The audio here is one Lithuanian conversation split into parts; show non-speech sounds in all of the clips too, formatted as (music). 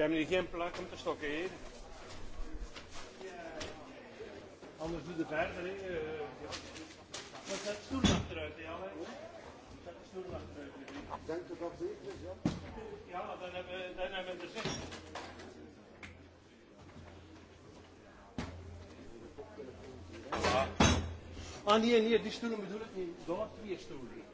hebben hier geen plak om te stokken hier. Anders doe je verder. Hè. Uh, ja. Dan zet de stoel achteruit, Jan. Zet de stoel achteruit. Ik denk dat dat zeker is, ja. Ja, dan hebben, dan hebben we er zicht. Ah, nee, nee, die stoelen bedoel ik niet. Daar twee stoelen.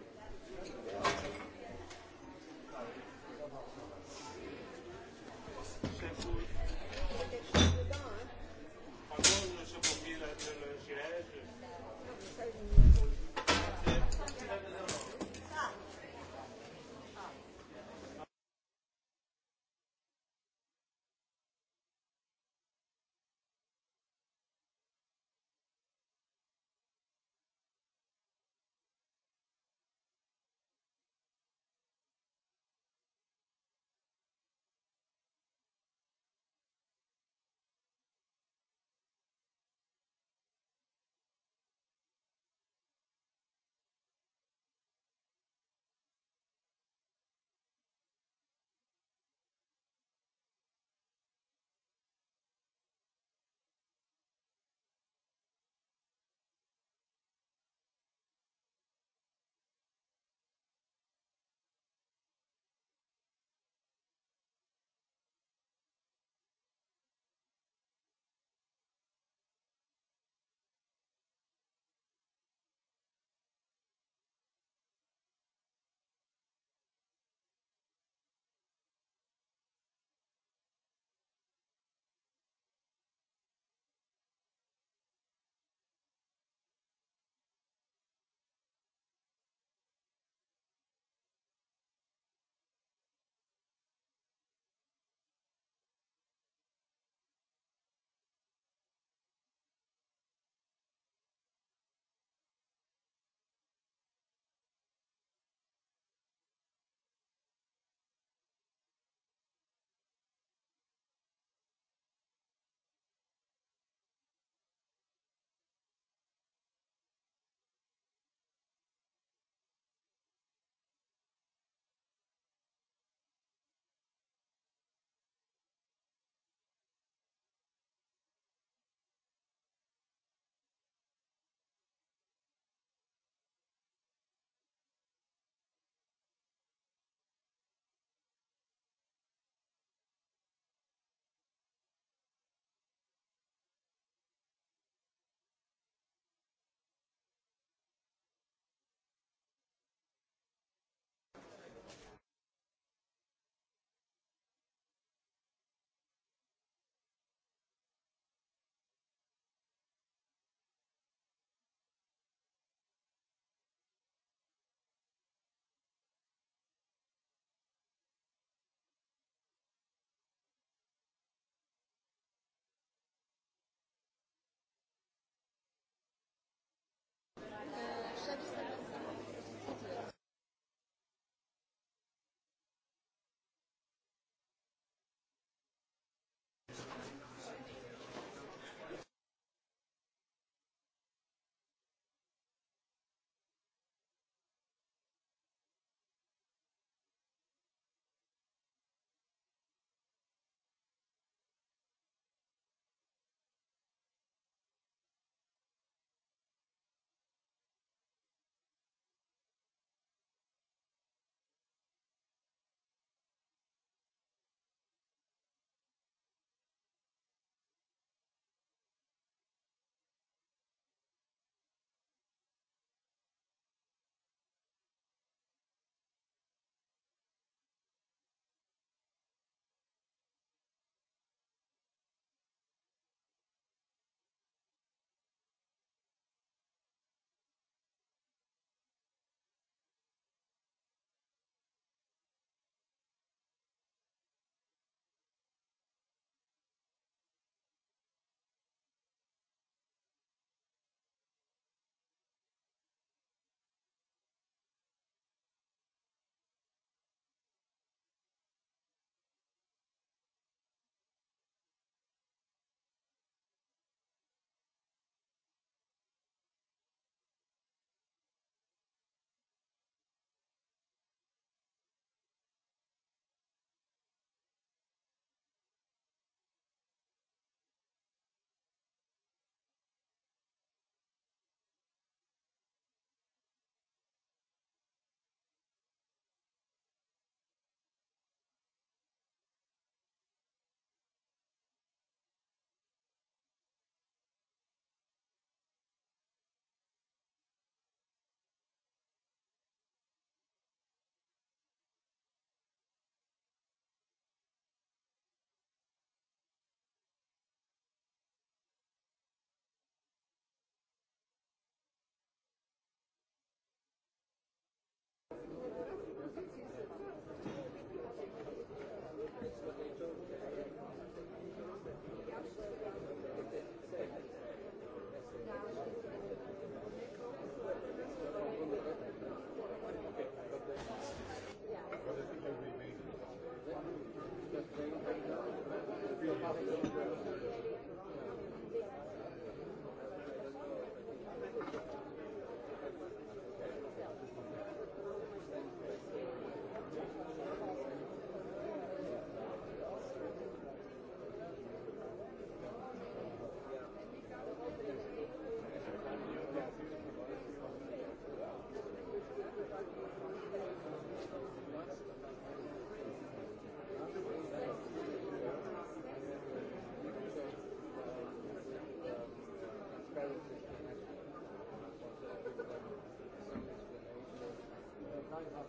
Hvala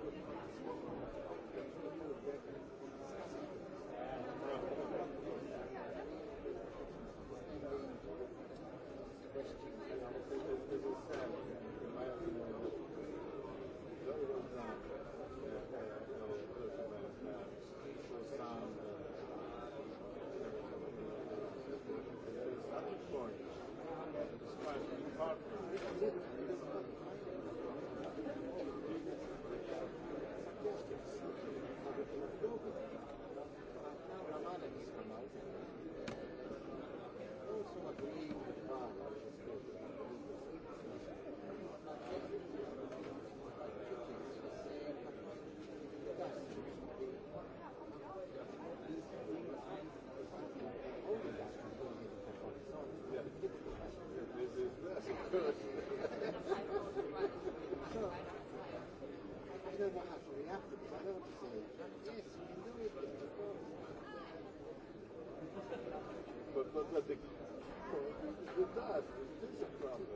but, but, but the, the dust is a problem.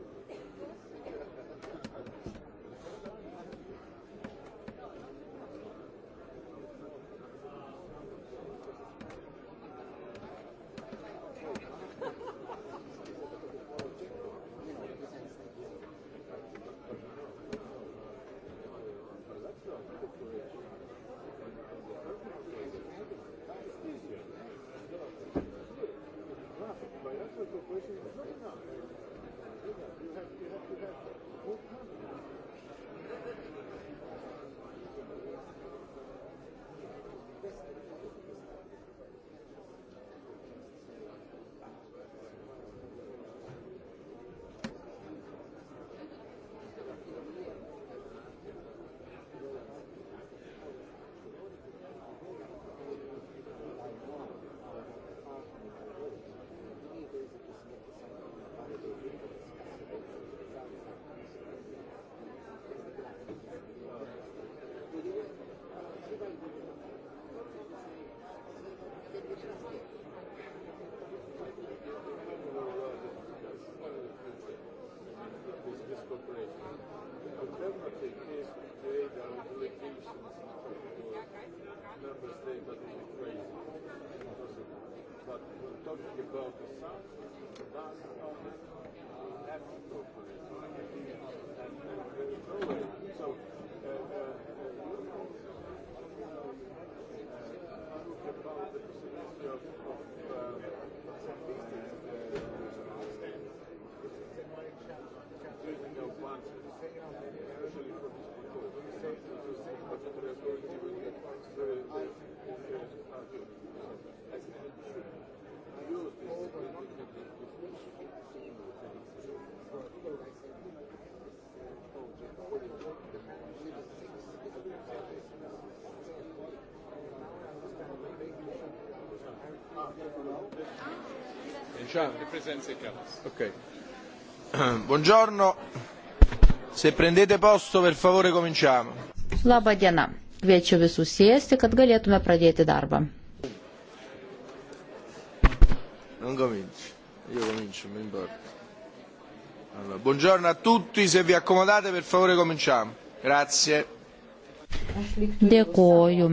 alternative is to create an obligation for member states, but it's crazy. But we're talking about the sun, the dust, we have to cooperate. And there is no way. So, uh, uh, uh, about the possibility of, of uh, raising our plans, especially for this report, because budget we are going to be very, very serious target. I think we should use this significantly. Diciamo. Represents the caps. Okay. (clears throat) Buongiorno. Se prendete posto, per favore, cominciamo. Labą dieną. Kviečiu visus sėsti, kad galėtume pradėti darbą. Non cominci. Io comincio, mi importa. Allora, buongiorno a tutti, se vi accomodate, per favore, cominciamo. Grazie. Dėkoju.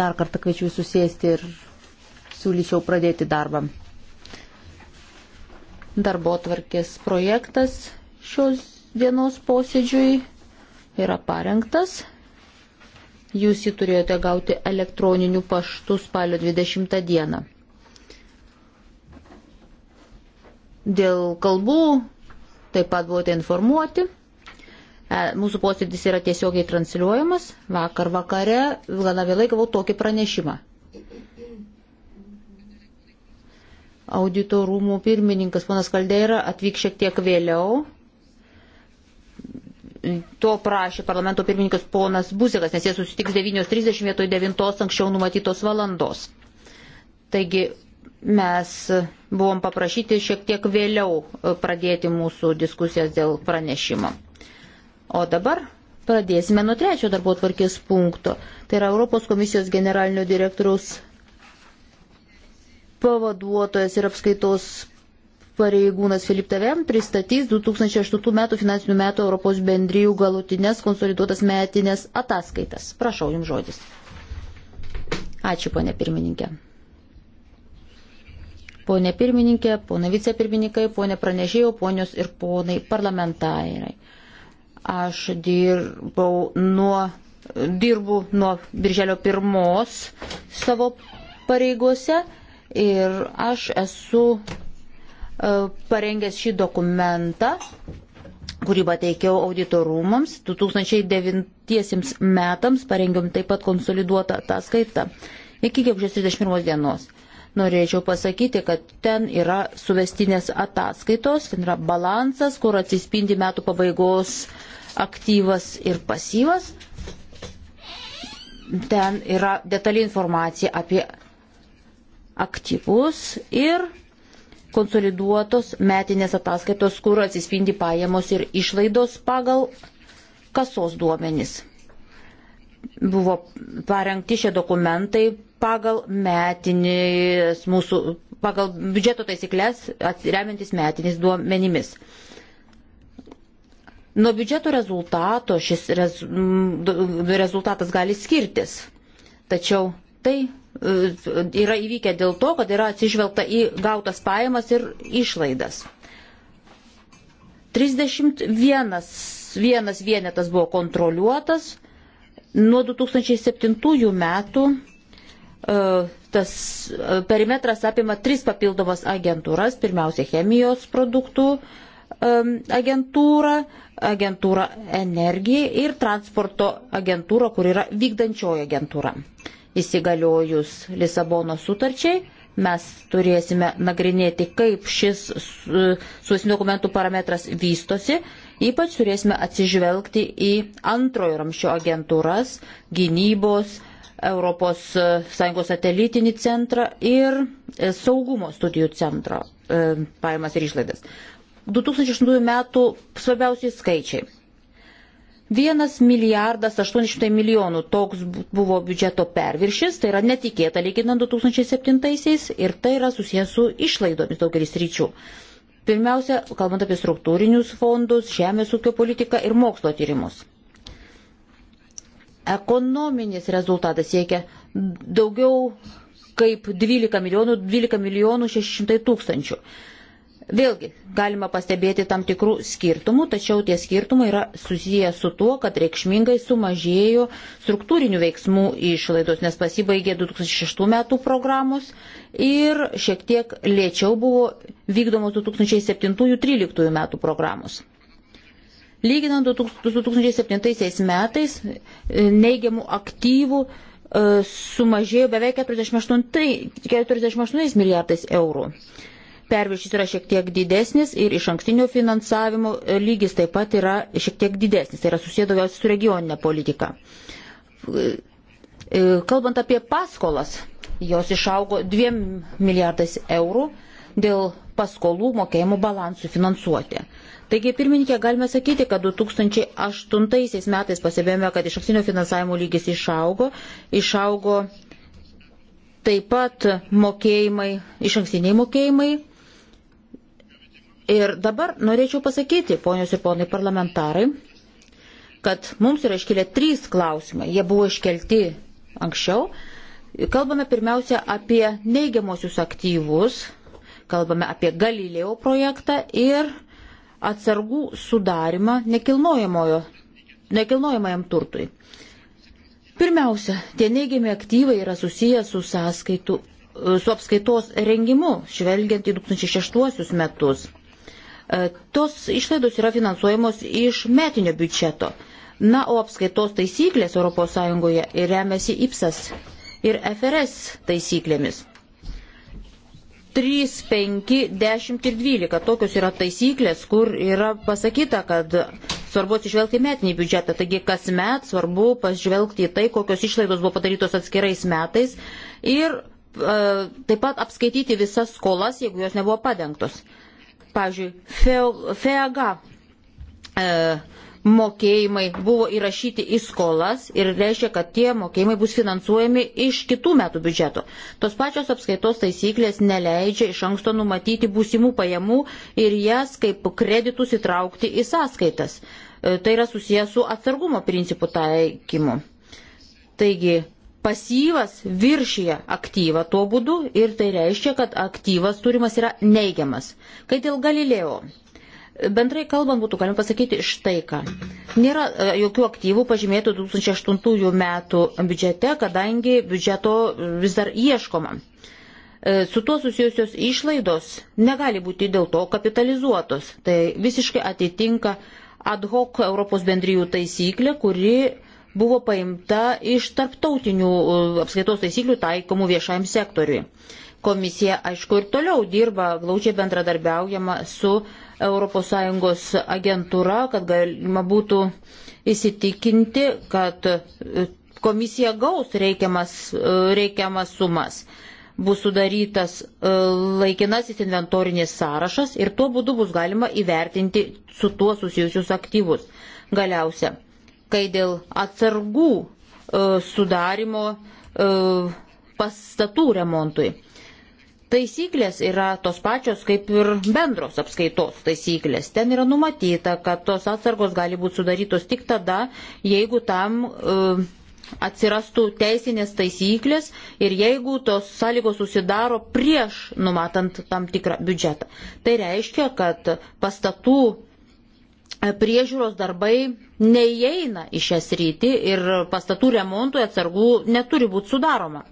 Dar kartą kviečiu susėsti ir siūlyčiau pradėti darbą. Darbo tvarkės projektas šios dienos posėdžiui yra parengtas. Jūs jį turėjote gauti elektroniniu paštu spalio 20 dieną. Dėl kalbų taip pat buvote informuoti. E, mūsų posėdis yra tiesiogiai transliuojamas. Vakar vakare gana vėlai gavau tokį pranešimą. Audito rūmų pirmininkas ponas Kaldeira atvyks šiek tiek vėliau. To prašė parlamento pirmininkas ponas Buzikas, nes jie susitiks 9.30 vietoj 9 anksčiau numatytos valandos. Taigi mes buvom paprašyti šiek tiek vėliau e, pradėti mūsų diskusijas dėl pranešimo. O dabar pradėsime nuo trečio darbo tvarkės punkto. Tai yra Europos komisijos generalinio direktoriaus pavaduotojas ir apskaitos pareigūnas Filip Tavem pristatys 2008 metų finansinių metų Europos bendrijų galutinės konsoliduotas metinės ataskaitas. Prašau, jums žodis. Ačiū, ponė pirmininkė. Pone pirmininkė, pone vicepirmininkai, pone pranešėjo, ponios ir ponai parlamentarai. Aš dirbau nuo, dirbu nuo birželio pirmos savo pareigose ir aš esu e, parengęs šį dokumentą, kurį pateikiau auditorumams 2009 metams, parengiam taip pat konsoliduotą tą skaitą iki gegužės 31 dienos. Norėčiau pasakyti, kad ten yra suvestinės ataskaitos, ten yra balansas, kur atsispindi metų pabaigos aktyvas ir pasyvas. Ten yra detali informacija apie aktyvus ir konsoliduotos metinės ataskaitos, kur atsispindi pajamos ir išlaidos pagal kasos duomenis. Buvo parengti šie dokumentai pagal metinės mūsų, pagal biudžeto taisyklės remiantis metiniais duomenimis. Nuo biudžeto rezultato šis rez, rezultatas gali skirtis, tačiau tai E, yra įvykę dėl to, kad yra atsižvelgta į gautas pajamas ir išlaidas. 31 vienas vienetas buvo kontroliuotas. Nuo 2007 metų e, tas e, perimetras apima tris papildomas agentūras. Pirmiausia, chemijos produktų agentūra, agentūra energijai ir transporto agentūra, kur yra vykdančioji agentūra. Uh, įsigaliojus Lisabono sutarčiai mes turėsime nagrinėti, kaip šis e, susinių dokumentų parametras vystosi, ypač turėsime atsižvelgti į antrojo ramščio agentūras, gynybos, ES e, satelitinį centrą ir e, saugumo studijų centro pajamas ir išlaidas. 2008 metų svarbiausiai skaičiai. 1 milijardas 800 milijonų toks buvo biudžeto perviršis, tai yra netikėta lyginant 2007-aisiais ir tai yra susijęs su išlaidomis daugelis ryčių. Pirmiausia, kalbant apie struktūrinius fondus, žemės ūkio politiką ir mokslo tyrimus. Ekonominis rezultatas siekia daugiau kaip 12 milijonų, 12 milijonų 600 tūkstančių. Vėlgi galima pastebėti tam tikrų skirtumų, tačiau tie skirtumai yra susiję su tuo, kad reikšmingai sumažėjo struktūrinių veiksmų išlaidos, nes pasibaigė 2006 metų programos ir šiek tiek lėčiau buvo vykdomos 2007-2013 metų programos. Lyginant 2007 metais e, neigiamų aktyvų e, sumažėjo beveik 48, 48 milijardais eurų perviršys yra šiek tiek didesnis ir iš ankstinio finansavimo lygis taip pat yra šiek tiek didesnis, tai yra susėdavęs su regioninė politika. E, kalbant apie paskolas, jos išaugo 2 milijardais eurų dėl paskolų mokėjimų balansų finansuoti. Taigi, pirmininkė, galime sakyti, kad 2008 metais pasibėjome, kad iš aksinio finansavimo lygis išaugo, išaugo taip pat mokėjimai, iš ankstiniai mokėjimai Ir dabar norėčiau pasakyti, ponios ir ponai parlamentarai, kad mums yra iškilę trys klausimai. Jie buvo iškelti anksčiau. Kalbame pirmiausia apie neigiamosius aktyvus, kalbame apie Galilėjo projektą ir atsargų sudarimą nekilnojamajam turtui. Pirmiausia, tie neigiami aktyvai yra susiję su sąskaitų su apskaitos rengimu, žvelgiant į 2006 metus. E, tos išlaidos yra finansuojamos iš metinio biudžeto. Na, o apskaitos taisyklės ES remiasi IPSAS e ir FRS taisyklėmis. 3, 5, 10 ir 12. Tokios yra taisyklės, kur yra pasakyta, kad svarbu atsižvelgti metinį biudžetą. Taigi kasmet svarbu pažvelgti į tai, kokios išlaidos buvo padarytos atskirais metais ir e, taip pat apskaityti visas skolas, jeigu jos nebuvo padengtos. Pavyzdžiui, FEAGA e, mokėjimai buvo įrašyti į skolas ir reiškia, kad tie mokėjimai bus finansuojami iš kitų metų biudžeto. Tos pačios apskaitos taisyklės neleidžia iš anksto numatyti būsimų pajamų ir jas kaip kreditus įtraukti į sąskaitas. E, tai yra susijęs su atsargumo principų taikymu. Taigi, pasyvas viršyje aktyvą tuo būdu ir tai reiškia, kad aktyvas turimas yra neigiamas. Kai dėl Galilėjo, bendrai kalbant būtų galima pasakyti štai ką. Nėra e, jokių aktyvų pažymėtų 2008 metų biudžete, kadangi biudžeto vis dar ieškoma. E, su tuo susijusios išlaidos negali būti dėl to kapitalizuotos. Tai visiškai atitinka ad hoc Europos bendrijų taisyklė, kuri buvo paimta iš tarptautinių e, apskaitos taisyklių taikomų viešajam sektoriui. Komisija, aišku, ir toliau dirba, glaučiai bendradarbiaujama su ES agentūra, kad galima būtų įsitikinti, kad e, komisija gaus reikiamas, e, reikiamas sumas bus sudarytas laikinasis inventorinis sąrašas ir tuo būdu bus galima įvertinti su tuo susijusius aktyvus. Galiausia, kai dėl atsargų e, sudarimo e, pastatų remontui. Taisyklės yra tos pačios kaip ir bendros apskaitos taisyklės. Ten yra numatyta, kad tos atsargos gali būti sudarytos tik tada, jeigu tam e, atsirastų teisinės taisyklės ir jeigu tos sąlygos susidaro prieš numatant tam tikrą biudžetą. Tai reiškia, kad pastatų priežiūros darbai neįeina į šią sritį ir pastatų remontui atsargų neturi būti sudaroma.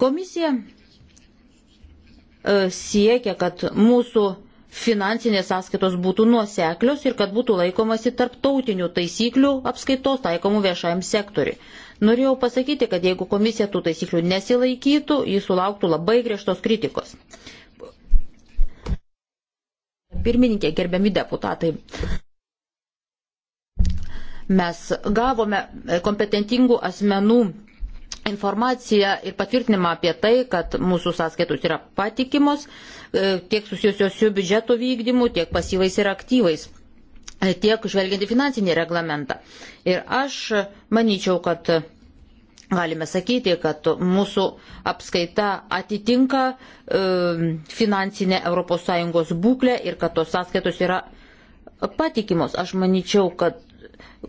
Komisija e, siekia, kad mūsų finansinės sąskaitos būtų nuoseklios ir kad būtų laikomasi tarptautinių taisyklių apskaitos taikomų viešajam sektoriui. Norėjau pasakyti, kad jeigu komisija tų taisyklių nesilaikytų, jis sulauktų labai griežtos kritikos. Pirmininkė, gerbiami deputatai. Mes gavome kompetentingų asmenų informaciją ir patvirtinimą apie tai, kad mūsų sąskaitos yra patikimos, e, tiek susijusios su biudžeto vykdymu, tiek pasyvais ir aktyvais, e, tiek žvelgiant į finansinį reglamentą. Ir aš manyčiau, kad Galime sakyti, kad mūsų apskaita atitinka e, finansinę ES būklę ir kad tos sąskaitos yra patikimos. Aš manyčiau, kad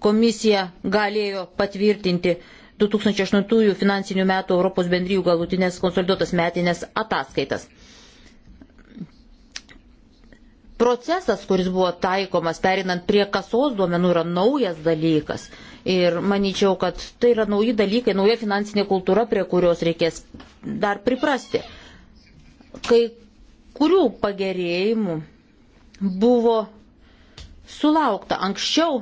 komisija galėjo patvirtinti 2008 finansinių metų Europos bendryjų galutinės konsoliduotas metinės ataskaitas. Procesas, kuris buvo taikomas perinant prie kasos duomenų, yra naujas dalykas. E, Ir manyčiau, kad tai yra nauji dalykai, nauja finansinė kultūra, prie kurios reikės dar priprasti. Kai kurių pagerėjimų buvo sulaukta. Anksčiau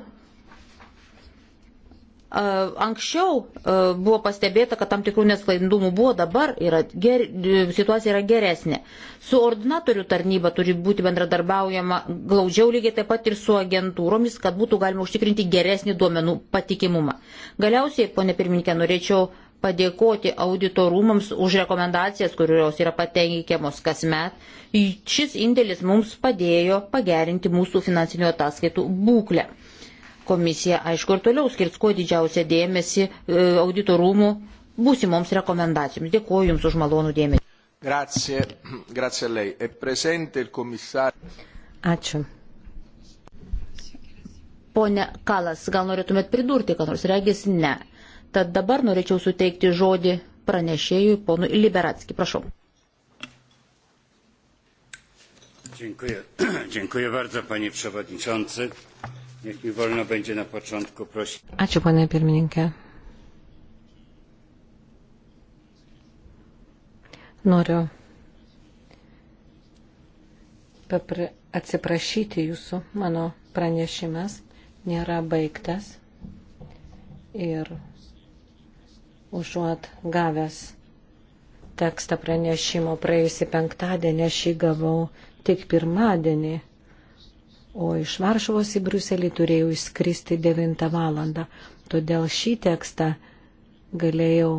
Anksčiau buvo pastebėta, kad tam tikrų nesklandumų buvo, dabar yra ger, e, situacija yra geresnė. Su ordinatorių tarnyba turi būti bendradarbiaujama glaudžiau lygiai taip pat ir su agentūromis, kad būtų galima užtikrinti geresnį duomenų patikimumą. Galiausiai, ponė pirmininkė, norėčiau padėkoti auditorumams už rekomendacijas, kurios yra pateikiamos kasmet. Šis indėlis mums padėjo pagerinti mūsų finansinių ataskaitų būklę. Komisija, aišku, ir toliau skirs kuo didžiausią dėmesį e, audito rūmų būsimoms rekomendacijoms. Dėkuoju Jums už malonų dėmesį. Grazie, grazie lei. E presente il commissario. Ačiū. Pone Kalas, gal norėtumėt pridurti, kad nors regis ne. Tad dabar norėčiau suteikti žodį pranešėjui ponui Liberatski. Prašau. Dziękuję. (clears throat) Dziękuję bardzo, panie przewodniczący. Ačiū, ponė pirmininkė. Noriu papra... atsiprašyti jūsų, mano pranešimas nėra baigtas ir užuot gavęs tekstą pranešimo praėjusį penktadienį, aš jį gavau tik pirmadienį o iš Varšuvos į Bruselį turėjau išskristi 9 valandą. Todėl šį tekstą galėjau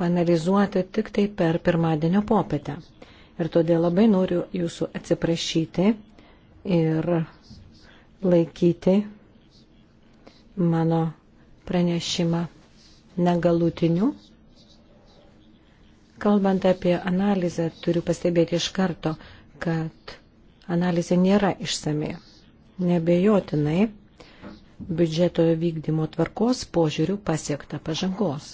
panalizuoti tik tai per pirmadienio popietę. Ir todėl labai noriu jūsų atsiprašyti ir laikyti mano pranešimą negalutiniu. Kalbant apie analizę, turiu pastebėti iš karto, kad analizė nėra išsami. Nebejotinai biudžeto vykdymo tvarkos požiūrių pasiekta pažangos.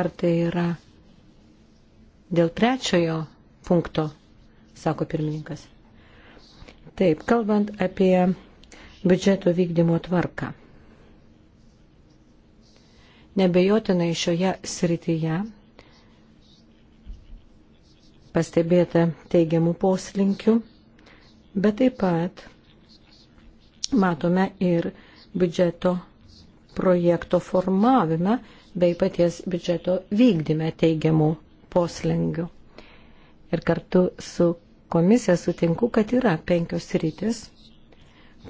Ar tai yra dėl trečiojo punkto, sako pirmininkas. Taip, kalbant apie biudžeto vykdymo tvarką. Nebejotinai šioje srityje pastebėta teigiamų poslinkių, bet taip pat matome ir biudžeto projekto formavime bei paties biudžeto vykdyme teigiamų poslingių. Ir kartu su komisija sutinku, kad yra penkios rytis,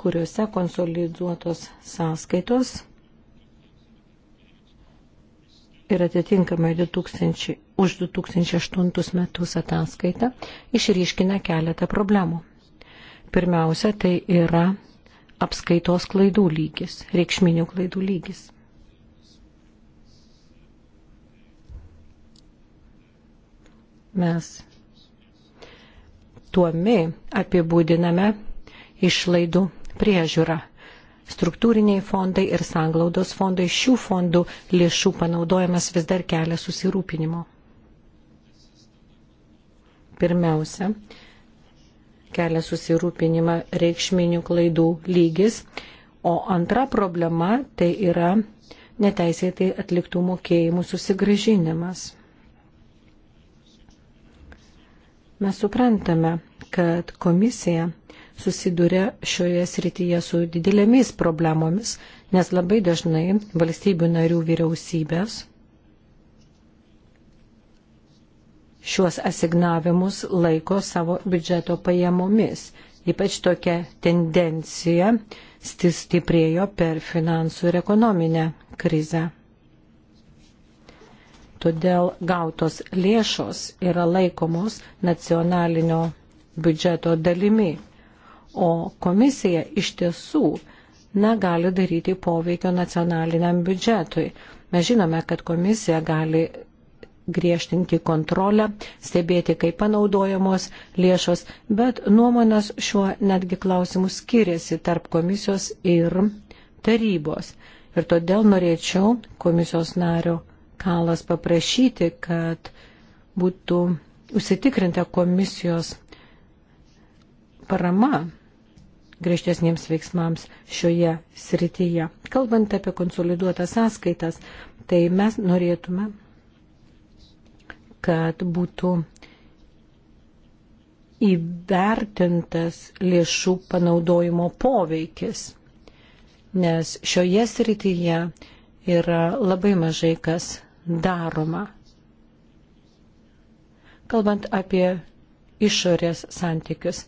kuriuose konsoliduotos sąskaitos ir atitinkamai 2000, už 2008 metus ataskaitą išryškina keletą problemų. Pirmiausia, tai yra apskaitos klaidų lygis, reikšminių klaidų lygis. Mes tuomi apibūdiname išlaidų priežiūrą Struktūriniai fondai ir sanglaudos fondai šių fondų lėšų panaudojimas vis dar kelia susirūpinimo. Pirmiausia, kelia susirūpinimą reikšminių klaidų lygis, o antra problema tai yra neteisėtai atliktų mokėjimų susigražinimas. Mes suprantame, kad komisija susiduria šioje srityje su didelėmis problemomis, nes labai dažnai valstybių narių vyriausybės šiuos asignavimus laiko savo biudžeto pajamomis. Ypač tokia tendencija stiprėjo per finansų ir ekonominę krizę. Todėl gautos lėšos yra laikomos nacionalinio biudžeto dalimi o komisija iš tiesų negali daryti poveikio nacionaliniam biudžetui. Mes žinome, kad komisija gali griežtinti kontrolę, stebėti, kaip panaudojamos lėšos, bet nuomonės šiuo netgi klausimu skiriasi tarp komisijos ir tarybos. Ir todėl norėčiau komisijos nario Kalas paprašyti, kad būtų užsitikrinta komisijos parama griežtesniems veiksmams šioje srityje. Kalbant apie konsoliduotas sąskaitas, tai mes norėtume, kad būtų įvertintas lėšų panaudojimo poveikis, nes šioje srityje yra labai mažai kas daroma. Kalbant apie išorės santykius,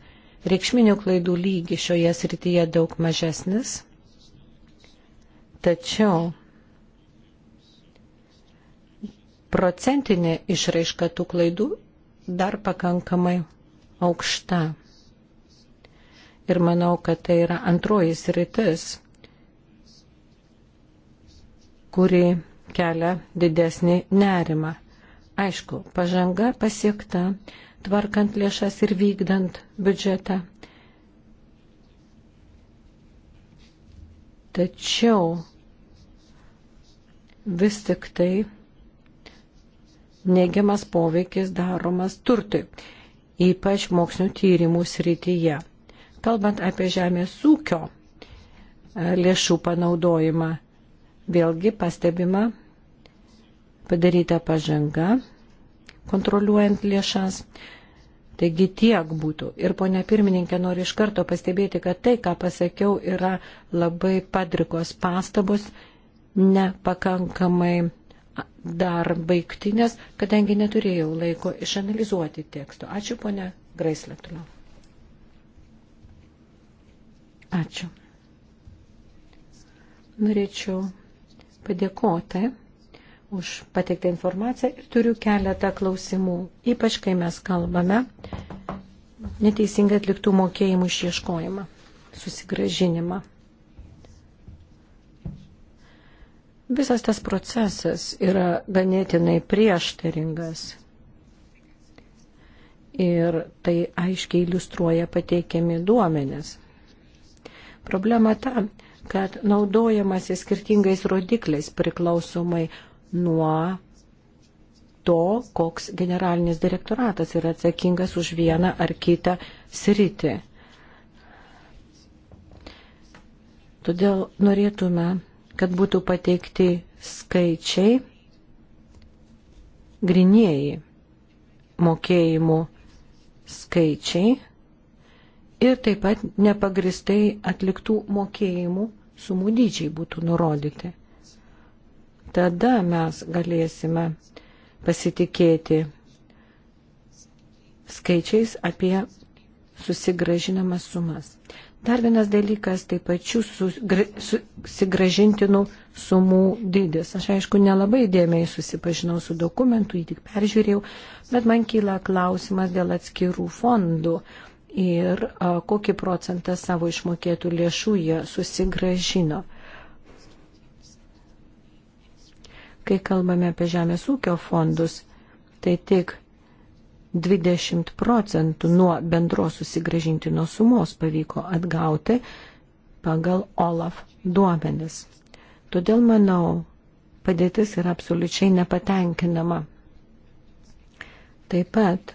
Reikšminių klaidų lygi šioje srityje daug mažesnis, tačiau procentinė išraiška tų klaidų dar pakankamai aukšta. Ir manau, kad tai yra antroji sritis, kuri kelia didesnį nerimą. Aišku, pažanga pasiekta, tvarkant lėšas ir vykdant biudžetą. Tačiau vis tik tai neigiamas poveikis daromas turtui, ypač mokslinio tyrimų srityje. Kalbant apie žemės ūkio e, lėšų panaudojimą, vėlgi pastebima padaryta pažanga kontroliuojant lėšas, Taigi tiek būtų. Ir ponia pirmininkė, noriu iš karto pastebėti, kad tai, ką pasakiau, yra labai padrikos pastabos, nepakankamai dar baigtinės, kadangi neturėjau laiko išanalizuoti teksto. Ačiū, ponia Graislė, toliau. Ačiū. Norėčiau padėkoti už pateiktą informaciją ir turiu keletą klausimų, ypač kai mes kalbame neteisingai atliktų mokėjimų išieškojimą, susigražinimą. Visas tas procesas yra ganėtinai prieštaringas. Ir tai aiškiai iliustruoja pateikiami duomenės. Problema ta, kad naudojamasi skirtingais rodikliais priklausomai nuo to, koks generalinis direktoratas yra atsakingas už vieną ar kitą sritį. Todėl norėtume, kad būtų pateikti skaičiai grinieji mokėjimų skaičiai ir taip pat nepagristai atliktų mokėjimų sumų dydžiai būtų nurodyti tada mes galėsime pasitikėti skaičiais apie susigražinamas sumas. Dar vienas dalykas, tai pačių susigražintinų sumų dydis. Aš aišku, nelabai dėmiai susipažinau su dokumentu, jį tik peržiūrėjau, bet man kyla klausimas dėl atskirų fondų ir a, kokį procentą savo išmokėtų lėšų jie susigražino. Kai kalbame apie žemės ūkio fondus, tai tik 20 procentų nuo bendros susigražintino sumos pavyko atgauti pagal OLAF duomenis. Todėl manau, padėtis yra absoliučiai nepatenkinama. Taip pat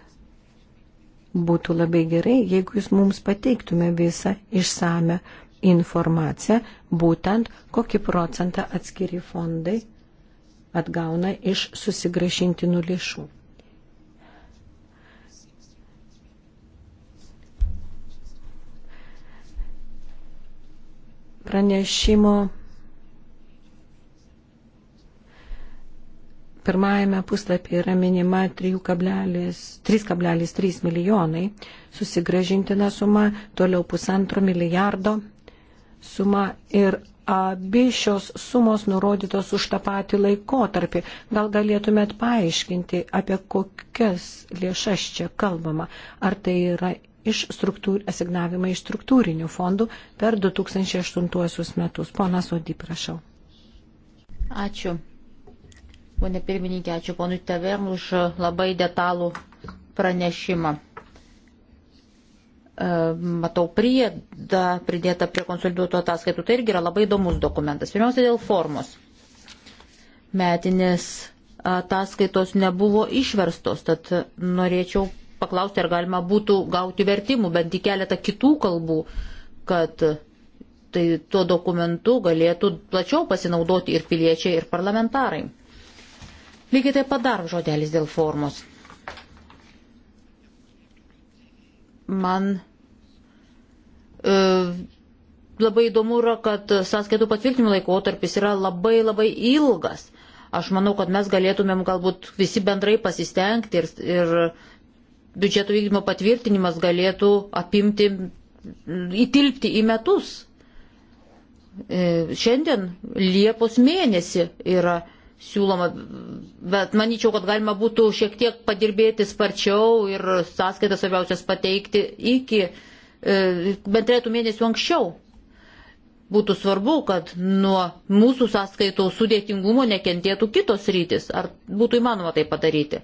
būtų labai gerai, jeigu jūs mums pateiktume visą išsame informaciją, būtent kokį procentą atskiri fondai atgauna iš susigražintinų lėšų. Pranešimo pirmajame puslapyje yra minima 3,3 milijonai susigražintina suma, toliau pusantro milijardo suma ir abi šios sumos nurodytos už tą patį laikotarpį. Gal galėtumėt paaiškinti, apie kokias lėšas čia kalbama? Ar tai yra iš struktūr, asignavimai iš struktūrinių fondų per 2008 metus? Ponas Odį, prašau. Ačiū. Pone pirmininkė, ačiū ponui Tavern už labai detalų pranešimą. E, matau priedą pridėtą prie konsoliduotų ataskaitų. Tai irgi yra labai įdomus dokumentas. Pirmiausia, dėl formos. Metinės ataskaitos nebuvo išverstos, tad norėčiau paklausti, ar galima būtų gauti vertimų bent į keletą kitų kalbų, kad tai tuo dokumentu galėtų plačiau pasinaudoti ir piliečiai, ir parlamentarai. Lygiai taip pat dar žodelis dėl formos. Man E, labai įdomu yra, kad sąskaitų patvirtinimo laikotarpis yra labai labai ilgas. Aš manau, kad mes galėtumėm galbūt visi bendrai pasistengti ir, ir biudžeto vykdymo patvirtinimas galėtų apimti, įtilpti į metus. E, šiandien Liepos mėnesį yra siūloma, bet manyčiau, kad galima būtų šiek tiek padirbėti sparčiau ir sąskaitas svarbiausias pateikti iki E, bent tretų mėnesių anksčiau. Būtų svarbu, kad nuo mūsų sąskaitų sudėtingumo nekentėtų kitos rytis. Ar būtų įmanoma tai padaryti?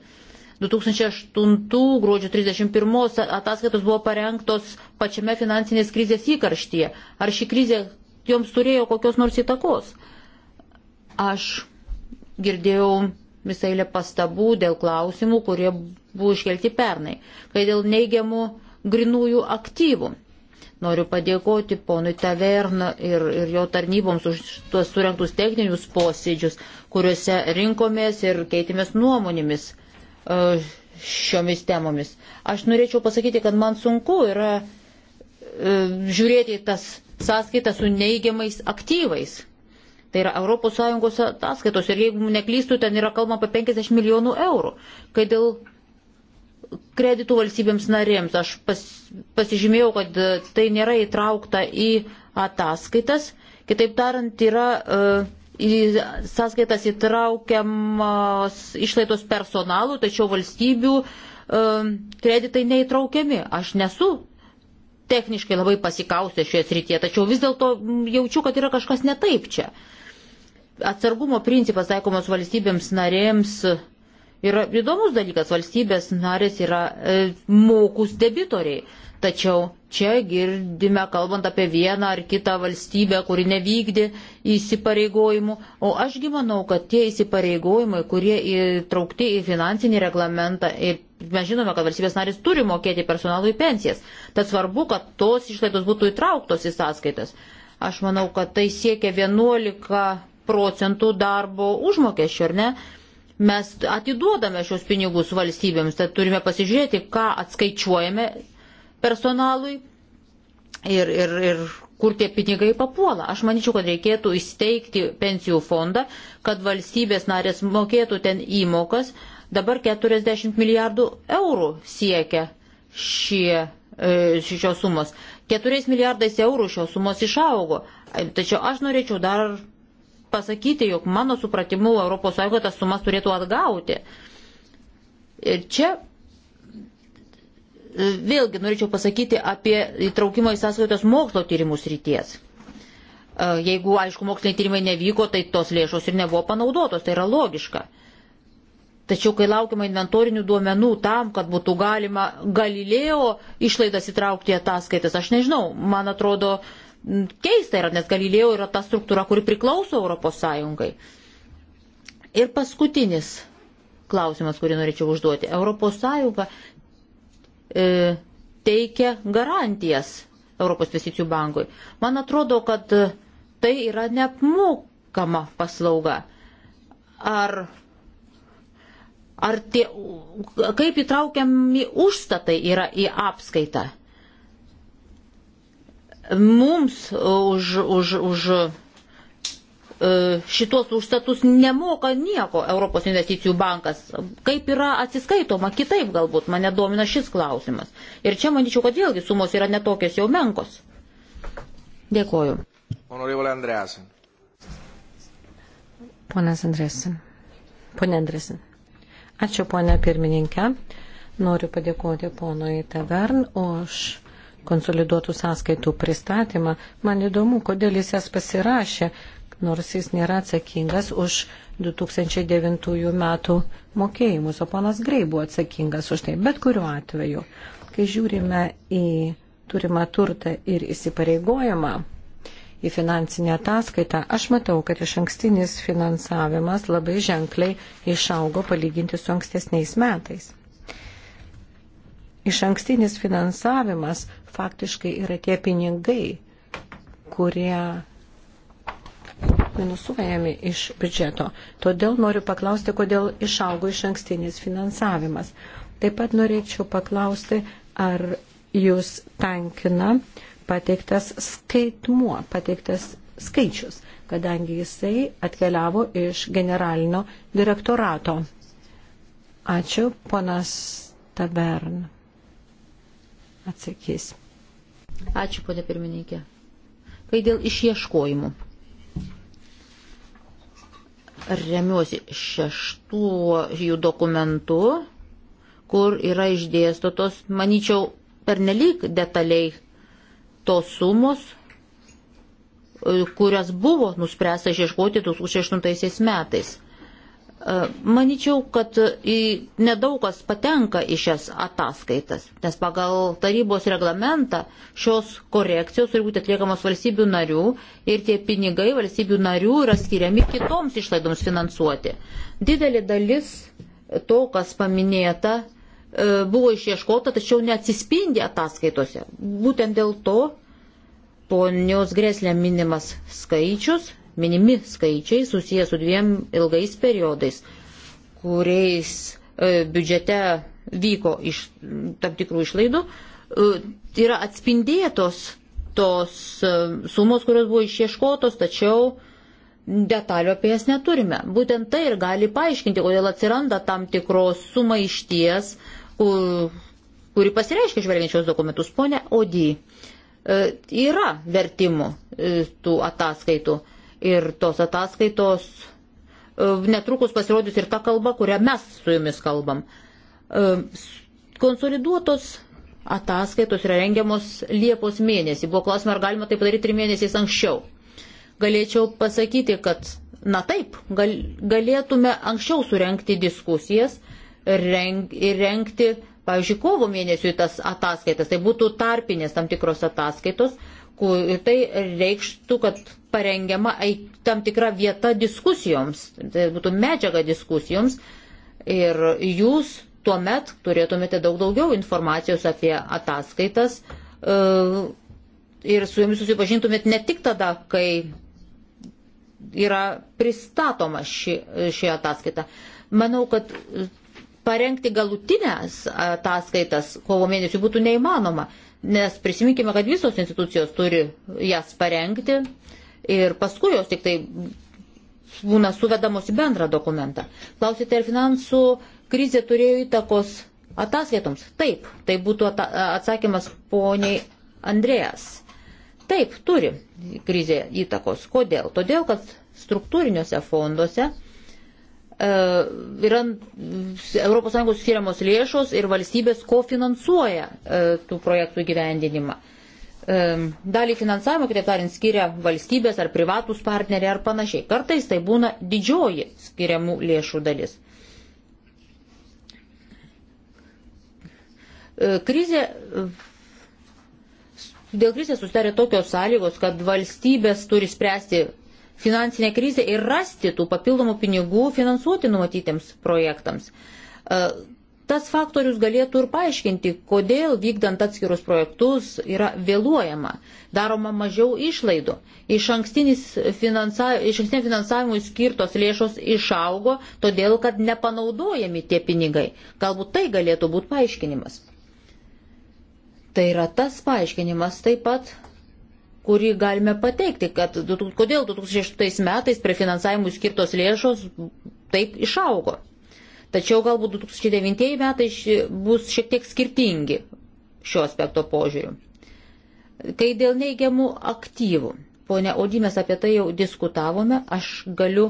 2008 gruodžio 31 ataskaitos buvo parengtos pačiame finansinės krizės įkarštyje. Ar ši krizė joms turėjo kokios nors įtakos? Aš girdėjau visai lė pastabų dėl klausimų, kurie buvo iškelti pernai, kai dėl neigiamų grinųjų aktyvų. Noriu padėkoti ponui Taverną ir, ir jo tarnyboms už tuos surinktus techninius posėdžius, kuriuose rinkomės ir keitėmės nuomonėmis e, šiomis temomis. Aš norėčiau pasakyti, kad man sunku yra e, žiūrėti tas sąskaitas su neigiamais aktyvais. Tai yra ES ataskaitos ir jeigu neklystų, ten yra kalbama apie 50 milijonų eurų. Kai dėl kreditų valstybėms narėms. Aš pas, pasižymėjau, kad e, tai nėra įtraukta į ataskaitas. Kitaip tariant, yra e, į sąskaitas įtraukiamas išlaidos personalų, tačiau valstybių e, kreditai neįtraukiami. Aš nesu techniškai labai pasikausę šioje srityje, tačiau vis dėlto jaučiu, kad yra kažkas netaip čia. Atsargumo principas taikomas valstybėms narėms yra įdomus dalykas, valstybės narės yra e, mokus debitoriai. Tačiau čia girdime, kalbant apie vieną ar kitą valstybę, kuri nevykdė įsipareigojimų, o ašgi manau, kad tie įsipareigojimai, kurie įtraukti į finansinį reglamentą ir mes žinome, kad valstybės narės turi mokėti personalui pensijas, tad svarbu, kad tos išlaidos būtų įtrauktos į sąskaitas. Aš manau, kad tai siekia 11 procentų darbo užmokesčio, ar ne? mes atiduodame šios pinigus valstybėms, tad turime pasižiūrėti, ką atskaičiuojame personalui ir, ir, ir kur tie pinigai papuola. Aš manyčiau, kad reikėtų įsteigti pensijų fondą, kad valstybės narės mokėtų ten įmokas. Dabar 40 milijardų eurų siekia šie, e, šios sumos. 4 milijardais eurų šios sumos išaugo. Tačiau aš norėčiau dar pasakyti, jog mano supratimu ES tas sumas turėtų atgauti. Ir čia e, vėlgi norėčiau pasakyti apie įtraukimą į sąskaitos mokslo tyrimus ryties. E, jeigu, aišku, moksliniai tyrimai nevyko, tai tos lėšos ir nebuvo panaudotos, tai yra logiška. Tačiau, kai laukiama inventorinių duomenų tam, kad būtų galima Galilėjo išlaidas įtraukti į ataskaitas, aš nežinau, man atrodo, uh, keista yra, nes Galilėjo yra ta struktūra, kuri priklauso Europos Sąjungai. Ir paskutinis klausimas, kurį norėčiau užduoti. Europos Sąjunga e, teikia garantijas Europos investicijų bankui. Man atrodo, kad tai yra neapmokama paslauga. Ar ar tie, kaip įtraukiami užstatai yra į apskaitą mums už, už, už e, šitos užstatus nemoka nieko Europos investicijų bankas. Kaip yra atsiskaitoma kitaip galbūt, mane domina šis klausimas. Ir čia manyčiau, kad vėlgi sumos yra netokios jau menkos. Dėkoju. Honorevole Andreasin. Ponas Andresin. Pone Andresin. Ačiū, ponė pirmininkė. Noriu padėkoti ponui Tavern už konsoliduotų sąskaitų pristatymą, man įdomu, kodėl jis jas pasirašė, nors jis nėra atsakingas už 2009 metų mokėjimus, o ponas Grei buvo atsakingas už tai. Bet kuriuo atveju, kai žiūrime į turimą turtą ir įsipareigojimą į finansinę ataskaitą, aš matau, kad iš ankstinis finansavimas labai ženkliai išaugo palyginti su ankstesniais metais. Iš ankstinis finansavimas faktiškai yra tie pinigai, kurie minusuojami iš biudžeto. Todėl noriu paklausti, kodėl išaugo iš ankstinis finansavimas. Taip pat norėčiau paklausti, ar jūs tankina pateiktas skaitmuo, pateiktas skaičius, kadangi jisai atkeliavo iš generalinio direktorato. Ačiū, ponas Tavern. Atsakys. Ačiū, ponė pirmininkė. Kai dėl išieškojimų. Remiuosi šeštuoju dokumentu, kur yra išdėstotos, manyčiau, pernelyg detaliai tos sumos, kurias buvo nuspręsta išieškoti 2008 metais. Maničiau, kad nedaug kas patenka į šias ataskaitas, nes pagal tarybos reglamentą šios korekcijos turi būti atliekamos valstybių narių ir tie pinigai valstybių narių yra skiriami kitoms išlaidoms finansuoti. Didelė dalis to, kas paminėta, e, buvo išieškota, tačiau neatsispindi ataskaitose. Būtent dėl to ponios greslė minimas skaičius minimi skaičiai susijęs su dviem ilgais periodais, kuriais e, biudžete vyko iš tam tikrų išlaidų, e, yra atspindėtos tos e, sumos, kurios buvo išieškotos, tačiau detalių apie jas neturime. Būtent tai ir gali paaiškinti, kodėl atsiranda tam tikros sumaišties, kuri pasireiškia žvelgiančios dokumentus. Pone Odį, yra vertimų tų ataskaitų. Ir tos ataskaitos e, netrukus pasirodys ir ta kalba, kurią mes su jumis kalbam. E, konsoliduotos ataskaitos yra rengiamos Liepos mėnesį. Buvo klausimas, ar galima tai padaryti trim mėnesiais anksčiau. Galėčiau pasakyti, kad, na taip, gal, galėtume anksčiau surenkti diskusijas ir renk, renkti, pavyzdžiui, kovo mėnesiui tas ataskaitas. Tai būtų tarpinės tam tikros ataskaitos ir tai reikštų, kad parengiama tam tikra vieta diskusijoms, tai būtų medžiaga diskusijoms ir jūs tuomet turėtumėte daug daugiau informacijos apie ataskaitas e, ir su jomis susipažintumėt ne tik tada, kai yra pristatoma ši, ši ataskaita. Manau, kad parengti galutinės ataskaitas kovo mėnesių būtų neįmanoma nes prisiminkime, kad visos institucijos turi jas parengti ir paskui jos tik tai būna suvedamos į bendrą dokumentą. Klausite, ar finansų krizė turėjo įtakos ataskaitoms? Taip, tai būtų atsakymas poniai Andrėjas. Taip, turi krizė įtakos. Kodėl? Todėl, kad struktūriniuose fonduose E, yra ES skiriamos lėšos ir valstybės kofinansuoja e, tų projektų gyvendinimą. E, dalį finansavimo, kitaip tariant, skiria valstybės ar privatus partneriai ar panašiai. Kartais tai būna didžioji skiriamų lėšų dalis. Krizė, dėl krizės susidarė tokios sąlygos, kad valstybės turi spręsti finansinę krizę ir rasti tų papildomų pinigų finansuoti numatytiems projektams. E, tas faktorius galėtų ir paaiškinti, kodėl vykdant atskirus projektus yra vėluojama, daroma mažiau išlaidų. Iš ankstinės finansav... finansavimui skirtos lėšos išaugo, todėl kad nepanaudojami tie pinigai. Galbūt tai galėtų būti paaiškinimas. Tai yra tas paaiškinimas taip pat, kurį galime pateikti, kad kodėl 2006 metais prie finansavimų skirtos lėšos taip išaugo. Tačiau galbūt 2009 metai bus šiek tiek skirtingi šio aspekto požiūriu. Kai dėl neigiamų aktyvų, ponia Odimės apie tai jau diskutavome, aš galiu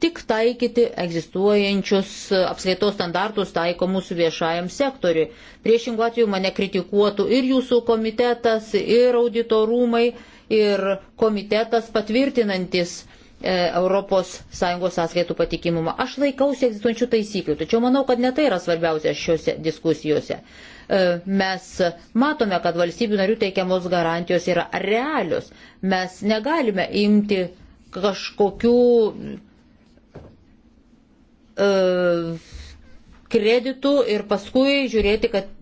tik taikyti egzistuojančius apskaitos standartus taikomus viešajam sektoriui. Priešingų atveju mane kritikuotų ir jūsų komitetas, ir auditorumai, rūmai ir komitetas patvirtinantis ES sąskaitų patikimumą. Aš laikausi egzistuojančių taisyklių, tačiau manau, kad ne tai yra svarbiausia šiuose diskusijose. E, mes matome, kad valstybių narių teikiamos garantijos yra realios. Mes negalime imti kažkokių e, kreditų ir paskui žiūrėti, kad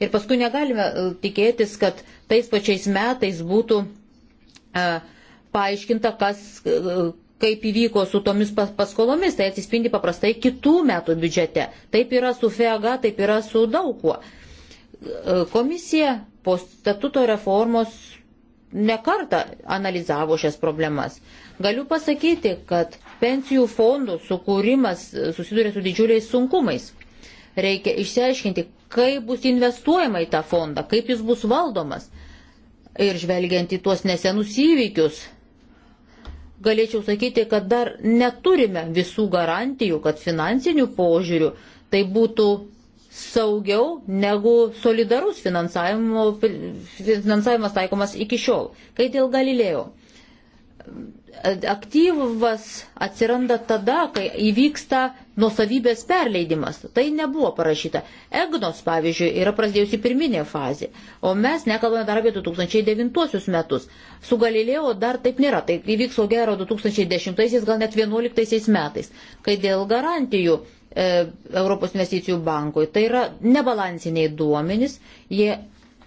ir paskui negalime e, tikėtis, kad tais pačiais metais būtų E, paaiškinta, kas, e, kaip įvyko su tomis paskolomis, tai atsispindi paprastai kitų metų biudžete. Taip yra su FEAGA, taip yra su daug kuo. E, komisija po statuto reformos nekarta analizavo šias problemas. Galiu pasakyti, kad pensijų fondų sukūrimas susiduria su didžiuliais sunkumais. Reikia išsiaiškinti, kaip bus investuojama į tą fondą, kaip jis bus valdomas ir žvelgiant į tuos nesenus įvykius, galėčiau sakyti, kad dar neturime visų garantijų, kad finansinių požiūrių tai būtų saugiau negu solidarus finansavimas taikomas iki šiol. Kai dėl Galilėjo aktyvas atsiranda tada, kai įvyksta nusavybės perleidimas. Tai nebuvo parašyta. Egnos, pavyzdžiui, yra prasidėjusi pirminė fazė, o mes nekalbame dar apie 2009 metus. Su Galileo dar taip nėra. Tai įvyks o gero 2010, gal net 2011 metais, kai dėl garantijų e, Europos investicijų bankui, tai yra nebalansiniai duomenys, jie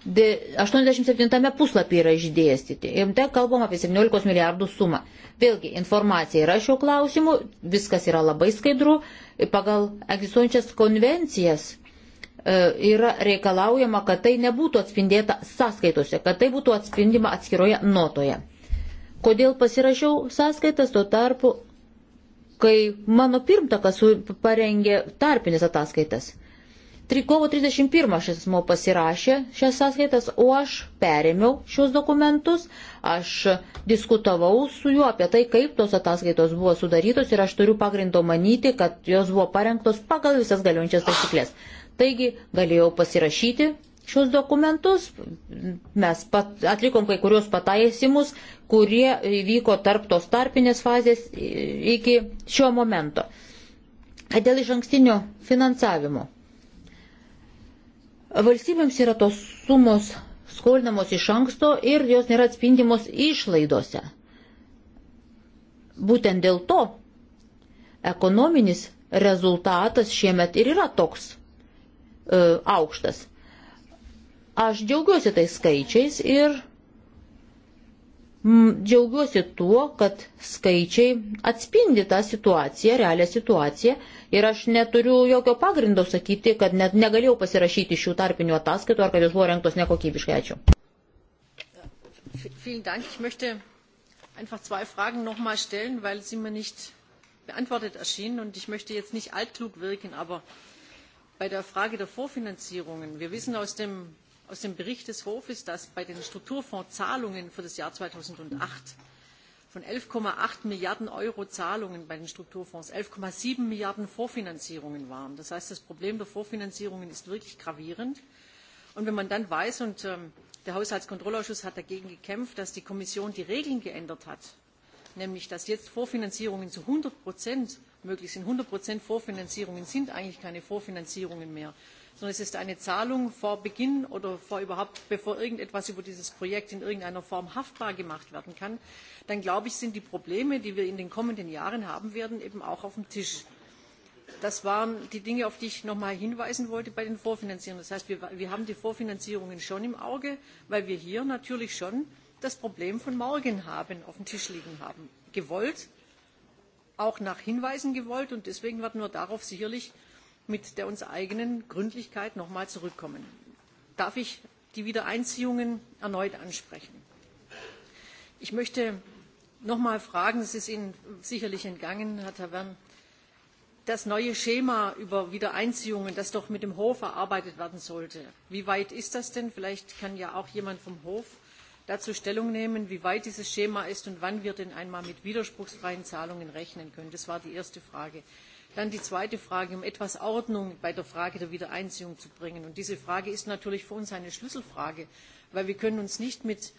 87 puslapį yra išdėstyti. Ir ten kalbam apie 17 milijardų sumą. Vėlgi, informacija yra šiuo klausimu, viskas yra labai skaidru. Pagal egzistuojančias konvencijas e, yra reikalaujama, kad tai nebūtų atspindėta sąskaitose, kad tai būtų atspindima atskiroje notoje. Kodėl pasirašiau sąskaitas tuo tarpu, kai mano pirmtakas parengė tarpinis ataskaitas? Kovo 31 šis asmo pasirašė šias sąskaitas, o aš perėmiau šios dokumentus, aš diskutavau su juo apie tai, kaip tos ataskaitos buvo sudarytos ir aš turiu pagrindo manyti, kad jos buvo parengtos pagal visas galiojančias taisyklės. Taigi galėjau pasirašyti šios dokumentus, mes pat, atlikom kai kurios pataisimus, kurie įvyko tarp tos tarpinės fazės iki šio momento. Dėl iš ankstinio finansavimo Valstybėms yra tos sumos skolinamos iš anksto ir jos nėra atspindimos išlaidose. Būtent dėl to ekonominis rezultatas šiemet ir yra toks e, aukštas. Aš džiaugiuosi tais skaičiais ir m, mm, džiaugiuosi tuo, kad skaičiai atspindi tą situaciją, realią situaciją Ir aš neturiu jokio pagrindo sakyti, kad net negalėjau pasirašyti šių tarpinių ataskaitų ar kad jos buvo rengtos nekokybiškai. Ačiū. Vielen Dank. Ich möchte einfach zwei Fragen nochmal stellen, weil sie mir nicht beantwortet erschienen. Und ich möchte jetzt nicht altklug wirken, aber bei der Frage der Vorfinanzierungen. Wir wissen aus dem, aus dem Bericht des Hofes, dass bei den Strukturfondszahlungen für das Jahr 2008 von elf acht milliarden euro zahlungen bei den strukturfonds elf sieben milliarden vorfinanzierungen waren. das heißt das problem der vorfinanzierungen ist wirklich gravierend. und wenn man dann weiß und ähm, der haushaltskontrollausschuss hat dagegen gekämpft dass die kommission die regeln geändert hat nämlich dass jetzt vorfinanzierungen zu einhundert möglich sind einhundert vorfinanzierungen sind eigentlich keine vorfinanzierungen mehr sondern es ist eine Zahlung vor Beginn oder vor überhaupt, bevor irgendetwas über dieses Projekt in irgendeiner Form haftbar gemacht werden kann, dann glaube ich, sind die Probleme, die wir in den kommenden Jahren haben werden, eben auch auf dem Tisch. Das waren die Dinge, auf die ich nochmal hinweisen wollte bei den Vorfinanzierungen. Das heißt, wir, wir haben die Vorfinanzierungen schon im Auge, weil wir hier natürlich schon das Problem von morgen haben, auf dem Tisch liegen haben. Gewollt, auch nach Hinweisen gewollt und deswegen werden wir darauf sicherlich mit der uns eigenen Gründlichkeit nochmal zurückkommen. Darf ich die Wiedereinziehungen erneut ansprechen? Ich möchte nochmal fragen, es ist Ihnen sicherlich entgangen, Herr Tavern, das neue Schema über Wiedereinziehungen, das doch mit dem Hof erarbeitet werden sollte. Wie weit ist das denn? Vielleicht kann ja auch jemand vom Hof dazu Stellung nehmen, wie weit dieses Schema ist und wann wir denn einmal mit widerspruchsfreien Zahlungen rechnen können. Das war die erste Frage. Dann die zweite Frage, um etwas Ordnung bei der Frage der Wiedereinziehung zu bringen. Und diese Frage ist natürlich für uns eine Schlüsselfrage, weil wir können uns nicht mit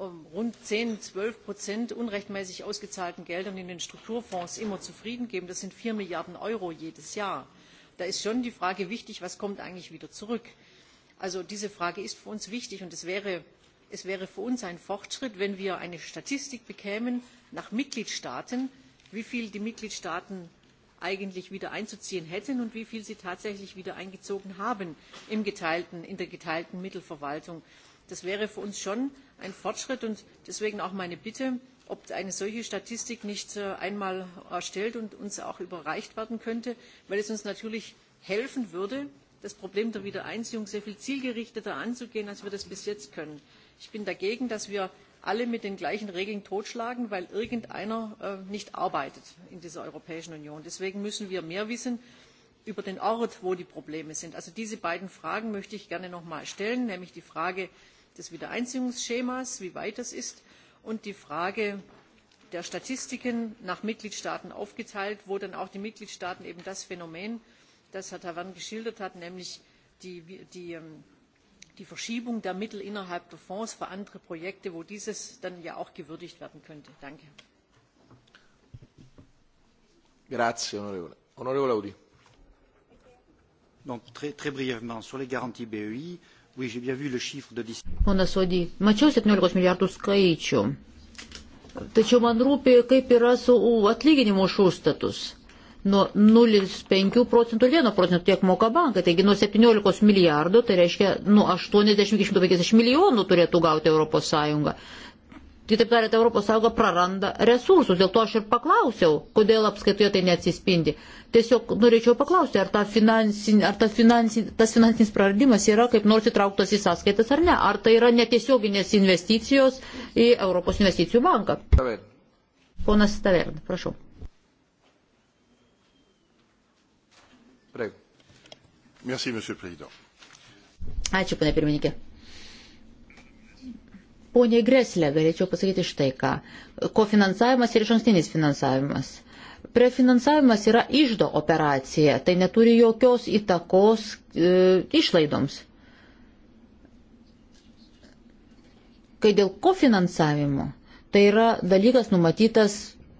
ähm, rund 10, 12 Prozent unrechtmäßig ausgezahlten Geldern in den Strukturfonds immer zufrieden geben. Das sind 4 Milliarden Euro jedes Jahr. Da ist schon die Frage wichtig, was kommt eigentlich wieder zurück. Also diese Frage ist für uns wichtig und es wäre, es wäre für uns ein Fortschritt, wenn wir eine Statistik bekämen nach Mitgliedstaaten, wie viel die Mitgliedstaaten eigentlich wieder einzuziehen hätten und wie viel sie tatsächlich wieder eingezogen haben im geteilten, in der geteilten Mittelverwaltung. Das wäre für uns schon ein Fortschritt und deswegen auch meine Bitte, ob eine solche Statistik nicht äh, einmal erstellt und uns auch überreicht werden könnte, weil es uns natürlich helfen würde, das Problem der Wiedereinziehung sehr viel zielgerichteter anzugehen, als wir das bis jetzt können. Ich bin dagegen, dass wir alle mit den gleichen Regeln totschlagen, weil irgendeiner äh, nicht arbeitet in dieser Europäischen Union. Deswegen müssen wir mehr wissen über den Ort, wo die Probleme sind. Also diese beiden Fragen möchte ich gerne nochmal stellen, nämlich die Frage des Wiedereinziehungsschemas, wie weit das ist, und die Frage der Statistiken nach Mitgliedstaaten aufgeteilt, wo dann auch die Mitgliedstaaten eben das Phänomen, das Herr Tavern geschildert hat, nämlich die, die ähm, die Verschiebung der Mittel innerhalb der Fonds für andere Projekte, wo dieses dann ja auch gewürdigt werden könnte. Danke. Grazie, onorevole. Onorevole Audi. Donc, très, très brièvement, sur les garanties BEI, oui, j'ai bien vu le chiffre de 10. Ponas Audi, mačiau 17 milijardų skaičių. Tačiau man rūpi, kaip yra su atlyginimo už užstatus nuo 0,5 procentų ir 1 procentų tiek moka bankai. Taigi nuo 17 milijardų, tai reiškia nuo 80-150 milijonų turėtų gauti ES. Kitaip tariant, ES praranda resursus. Dėl to aš ir paklausiau, kodėl apskaitoje tai neatsispindi. Tiesiog norėčiau paklausti, ar, ta finansin, ar ta finansin, tas finansinis praradimas yra kaip nors įtrauktas į sąskaitas ar ne. Ar tai yra netiesioginės investicijos į Europos investicijų banką. Taver. Ponas Tavern, prašau. Merci, Ačiū, pane pirmininkė. Pone Greslė, galėčiau pasakyti štai ką. Kofinansavimas ir išankstinis finansavimas. Prefinansavimas yra išdo operacija, tai neturi jokios įtakos e, išlaidoms. Kai dėl kofinansavimo, tai yra dalykas numatytas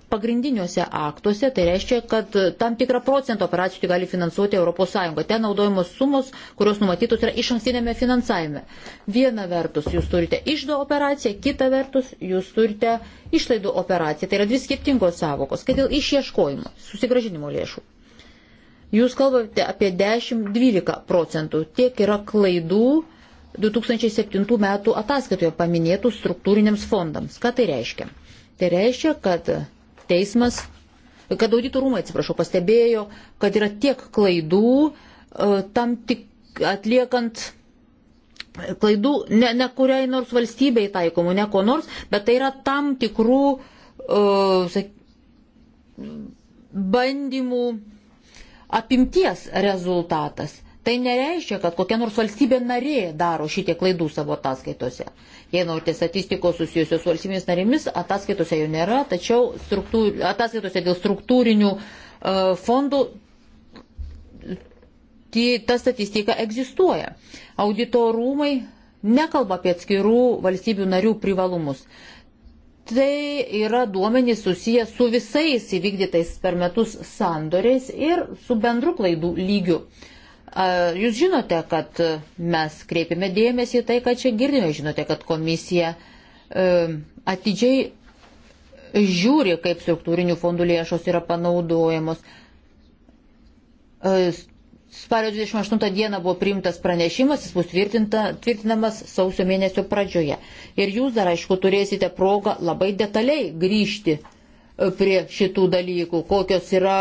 pagrindiniuose aktuose, tai reiškia, kad tam tikrą procentą operacijų tai gali finansuoti ES. Ten naudojamos sumos, kurios numatytos yra iš ankstinėme finansavime. Viena vertus jūs turite išdo operaciją, kita vertus jūs turite išlaidų operaciją. Tai yra dvi skirtingos savokos. Kai dėl išieškojimo, susigražinimo lėšų. Jūs kalbate apie 10-12 procentų. Tiek yra klaidų 2007 metų ataskaitoje paminėtų struktūriniams fondams. Ką tai reiškia? Tai reiškia, kad teismas, kad audito rūmai, atsiprašau, pastebėjo, kad yra tiek klaidų, e, tam tik atliekant klaidų ne, ne kuriai nors valstybei taikomų, ne ko nors, bet tai yra tam tikrų uh, sak, bandymų apimties rezultatas. Tai nereiškia, kad kokia nors valstybė narė daro šitie klaidų savo ataskaitose. Jei norite statistikos susijusios su valstybės narėmis, ataskaitose jau nėra, tačiau struktūr, ataskaitose dėl struktūrinių uh, fondų tai ta statistika egzistuoja. Audito rūmai nekalba apie atskirų valstybių narių privalumus. Tai yra duomenys susiję su visais įvykdytais per metus sandoriais ir su bendru klaidų lygiu. Uh, Jūs žinote, kad mes kreipiame dėmesį į tai, kad čia girdime, žinote, kad komisija atidžiai žiūri, kaip struktūrinių fondų lėšos yra panaudojamos. E, spalio 28 dieną buvo priimtas pranešimas, jis bus tvirtinamas sausio mėnesio pradžioje. Ir jūs dar, aišku, turėsite progą labai detaliai grįžti prie šitų dalykų, yra,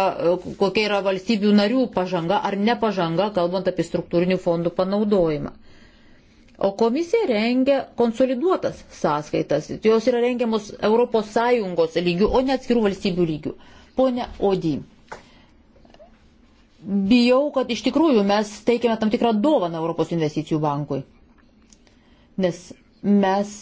kokia yra valstybių narių pažanga ar nepažanga, kalbant apie struktūrinių fondų panaudojimą. O komisija rengia konsoliduotas sąskaitas, jos yra rengiamos ES lygių, o ne atskirų valstybių lygių. Pone Odį, bijau, kad iš tikrųjų mes teikiame tam tikrą dovaną Europos investicijų bankui, nes mes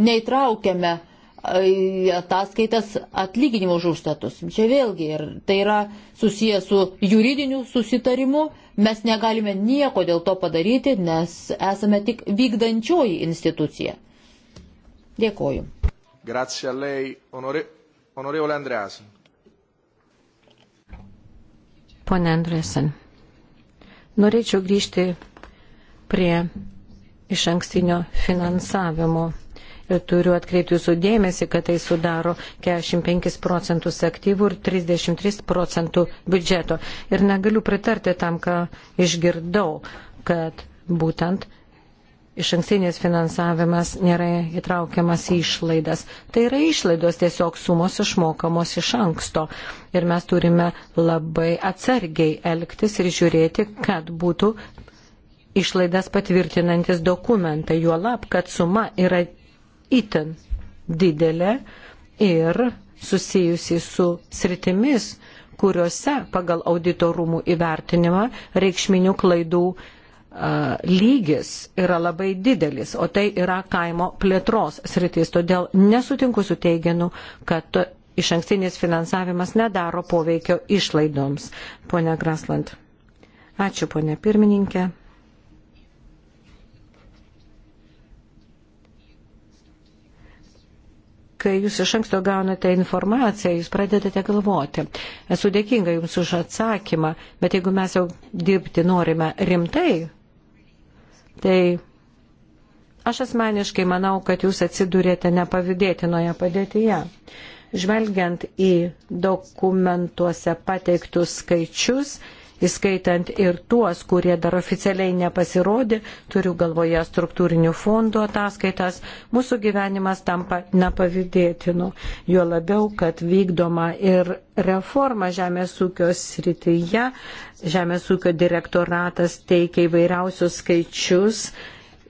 neįtraukiame ataskaitas atlyginimo už užstatus. Čia vėlgi ir tai yra susijęs su juridiniu susitarimu, mes negalime nieko dėl to padaryti, nes esame tik vykdančioji institucija. Dėkoju. Grazie a lei, onore, onorevole Andreasen. Pone Andresen, norėčiau grįžti prie iš ankstinio finansavimo turiu atkreipti jūsų dėmesį, kad tai sudaro 45 procentus aktyvų ir 33 procentų biudžeto. Ir negaliu pritarti tam, ką išgirdau, kad būtent iš ankstinės finansavimas nėra įtraukiamas į išlaidas. Tai yra išlaidos tiesiog sumos išmokamos iš anksto. Ir mes turime labai atsargiai elgtis ir žiūrėti, kad būtų išlaidas patvirtinantis dokumentai, juolab, kad suma yra itin didelė ir susijusi su sritimis, kuriuose pagal auditorumų įvertinimą reikšminių klaidų lygis yra labai didelis, o tai yra kaimo plėtros sritis. Todėl nesutinku su teiginu, kad iš ankstinis finansavimas nedaro poveikio išlaidoms. Pone Grasland. Ačiū, pone pirmininkė. kai jūs iš anksto gaunate informaciją, jūs pradedate galvoti. Esu dėkinga Jums už atsakymą, bet jeigu mes jau dirbti norime rimtai, tai aš asmeniškai manau, kad Jūs atsidūrėte nepavydėtinoje padėtyje. Žvelgiant į dokumentuose pateiktus skaičius, įskaitant ir tuos, kurie dar oficialiai nepasirodė, turiu galvoje struktūrinių fondų ataskaitas, mūsų gyvenimas tampa nepavydėtinu, juo labiau, kad vykdoma ir reforma žemės ūkio srityje, žemės ūkio direktoratas teikia įvairiausius skaičius,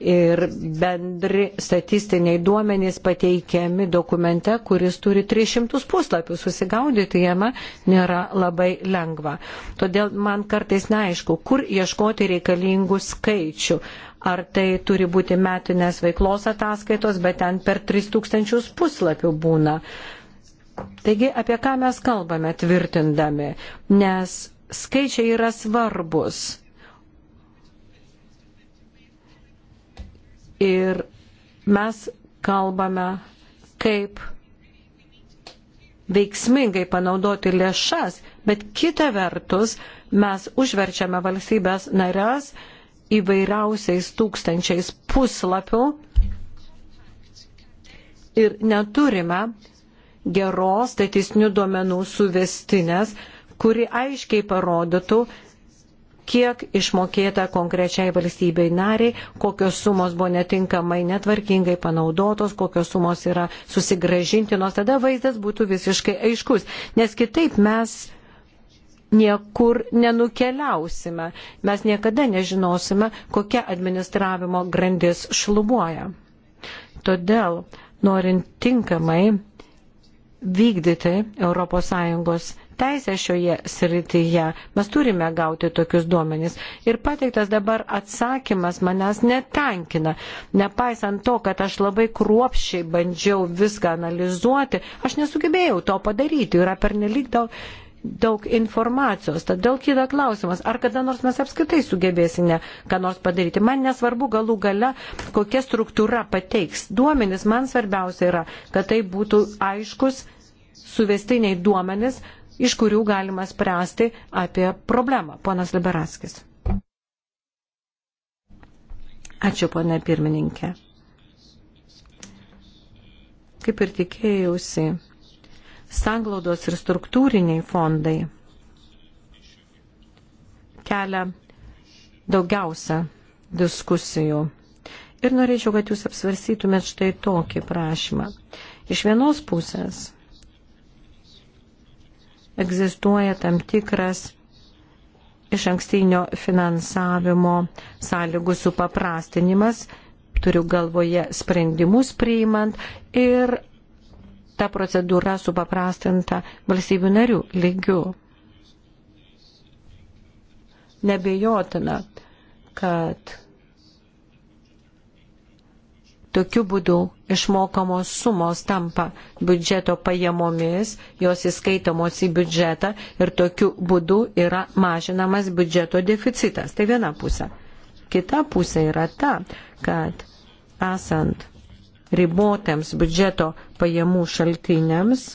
ir bendri statistiniai duomenys pateikiami dokumente, kuris turi 300 puslapių. Susigaudyti jame nėra labai lengva. Todėl man kartais neaišku, kur ieškoti reikalingų skaičių. Ar tai turi būti metinės veiklos ataskaitos, bet ten per 3000 puslapių būna. Taigi, apie ką mes kalbame tvirtindami, nes skaičiai yra svarbus Ir mes kalbame, kaip veiksmingai panaudoti lėšas, bet kita vertus mes užverčiame valstybės narės įvairiausiais tūkstančiais puslapių ir neturime geros statistinių duomenų suvestinės, kuri aiškiai parodytų, kiek išmokėta konkrečiai valstybei nariai, kokios sumos buvo netinkamai, netvarkingai panaudotos, kokios sumos yra susigražintinos, tada vaizdas būtų visiškai aiškus. Nes kitaip mes niekur nenukeliausime, mes niekada nežinosime, kokia administravimo grandis šlubuoja. Todėl, norint tinkamai vykdyti ES teisę šioje srityje, mes turime gauti tokius duomenys. Ir pateiktas dabar atsakymas manęs netenkina. Nepaisant to, kad aš labai kruopščiai bandžiau viską analizuoti, aš nesugebėjau to padaryti. Yra pernelyg daug daug informacijos. Todėl kyla klausimas, ar kada nors mes apskritai sugebėsime ką nors padaryti. Man nesvarbu galų gale, kokia struktūra pateiks. Duomenis man svarbiausia yra, kad tai būtų aiškus suvestiniai duomenis, iš kurių galima spręsti apie problemą. Ponas Liberaskis. Ačiū, ponė pirmininkė. Kaip ir tikėjausi, sanglaudos ir struktūriniai fondai kelia daugiausia diskusijų. Ir norėčiau, kad jūs apsvarstytumėt štai tokį prašymą. Iš vienos pusės egzistuoja tam tikras iš ankstinio finansavimo sąlygų supaprastinimas, turiu galvoje sprendimus priimant ir ta procedūra supaprastinta valstybių narių lygių. Nebejotina, kad Tokiu būdu išmokamos sumos tampa biudžeto pajamomis, jos įskaitomos į biudžetą ir tokiu būdu yra mažinamas biudžeto deficitas. Tai viena pusė. Kita pusė yra ta, kad esant ribotėms biudžeto pajamų šaltiniams,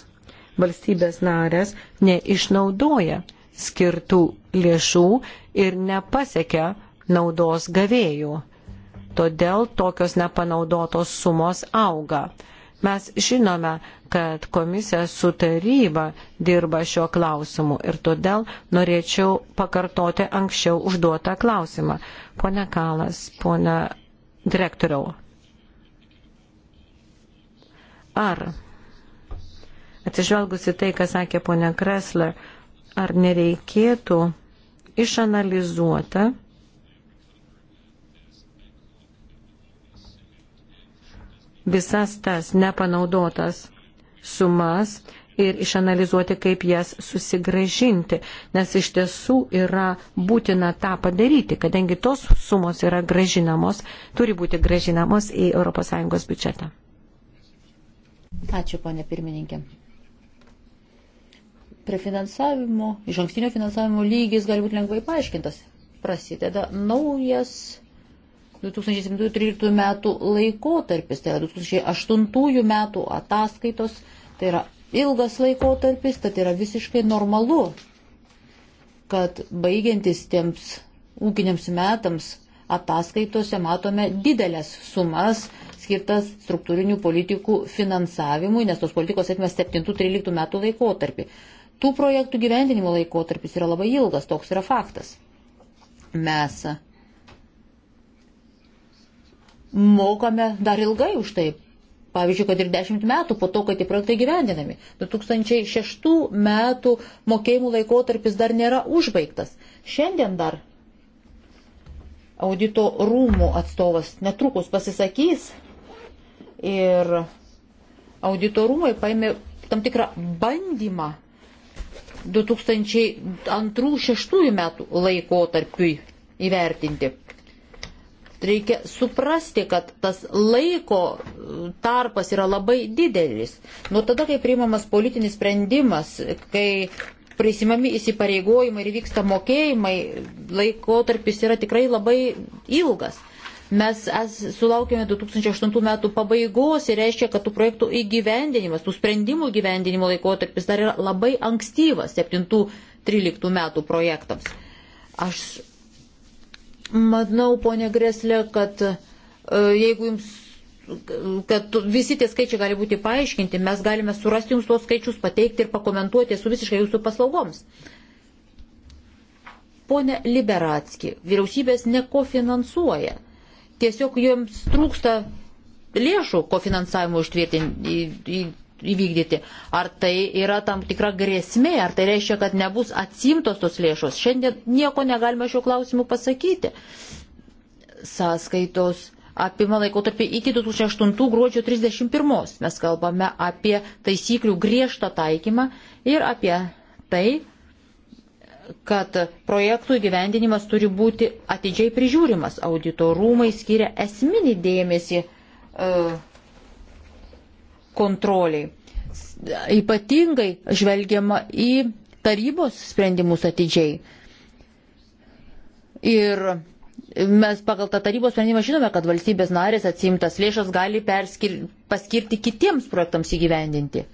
valstybės narės neišnaudoja skirtų lėšų ir nepasiekia naudos gavėjų. Todėl tokios nepanaudotos sumos auga. Mes žinome, kad komisija su taryba dirba šiuo klausimu ir todėl norėčiau pakartoti anksčiau užduotą klausimą. Pone Kalas, pone direktoriau, ar atsižvelgusi tai, ką sakė ponia Kresler, ar nereikėtų išanalizuoti visas tas nepanaudotas sumas ir išanalizuoti, kaip jas susigražinti, nes iš tiesų yra būtina tą padaryti, kadangi tos sumos yra gražinamos, turi būti gražinamos į ES biudžetą. Ačiū, ponė pirmininkė. Prefinansavimo, iš ankstinio finansavimo lygis gali būti lengvai paaiškintas. Prasideda naujas 2007-2013 metų laikotarpis, tai yra 2008 metų ataskaitos, tai yra ilgas laikotarpis, tad yra visiškai normalu, kad baigiantis tiems ūkiniams metams ataskaitose matome didelės sumas skirtas struktūrinių politikų finansavimui, nes tos politikos atmes 7-13 metų laikotarpį. Tų projektų gyvendinimo laikotarpis yra labai ilgas, toks yra faktas. Mes mokame dar ilgai už tai. Pavyzdžiui, kad ir dešimt metų po to, kai tie projektai gyvendinami. 2006 metų mokėjimų laikotarpis dar nėra užbaigtas. Šiandien dar audito rūmų atstovas netrukus pasisakys ir audito rūmai paėmė tam tikrą bandymą 2002-2006 metų laikotarpiui įvertinti. Reikia suprasti, kad tas laiko e, tarpas yra labai didelis. Nuo tada, kai priimamas politinis sprendimas, kai prisimami įsipareigojimai ir vyksta mokėjimai, laikotarpis yra tikrai labai ilgas. Mes sulaukėme 2008 metų pabaigos ir reiškia, kad tų projektų įgyvendinimas, tų sprendimų įgyvendinimo laikotarpis dar yra labai ankstyvas 7-13 metų projektams. Aš Manau, ponė Greslė, kad e, jeigu jums kad visi tie skaičiai gali būti paaiškinti, mes galime surasti jums tuos skaičius, pateikti ir pakomentuoti su visiškai jūsų paslaugoms. Pone Liberatski, vyriausybės nekofinansuoja. Tiesiog joms trūksta lėšų kofinansavimo ištvirtinti įvykdyti. Ar tai yra tam tikra grėsmė, ar tai reiškia, kad nebus atsimtos tos lėšos. Šiandien nieko negalime šiuo klausimu pasakyti. Sąskaitos apima laikotarpį iki 2008 gruodžio 31. Mes kalbame apie taisyklių griežtą taikymą ir apie tai, kad projektų įgyvendinimas turi būti atidžiai prižiūrimas. Audito rūmai skiria esminį dėmesį. Uh, kontroliai. Ypatingai žvelgiama į tarybos sprendimus atidžiai. Ir mes pagal tą tarybos sprendimą žinome, kad valstybės narės atsimtas lėšas gali perskir, paskirti kitiems projektams įgyvendinti.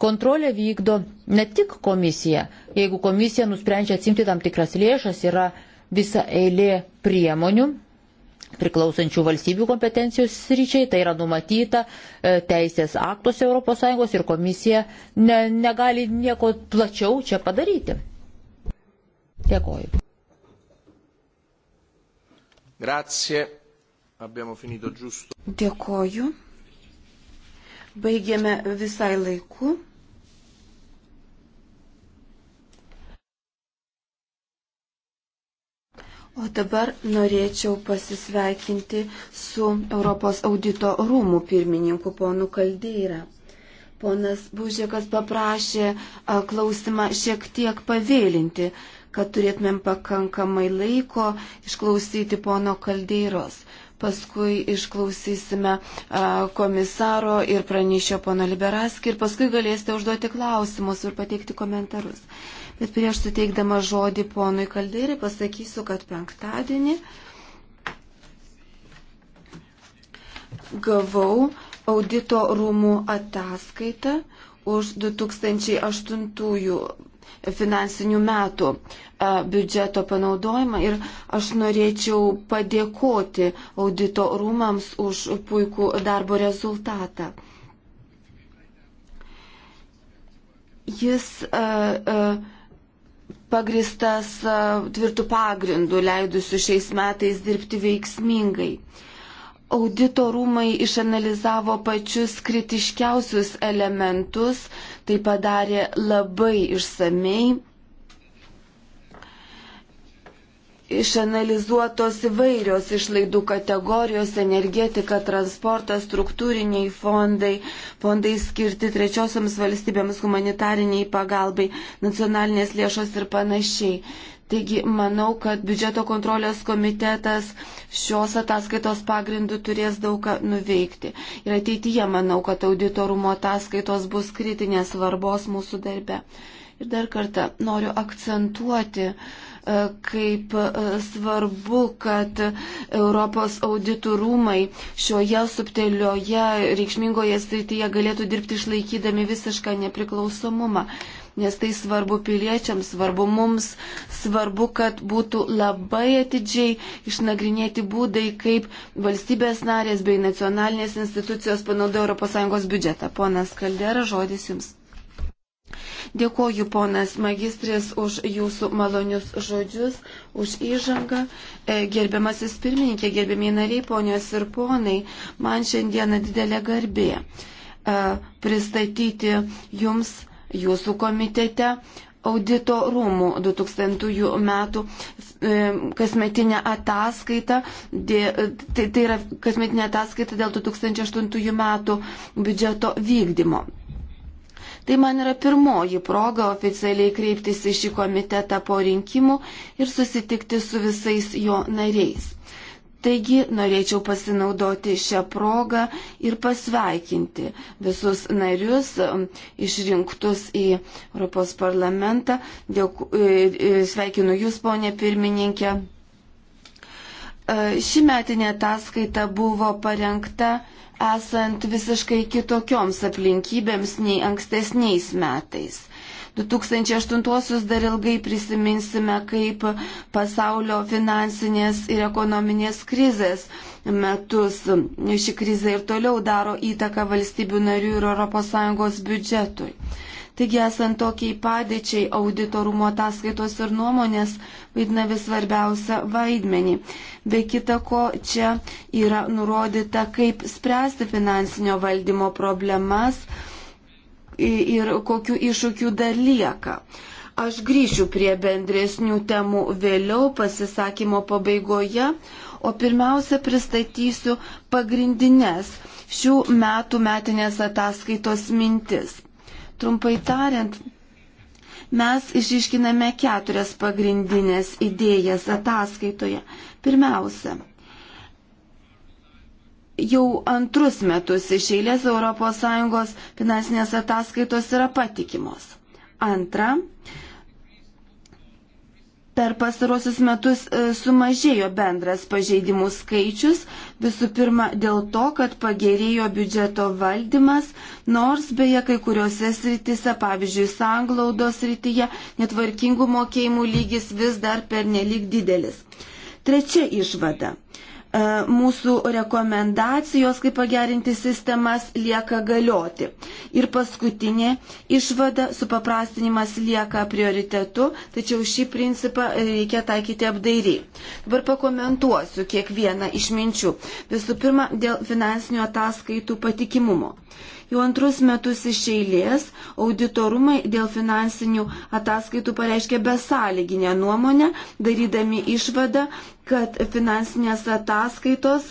Kontrolę vykdo ne tik komisija. Jeigu komisija nusprendžia atsimti tam tikras lėšas, yra visa eilė priemonių, priklausančių valstybių kompetencijos sryčiai, tai yra numatyta e, teisės aktuose ES ir komisija ne, negali nieko plačiau čia padaryti. Dėkoju. Grazie. Abbiamo finito giusto. Dėkoju. Baigėme visai laiku. O dabar norėčiau pasisveikinti su Europos audito rūmų pirmininku ponu Kaldeira. Ponas Būžėkas paprašė klausimą šiek tiek pavėlinti, kad turėtumėm pakankamai laiko išklausyti pono Kaldeiros. Paskui išklausysime komisaro ir pranešio pono Liberaskį ir paskui galėsite užduoti klausimus ir pateikti komentarus. Bet prieš suteikdama žodį ponui Kaldeirį pasakysiu, kad penktadienį gavau audito rūmų ataskaitą už 2008 finansinių metų e, biudžeto panaudojimą ir aš norėčiau padėkoti audito rūmams už puikų darbo rezultatą. Jis uh, uh, pagristas tvirtų pagrindų, leidusių šiais metais dirbti veiksmingai. Audito rūmai išanalizavo pačius kritiškiausius elementus, tai padarė labai išsamei išanalizuotos įvairios išlaidų kategorijos - energetika, transportas, struktūriniai fondai, fondai skirti trečiosiams valstybėms, humanitariniai pagalbai, nacionalinės lėšos ir panašiai. Taigi manau, kad biudžeto kontrolės komitetas šios ataskaitos pagrindų turės daug ką nuveikti. Ir ateityje manau, kad auditorumo ataskaitos bus kritinės svarbos mūsų darbe. Ir dar kartą noriu akcentuoti, uh, E, kaip e, svarbu, kad Europos auditų rūmai šioje subtilioje reikšmingoje srityje galėtų dirbti išlaikydami visišką nepriklausomumą. Nes tai svarbu piliečiams, svarbu mums, svarbu, kad būtų labai atidžiai išnagrinėti būdai, kaip valstybės narės bei nacionalinės institucijos panaudoja ES biudžetą. Ponas Kaldera, žodis jums. Dėkoju, ponas magistris, už jūsų malonius žodžius, už įžangą. E, gerbiamasis pirmininkė, gerbiamiai nariai, ponios ir ponai, man šiandieną didelė garbė e, pristatyti jums, jūsų komitete, audito rūmų 2000 metų e, kasmetinę ataskaitą, tai, tai yra kasmetinė ataskaita dėl 2008 metų biudžeto vykdymo. Tai man yra pirmoji proga oficialiai kreiptis į šį komitetą po rinkimų ir susitikti su visais jo nariais. Taigi norėčiau pasinaudoti šią progą ir pasveikinti visus narius išrinktus į Europos parlamentą. Dėku, e, e, sveikinu Jūs, ponė pirmininkė. E, ši metinė ataskaita buvo parengta esant visiškai kitokioms aplinkybėms nei ankstesniais metais. 2008-osius dar ilgai prisiminsime kaip pasaulio finansinės ir ekonominės krizės metus. Ši krizė ir toliau daro įtaką valstybių narių ir ES biudžetui. Taigi esant tokiai padėčiai auditorumo ataskaitos ir nuomonės vaidina vis svarbiausią vaidmenį. Be kita ko, čia yra nurodyta, kaip spręsti finansinio valdymo problemas ir kokiu iššūkiu dar lieka. Aš grįšiu prie bendresnių temų vėliau pasisakymo pabaigoje, o pirmiausia pristatysiu pagrindinės šių metų metinės ataskaitos mintis. Trumpai tariant, mes išiškiname keturias pagrindinės idėjas ataskaitoje. Pirmiausia, jau antrus metus iš eilės ES finansinės ataskaitos yra patikimos. Antra, Per pastarosius metus e, sumažėjo bendras pažeidimų skaičius, visų pirma dėl to, kad pagerėjo biudžeto valdymas, nors beje kai kuriuose sritise, pavyzdžiui, sanglaudos srityje, netvarkingų mokėjimų lygis vis dar pernelyg didelis. Trečia išvada. E, mūsų rekomendacijos, kaip pagerinti sistemas, lieka galioti. Ir paskutinė išvada - supaprastinimas lieka prioritetu, tačiau šį principą reikia taikyti apdairiai. Dabar pakomentuosiu kiekvieną iš minčių. Visų pirma, dėl finansinių ataskaitų patikimumo. Jau antrus metus iš eilės auditorumai dėl finansinių ataskaitų pareiškė besąlyginę nuomonę, darydami išvadą, kad finansinės ataskaitos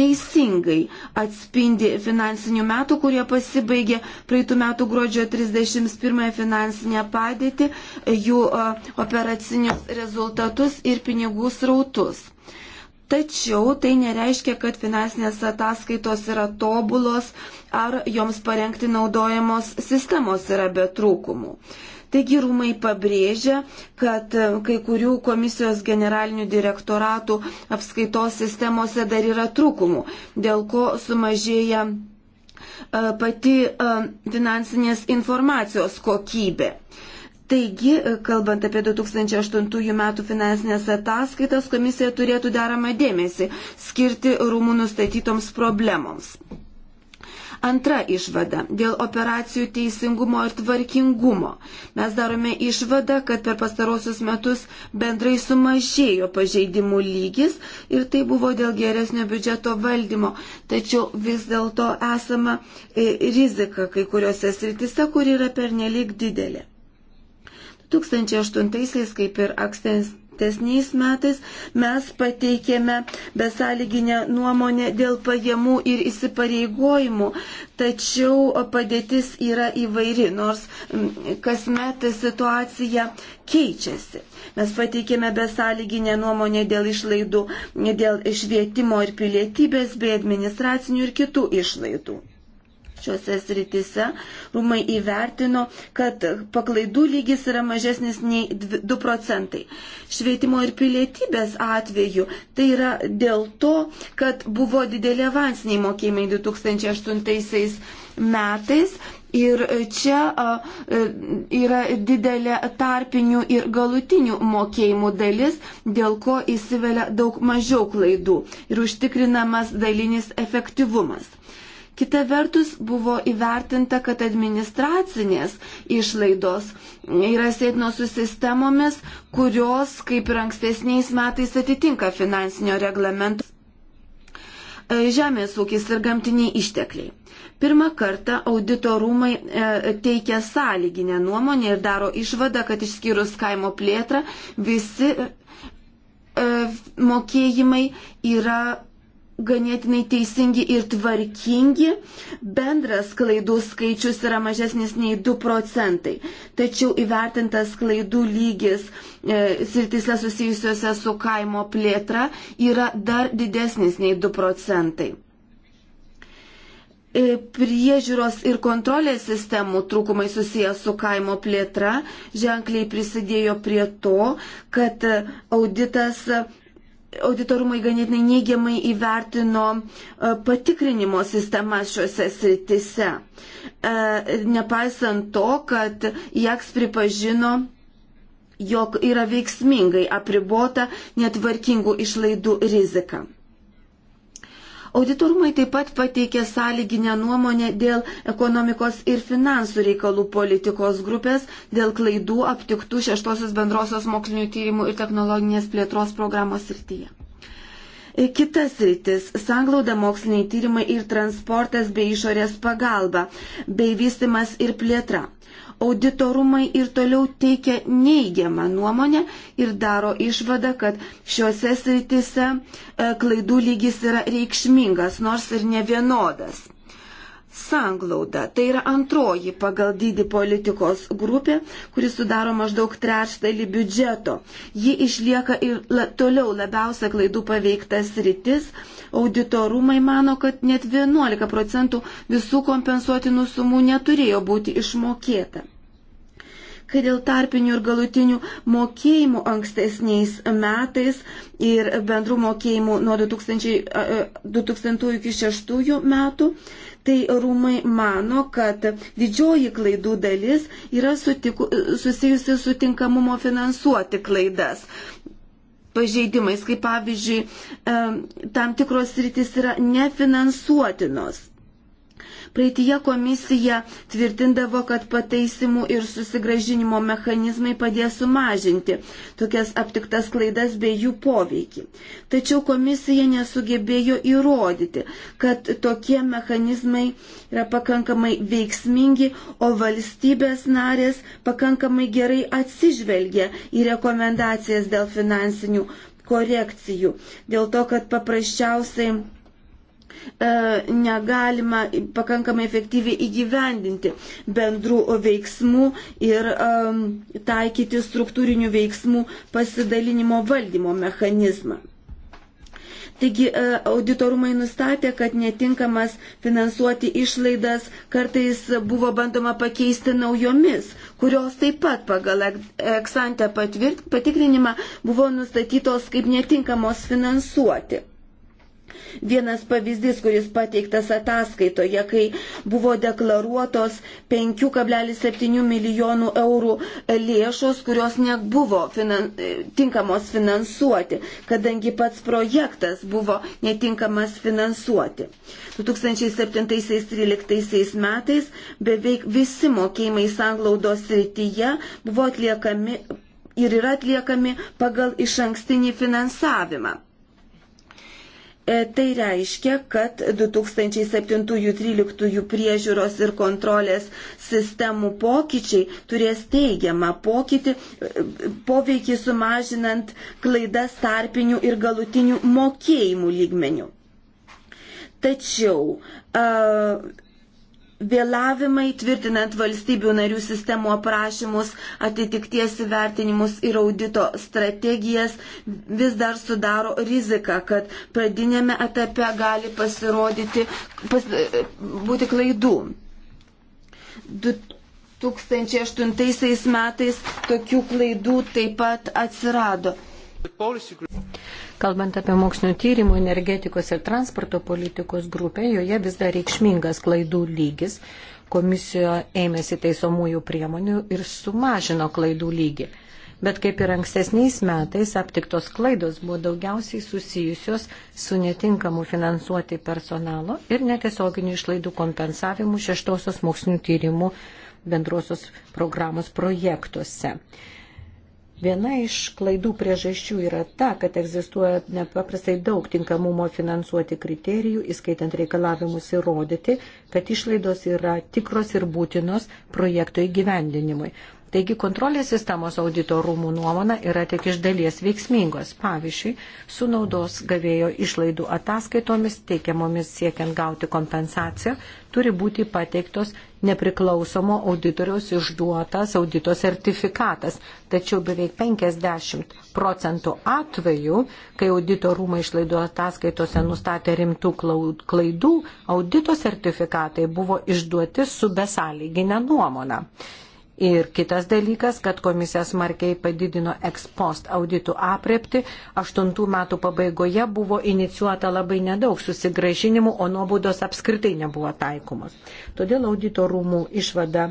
teisingai atspindi finansinių metų, kurie pasibaigė praeitų metų gruodžio 31 finansinę padėtį, jų operacinius rezultatus ir pinigų srautus. Tačiau tai nereiškia, kad finansinės ataskaitos yra tobulos ar joms parengti naudojamos sistemos yra be trūkumų. Taigi rūmai pabrėžia, kad kai kurių komisijos generalinių direktoratų apskaitos sistemose dar yra trūkumų, dėl ko sumažėja e, pati e, finansinės informacijos kokybė. Taigi, e, kalbant apie 2008 metų finansinės ataskaitas, komisija turėtų deramą dėmesį skirti rūmų nustatytoms problemoms. Antra išvada - dėl operacijų teisingumo ir tvarkingumo. Mes darome išvadą, kad per pastarosius metus bendrai sumažėjo pažeidimų lygis ir tai buvo dėl geresnio biudžeto valdymo. Tačiau vis dėlto esama e, rizika kai kuriuose sritise, kur yra pernelik didelė. 2008-aisiais, kaip ir ankstesniais metais, mes pateikėme besąlyginę nuomonę dėl pajamų ir įsipareigojimų, tačiau padėtis yra įvairi, nors kasmet situacija keičiasi. Mes pateikėme besąlyginę nuomonę dėl išlaidų, dėl švietimo ir pilietybės bei administracinių ir kitų išlaidų šiuose sritise rūmai įvertino, kad paklaidų lygis yra mažesnis nei 2 procentai. Švietimo ir pilietybės atveju tai yra dėl to, kad buvo dideli avansiniai mokėjimai 2008 metais. Ir čia e, yra didelė tarpinių ir galutinių mokėjimų dalis, dėl ko įsivelia daug mažiau klaidų ir užtikrinamas dalinis efektyvumas. Kita vertus buvo įvertinta, kad administracinės išlaidos yra sėtinos su sistemomis, kurios, kaip ir ankstesniais metais, atitinka finansinio reglamento e, žemės ūkis ir gamtiniai ištekliai. Pirmą kartą audito rūmai e, teikia sąlyginę nuomonę ir daro išvadą, kad išskyrus kaimo plėtrą visi e, mokėjimai yra ganėtinai teisingi ir tvarkingi, bendras klaidų skaičius yra mažesnis nei 2 procentai. Tačiau įvertintas klaidų lygis e, sritise susijusiuose su kaimo plėtra yra dar didesnis nei 2 procentai. E, priežiūros ir kontrolės sistemų trūkumai susijęs su kaimo plėtra ženkliai prisidėjo prie to, kad auditas auditorumai ganėtinai neigiamai įvertino e, patikrinimo sistemas šiuose sritise. E, nepaisant to, kad JAKS pripažino, jog yra veiksmingai apribota netvarkingų išlaidų rizika. Auditorumai taip pat pateikė sąlyginę nuomonę dėl ekonomikos ir finansų reikalų politikos grupės, dėl klaidų aptiktų šeštosios bendrosios mokslinių tyrimų ir technologinės plėtros programos srityje. E, Kitas rytis - sanglauda moksliniai tyrimai ir transportas bei išorės pagalba, bei vystimas ir plėtra auditorumai ir toliau teikia neigiamą nuomonę ir daro išvadą, kad šiuose sritise e, klaidų lygis yra reikšmingas, nors ir nevienodas sanglauda. Tai yra antroji pagal dydį politikos grupė, kuri sudaro maždaug trečdalį biudžeto. Ji išlieka ir la, toliau labiausia klaidų paveiktas rytis. Auditorumai mano, kad net 11 procentų visų kompensuotinų sumų neturėjo būti išmokėta kai dėl tarpinių ir galutinių mokėjimų ankstesniais metais ir bendrų mokėjimų nuo 2000, 2000 iki 2006 metų tai rūmai mano, kad didžioji klaidų dalis yra sutiku, susijusi su tinkamumo finansuoti klaidas. Pažeidimais, kaip pavyzdžiui, tam tikros rytis yra nefinansuotinos. Praeitie komisija tvirtindavo, kad pataisimų ir susigražinimo mechanizmai padės sumažinti tokias aptiktas klaidas bei jų poveikį. Tačiau komisija nesugebėjo įrodyti, kad tokie mechanizmai yra pakankamai veiksmingi, o valstybės narės pakankamai gerai atsižvelgia į rekomendacijas dėl finansinių korekcijų. Dėl to, kad paprasčiausiai E, negalima pakankamai efektyviai įgyvendinti bendrų veiksmų ir um, taikyti struktūrinių veiksmų pasidalinimo valdymo mechanizmą. Taigi e, auditorumai nustatė, kad netinkamas finansuoti išlaidas kartais buvo bandoma pakeisti naujomis, kurios taip pat pagal eksantę patikrinimą buvo nustatytos kaip netinkamos finansuoti. Vienas pavyzdys, kuris pateiktas ataskaitoje, kai buvo deklaruotos 5,7 milijonų eurų lėšos, kurios nebuvo finan, tinkamos finansuoti, kadangi pats projektas buvo netinkamas finansuoti. 2007-2013 metais beveik visi mokėjimai sanglaudos rytyje buvo atliekami ir yra atliekami pagal iš ankstinį finansavimą. E, tai reiškia, kad 2007-2013 priežiūros ir kontrolės sistemų pokyčiai turės teigiamą pokytį, e, poveikį sumažinant klaidas tarpinių ir galutinių mokėjimų lygmenių. Tačiau e, Vėlavimai tvirtinant valstybių narių sistemų aprašymus, atitikties įvertinimus ir audito strategijas vis dar sudaro riziką, kad pradinėme etape gali pasirodyti, pas, būti klaidų. 2008 metais tokių klaidų taip pat atsirado. Kalbant apie mokslinio tyrimų, energetikos ir transporto politikos grupę, joje vis dar reikšmingas klaidų lygis. Komisija ėmėsi teisomųjų priemonių ir sumažino klaidų lygį. Bet kaip ir ankstesniais metais, aptiktos klaidos buvo daugiausiai susijusios su netinkamu finansuoti personalo ir netiesioginių išlaidų kompensavimu šeštosios mokslinio tyrimų bendrosios programos projektuose. Viena iš klaidų priežasčių yra ta, kad egzistuoja nepaprastai daug tinkamumo finansuoti kriterijų, įskaitant reikalavimus įrodyti, kad išlaidos yra tikros ir būtinos projekto įgyvendinimui. Taigi kontrolės sistemos audito rūmų nuomona yra tik iš dalies veiksmingos. Pavyzdžiui, su naudos gavėjo išlaidų ataskaitomis teikiamomis siekiant gauti kompensaciją turi būti pateiktos nepriklausomo auditoriaus išduotas audito sertifikatas. Tačiau beveik 50 procentų atvejų, kai audito rūmai išlaidų ataskaitose nustatė rimtų klaidų, audito sertifikatai buvo išduoti su besąlyginė nuomona. Ir kitas dalykas, kad komisija smarkiai padidino ekspost auditų aprepti. Aštuntų metų pabaigoje buvo inicijuota labai nedaug susigražinimų, o nuobaudos apskritai nebuvo taikomos. Todėl audito rūmų išvada.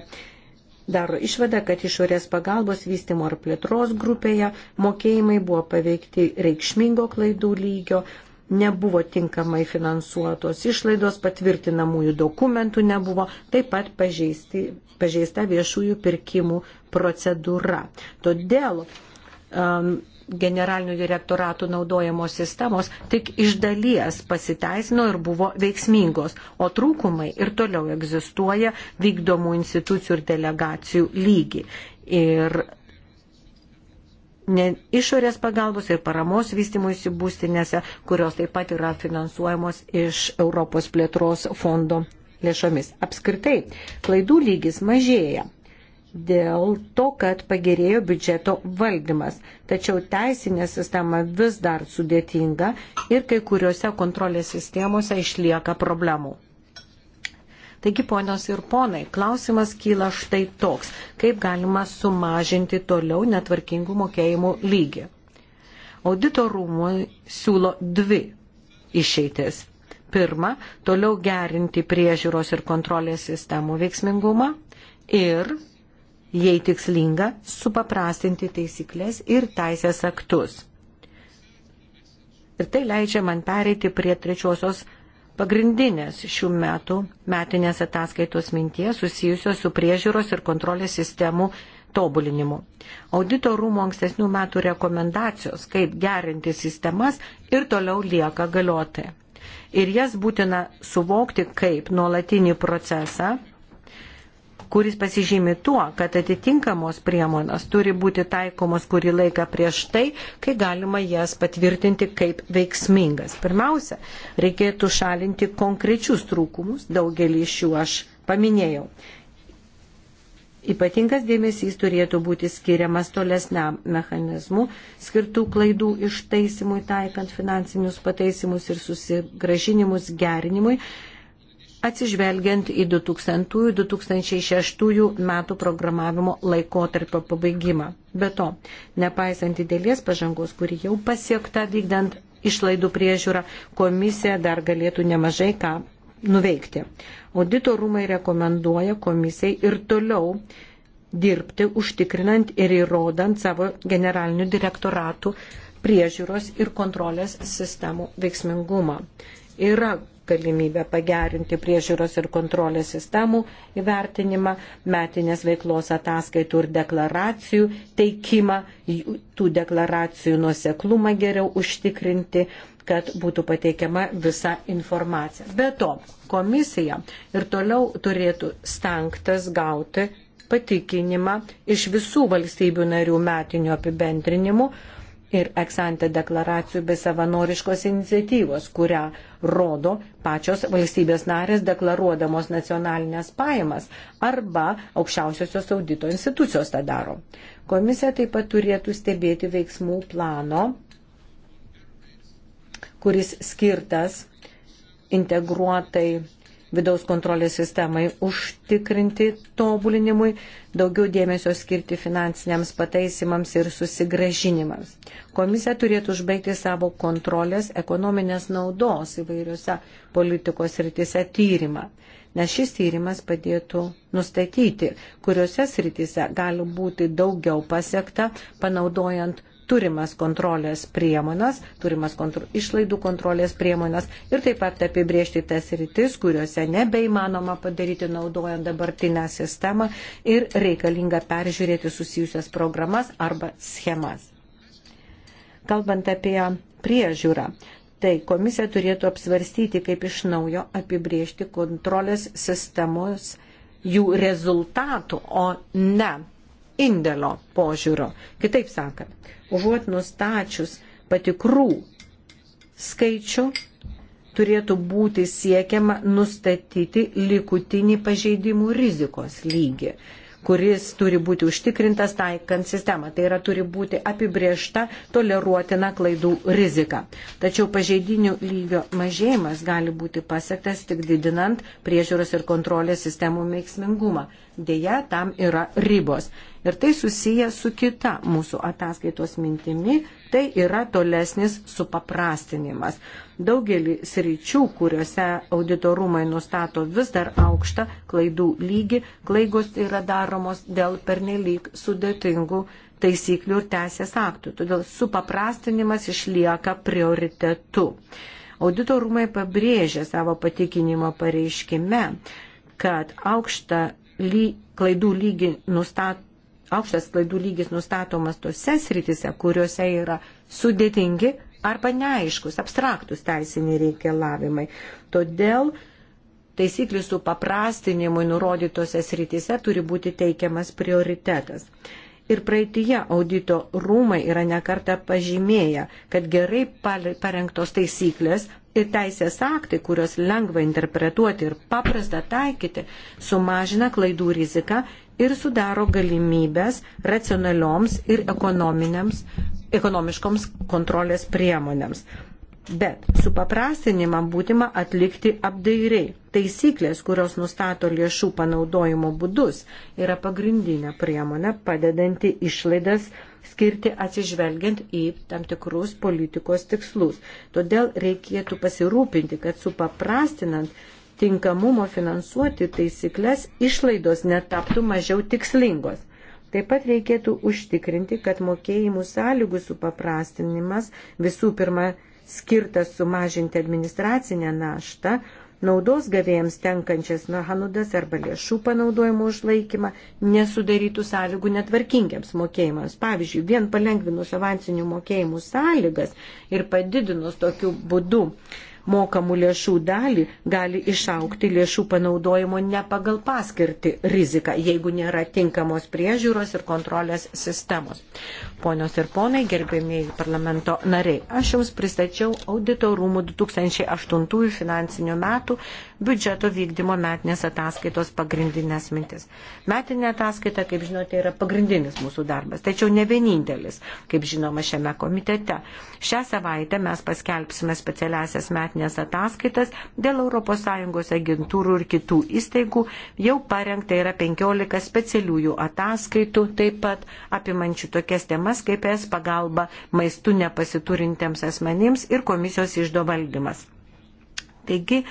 Daro išvada, kad išorės pagalbos vystimo ar plėtros grupėje mokėjimai buvo paveikti reikšmingo klaidų lygio, nebuvo tinkamai finansuotos, išlaidos patvirtinamųjų dokumentų nebuvo, taip pat pažeisti, pažeista viešųjų pirkimų procedūra. Todėl um, generalinių direktoratų naudojamos sistemos tik iš dalies pasiteisino ir buvo veiksmingos, o trūkumai ir toliau egzistuoja vykdomų institucijų ir delegacijų lygi. Ir išorės pagalbos ir paramos vystimuisi būstinėse, kurios taip pat yra finansuojamos iš Europos plėtros fondo lėšomis. Apskritai, klaidų lygis mažėja dėl to, kad pagerėjo biudžeto valdymas. Tačiau teisinė sistema vis dar sudėtinga ir kai kuriuose kontrolės sistemose išlieka problemų. Taigi, ponios ir ponai, klausimas kyla štai toks, kaip galima sumažinti toliau netvarkingų mokėjimų lygį. Audito rūmui siūlo dvi išeitis. Pirma, toliau gerinti priežiūros ir kontrolės sistemų veiksmingumą ir, jei tikslinga, supaprastinti taisyklės ir teisės aktus. Ir tai leidžia man pereiti prie trečiosios Pagrindinės šių metų metinės ataskaitos minties susijusios su priežiūros ir kontrolės sistemų tobulinimu. Audito rūmų ankstesnių metų rekomendacijos, kaip gerinti sistemas ir toliau lieka galioti. Ir jas būtina suvokti kaip nuolatinį procesą, kuris pasižymi tuo, kad atitinkamos priemonės turi būti taikomos kurį laiką prieš tai, kai galima jas patvirtinti kaip veiksmingas. Pirmiausia, reikėtų šalinti konkrečius trūkumus, daugelį iš jų aš paminėjau. Ypatingas dėmesys turėtų būti skiriamas tolesniam mechanizmu, skirtų klaidų ištaisimui taikant finansinius pataisimus ir susigražinimus gerinimui, atsižvelgiant į 2000-2006 metų programavimo laikotarpio pabaigimą. Be to, nepaisant didelės pažangos, kuri jau pasiekta vykdant išlaidų priežiūrą, komisija dar galėtų nemažai ką nuveikti. Audito rūmai rekomenduoja komisijai ir toliau dirbti, užtikrinant ir įrodant savo generalinių direktoratų priežiūros ir kontrolės sistemų veiksmingumą. Yra galimybę pagerinti priežiūros ir kontrolės sistemų įvertinimą, metinės veiklos ataskaitų ir deklaracijų teikimą, tų deklaracijų nuoseklumą geriau užtikrinti, kad būtų pateikiama visa informacija. Be to, komisija ir toliau turėtų stengtas gauti patikinimą iš visų valstybių narių metinių apibendrinimų, ir eksantę deklaracijų bei savanoriškos iniciatyvos, kurią rodo pačios valstybės narės deklaruodamos nacionalinės pajamas arba aukščiausiosios audito institucijos tą daro. Komisija taip pat turėtų stebėti veiksmų plano, kuris skirtas integruotai vidaus kontrolės sistemai užtikrinti tobulinimui, daugiau dėmesio skirti finansiniams pataisimams ir susigražinimams. Komisija turėtų užbaigti savo kontrolės ekonominės naudos įvairiose politikos rytise tyrimą, nes šis tyrimas padėtų nustatyti, kuriuose srityse gali būti daugiau pasiekta, panaudojant turimas kontrolės priemonas, turimas kontro, išlaidų kontrolės priemonas ir taip pat apibriežti tas rytis, kuriuose nebeįmanoma padaryti naudojant dabartinę sistemą ir reikalinga peržiūrėti susijusias programas arba schemas. Kalbant apie priežiūrą, tai komisija turėtų apsvarstyti, kaip iš naujo apibriežti kontrolės sistemos jų rezultatų, o ne indėlio požiūrio. Kitaip sakant, užuot nustačius patikrų skaičių, turėtų būti siekiama nustatyti likutinį pažeidimų rizikos lygį kuris turi būti užtikrintas taikant sistemą. Tai yra turi būti apibriešta toleruotina klaidų rizika. Tačiau pažeidinių lygio mažėjimas gali būti pasiektas tik didinant priežiūros ir kontrolės sistemų veiksmingumą. Deja, tam yra ribos. Ir tai susiję su kita mūsų ataskaitos mintimi, tai yra tolesnis supaprastinimas. Daugelį sričių, kuriuose auditorumai nustato vis dar aukštą klaidų lygį, klaigos yra daromos dėl pernelyg sudėtingų taisyklių ir teisės aktų. Todėl supaprastinimas išlieka prioritetu. Auditorumai pabrėžė savo patikinimo pareiškime, kad aukštą ly, klaidų lygį nustat, aukštas klaidų lygis nustatomas tose sritise, kuriuose yra sudėtingi arba neaiškus, abstraktus teisiniai reikalavimai. Todėl taisyklių supaprastinimui nurodytose sritise turi būti teikiamas prioritetas. Ir praeitie audito rūmai yra nekarta pažymėję, kad gerai parengtos taisyklės ir teisės aktai, kurios lengva interpretuoti ir paprasta taikyti, sumažina klaidų riziką ir sudaro galimybės racionalioms ir ekonomiškoms kontrolės priemonėms. Bet supaprastinimą būtima atlikti apdairiai. Taisyklės, kurios nustato lėšų panaudojimo būdus, yra pagrindinė priemonė padedanti išlaidas skirti atsižvelgiant į tam tikrus politikos tikslus. Todėl reikėtų pasirūpinti, kad supaprastinant tinkamumo finansuoti taisyklės išlaidos netaptų mažiau tikslingos. Taip pat reikėtų užtikrinti, kad mokėjimų sąlygų supaprastinimas visų pirma skirtas sumažinti administracinę naštą, naudos gavėjams tenkančias nuhanudas arba lėšų panaudojimo užlaikymą nesudarytų sąlygų netvarkingiams mokėjimams. Pavyzdžiui, vien palengvinus avansinių mokėjimų sąlygas ir padidinus tokiu būdu uh, mokamų lėšų dalį gali išaukti lėšų panaudojimo ne pagal paskirti riziką, jeigu nėra tinkamos priežiūros ir kontrolės sistemos. Ponios ir ponai, gerbėmieji parlamento nariai, aš Jums pristačiau audito rūmų 2008 finansinių metų biudžeto vykdymo metinės ataskaitos pagrindinės mintis. Metinė ataskaita, kaip žinote, yra pagrindinis mūsų darbas, tačiau ne vienintelis, kaip žinoma, šiame komitete. Šią savaitę mes paskelbsime specialiasias metinės ataskaitas dėl ES agentūrų ir kitų įstaigų. Jau parengta yra 15 specialiųjų ataskaitų, taip pat apimančių tokias temas kaip es pagalba maistu nepasiturintiems asmenims ir komisijos išdo valdymas. Taigi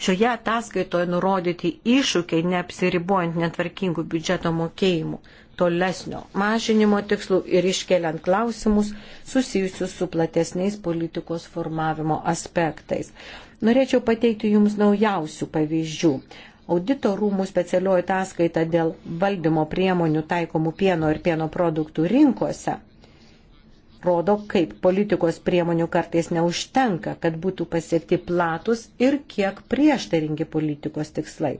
Šioje ataskaitoje nurodyti iššūkiai neapsiribuojant netvarkingų biudžeto mokėjimų tolesnio mažinimo tikslų ir iškeliant klausimus susijusius su platesniais politikos formavimo aspektais. Norėčiau pateikti Jums naujausių pavyzdžių. Audito rūmų specialioji ataskaita dėl valdymo priemonių taikomų pieno ir pieno produktų rinkose rodo, kaip politikos priemonių kartais neužtenka, kad būtų pasiekti platus ir kiek prieštaringi politikos tikslai.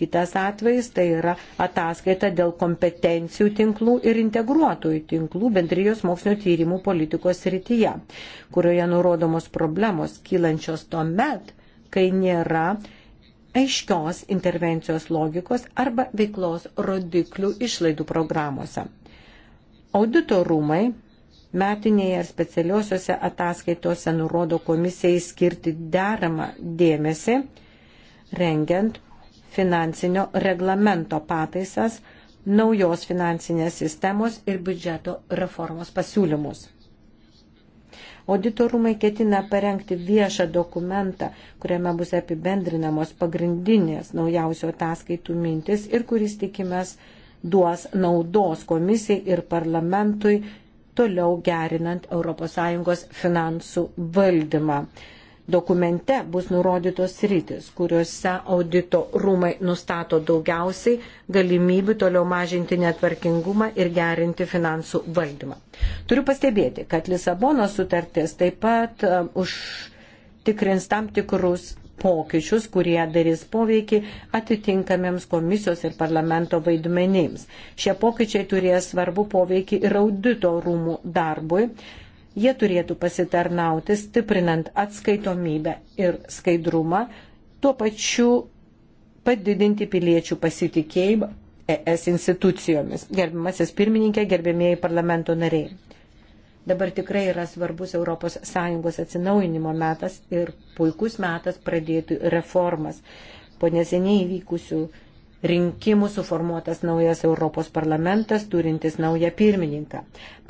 Kitas atvejs tai yra ataskaita dėl kompetencijų tinklų ir integruotojų tinklų bendrijos mokslinio tyrimų politikos rytyje, kurioje nurodomos problemos kylančios tuo met, kai nėra aiškios intervencijos logikos arba veiklos rodiklių išlaidų programuose. Auditorumai metinėje ir specialiuosiuose ataskaitose nurodo komisijai skirti deramą dėmesį, rengiant finansinio reglamento pataisas, naujos finansinės sistemos ir biudžeto reformos pasiūlymus. Auditorumai ketina parengti viešą dokumentą, kuriame bus apibendrinamos pagrindinės naujausio ataskaitų mintis ir kuris tikimės duos naudos komisijai ir parlamentui toliau gerinant ES finansų valdymą. Dokumente bus nurodytos rytis, kuriuose audito rūmai nustato daugiausiai galimybių toliau mažinti netvarkingumą ir gerinti finansų valdymą. Turiu pastebėti, kad Lisabono sutartis taip pat uh, užtikrins tam tikrus pokyčius, kurie darys poveikį atitinkamiems komisijos ir parlamento vaidmenims. Šie pokyčiai turės svarbu poveikį ir audito rūmų darbui. Jie turėtų pasitarnauti stiprinant atskaitomybę ir skaidrumą, tuo pačiu padidinti piliečių pasitikėjimą ES institucijomis. Gerbimasis pirmininkė, gerbėmieji parlamento nariai. Dabar tikrai yra svarbus ES atsinaujinimo metas ir puikus metas pradėti reformas. Po neseniai įvykusių rinkimų suformuotas naujas Europos parlamentas, turintis naują pirmininką.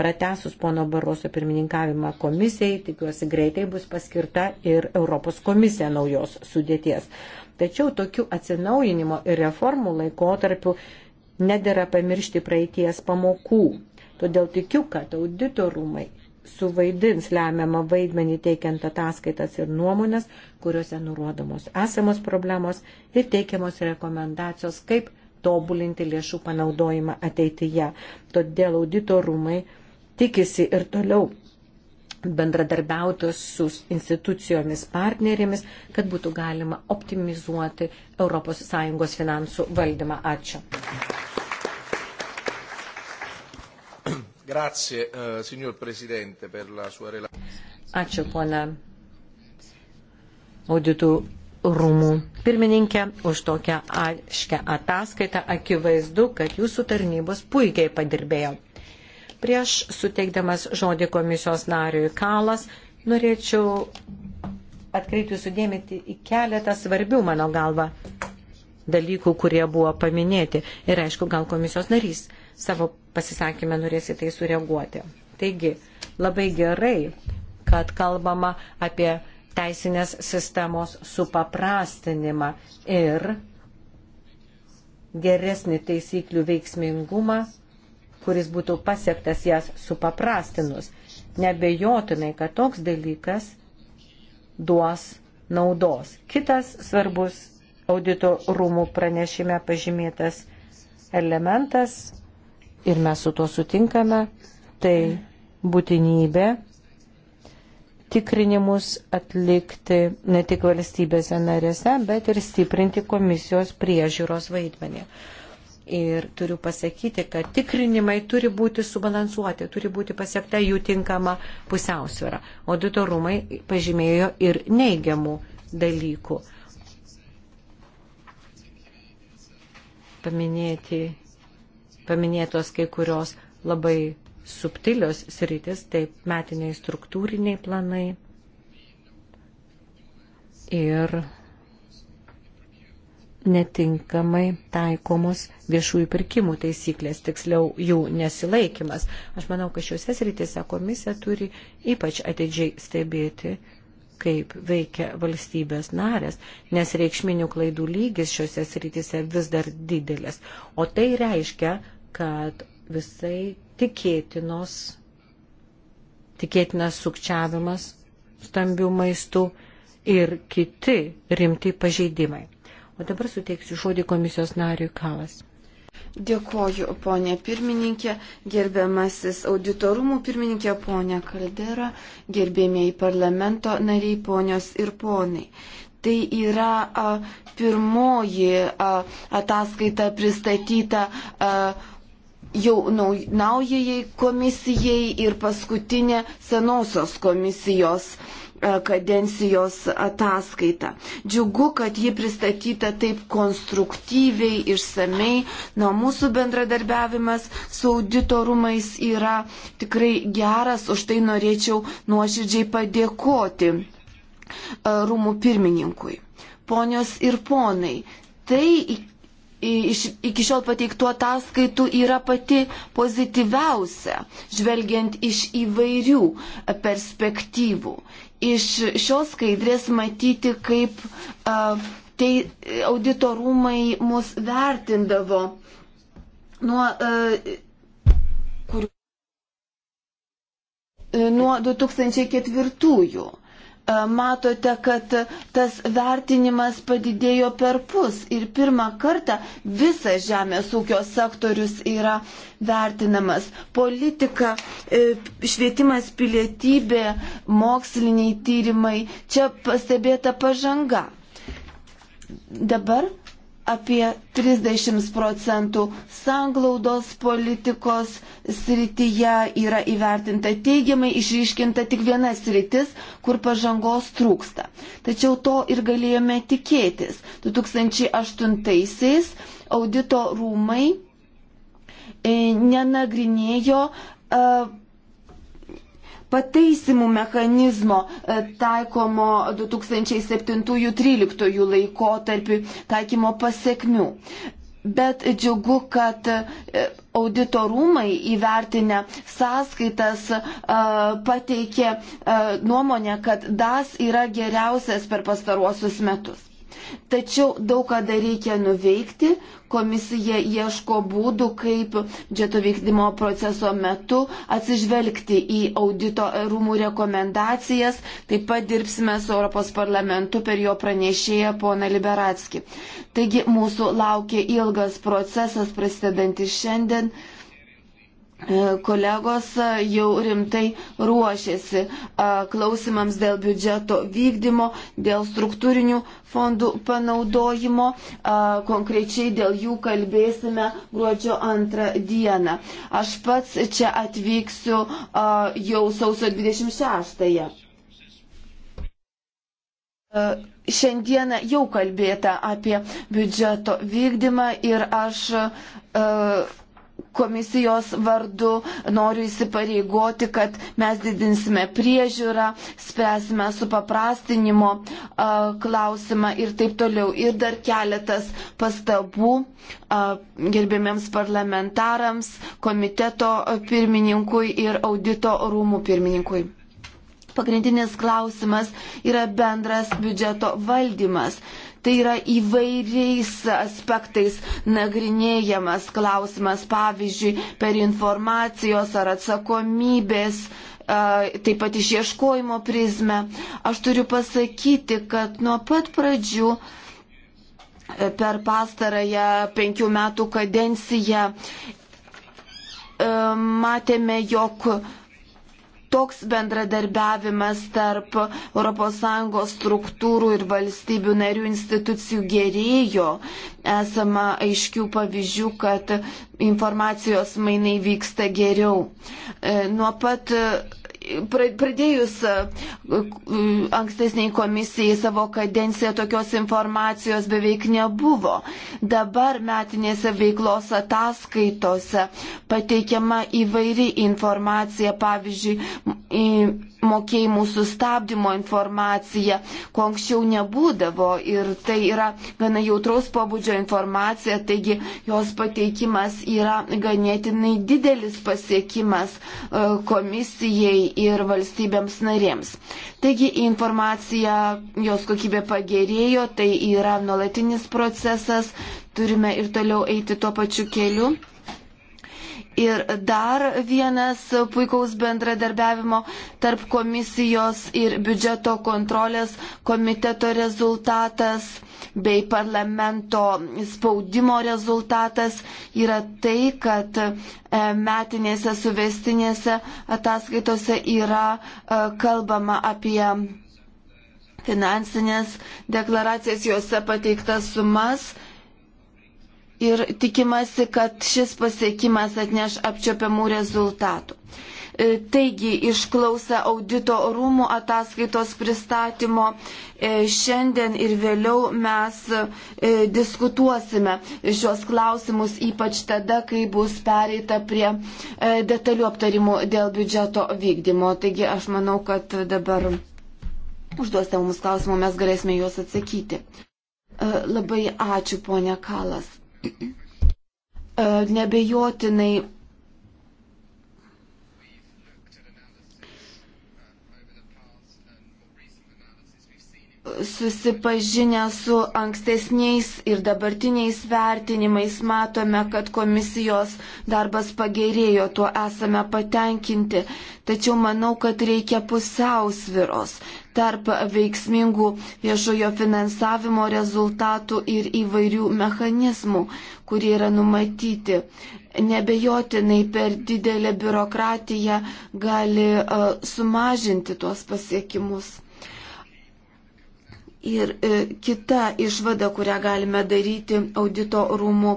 Pratesus pono Baroso pirmininkavimą komisijai, tikiuosi greitai bus paskirta ir Europos komisija naujos sudėties. Tačiau tokių atsinaujinimo ir reformų laikotarpių nedėra pamiršti praeities pamokų. Todėl tikiu, kad auditorumai suvaidins lemiamą vaidmenį teikiant ataskaitas ir nuomonės, kuriuose nurodomos esamos problemos ir teikiamos rekomendacijos, kaip tobulinti lėšų panaudojimą ateityje. Todėl auditorumai tikisi ir toliau bendradarbiauti su institucijomis partnerėmis, kad būtų galima optimizuoti ES finansų valdymą. Ačiū. Grazie, uh, signor Presidente, per la sua relazione. Ačiū, ponia auditų rūmų pirmininkė, už tokią aiškę ataskaitą. Akivaizdu, kad jūsų tarnybos puikiai padirbėjo. Prieš suteikdamas žodį komisijos nariui Kalas, norėčiau atkreipti sudėmėti į keletą svarbių, mano galva, dalykų, kurie buvo paminėti. Ir aišku, gal komisijos narys savo pasisakymę norės į tai sureaguoti. Taigi, labai gerai, kad kalbama apie teisinės sistemos supaprastinimą ir geresnį taisyklių veiksmingumą, kuris būtų pasiektas jas supaprastinus. Nebejotinai, kad toks dalykas duos naudos. Kitas svarbus audito rūmų pranešime pažymėtas elementas ir mes su tuo sutinkame, tai būtinybė tikrinimus atlikti ne tik valstybėse narėse, bet ir stiprinti komisijos priežiūros vaidmenį. Ir turiu pasakyti, kad tikrinimai turi būti subalansuoti, turi būti pasiekta jų tinkama pusiausvėra. Auditorumai pažymėjo ir neigiamų dalykų. Paminėti paminėtos kai kurios labai subtilios sritis, taip metiniai struktūriniai planai ir netinkamai taikomos viešųjų pirkimų taisyklės, tiksliau jų nesilaikimas. Aš manau, kad šiuose srityse komisija turi ypač atidžiai stebėti, kaip veikia valstybės narės, nes reikšminių klaidų lygis šiuose srityse vis dar didelis. O tai reiškia, kad visai tikėtinos, tikėtinas sukčiavimas stambių maistų ir kiti rimti pažeidimai. O dabar suteiksiu žodį komisijos nariui Kalas. Dėkoju, ponė pirmininkė, gerbiamasis auditorumų pirmininkė, ponė Kaldera, gerbėmiai parlamento nariai, ponios ir ponai. Tai yra a, pirmoji a, ataskaita pristatyta a, jau naujajai komisijai ir paskutinė senosios komisijos e, kadencijos ataskaita. Džiugu, kad ji pristatyta taip konstruktyviai, išsamei. Na, mūsų bendradarbiavimas su auditorumais yra tikrai geras, už tai norėčiau nuoširdžiai padėkoti e, rūmų pirmininkui. Ponios ir ponai, tai iš, iki šiol pateiktų ataskaitų yra pati pozityviausia, žvelgiant iš įvairių perspektyvų. Iš šios skaidrės matyti, kaip uh, tai auditorumai mus vertindavo nuo, uh, kur, nuo 2004. -ųjų. E, matote, kad tas vertinimas padidėjo per pus ir pirmą kartą visas žemės ūkio sektorius yra vertinamas. Politika, e, švietimas, pilietybė, moksliniai tyrimai, čia pastebėta pažanga. Dabar apie 30 procentų sanglaudos politikos srityje yra įvertinta teigiamai, išryškinta tik viena sritis, kur pažangos trūksta. Tačiau to ir galėjome tikėtis. 2008-aisiais audito rūmai e, nenagrinėjo e, pataisimų mechanizmo e, taikomo 2007-2013 laikotarpiu taikymo pasiekmių. Bet džiugu, kad e, auditorumai įvertinę sąskaitas e, pateikė nuomonę, kad DAS yra geriausias per pastaruosius metus. Tačiau daug ką dar reikia nuveikti, komisija ieško būdų, kaip biudžeto vykdymo proceso metu atsižvelgti į audito rūmų rekomendacijas, taip pat dirbsime su Europos parlamentu per jo pranešėją poną Liberatskį. Taigi mūsų laukia ilgas procesas, prasidedantis šiandien. E, kolegos e, jau rimtai ruošiasi e, klausimams dėl biudžeto vykdymo, dėl struktūrinių fondų panaudojimo. Konkrečiai dėl jų kalbėsime gruodžio antrą dieną. Aš pats čia atvyksiu jau sausio 26-ąją. Šiandieną jau kalbėta apie biudžeto vykdymą ir aš uh, komisijos vardu noriu įsipareigoti, kad mes didinsime priežiūrą, spręsime su paprastinimo klausimą ir taip toliau. Ir dar keletas pastabų gerbėmiems parlamentarams, komiteto pirmininkui ir audito rūmų pirmininkui pagrindinis klausimas yra bendras biudžeto valdymas. Tai yra įvairiais aspektais nagrinėjamas klausimas, pavyzdžiui, per informacijos ar atsakomybės, taip pat išieškojimo prizmę. Aš turiu pasakyti, kad nuo pat pradžių e, per pastarąją penkių metų kadenciją e, matėme, jog toks bendradarbiavimas tarp ES struktūrų ir valstybių narių institucijų gerėjo. Esama aiškių pavyzdžių, kad informacijos mainai vyksta geriau. E, nuo pat pradėjus ankstesniai komisijai savo kadenciją tokios informacijos beveik nebuvo. Dabar metinėse veiklos ataskaitose pateikiama įvairi informacija, pavyzdžiui, mokėjimų sustabdymo informacija, ko anksčiau nebūdavo ir tai yra gana jautraus pobūdžio informacija, taigi jos pateikimas yra ganėtinai didelis pasiekimas e, komisijai ir valstybėms narėms. Taigi informacija, jos kokybė pagerėjo, tai yra nuolatinis procesas, turime ir toliau eiti tuo pačiu keliu. Ir dar vienas puikaus bendradarbiavimo tarp komisijos ir biudžeto kontrolės komiteto rezultatas bei parlamento spaudimo rezultatas yra tai, kad e, metinėse suvestinėse ataskaitose yra e, kalbama apie finansinės deklaracijas, juose pateiktas sumas. Ir tikimasi, kad šis pasiekimas atneš apčiopiamų rezultatų. E, taigi, išklausę audito rūmų ataskaitos pristatymo, e, šiandien ir vėliau mes e, diskutuosime šios klausimus, ypač tada, kai bus pereita prie detalių aptarimų dėl biudžeto vykdymo. Taigi, aš manau, kad dabar užduosite mums klausimų, mes galėsime juos atsakyti. Labai ačiū, ponia Kalas. Nebejotinai susipažinę su ankstesniais ir dabartiniais vertinimais matome, kad komisijos darbas pagerėjo, tuo esame patenkinti. Tačiau manau, kad reikia pusiausviros tarp veiksmingų viešojo finansavimo rezultatų ir įvairių mechanizmų, kurie yra numatyti. Nebejotinai per didelę biurokratiją gali uh, sumažinti tuos pasiekimus. Ir e, kita išvada, kurią galime daryti audito rūmų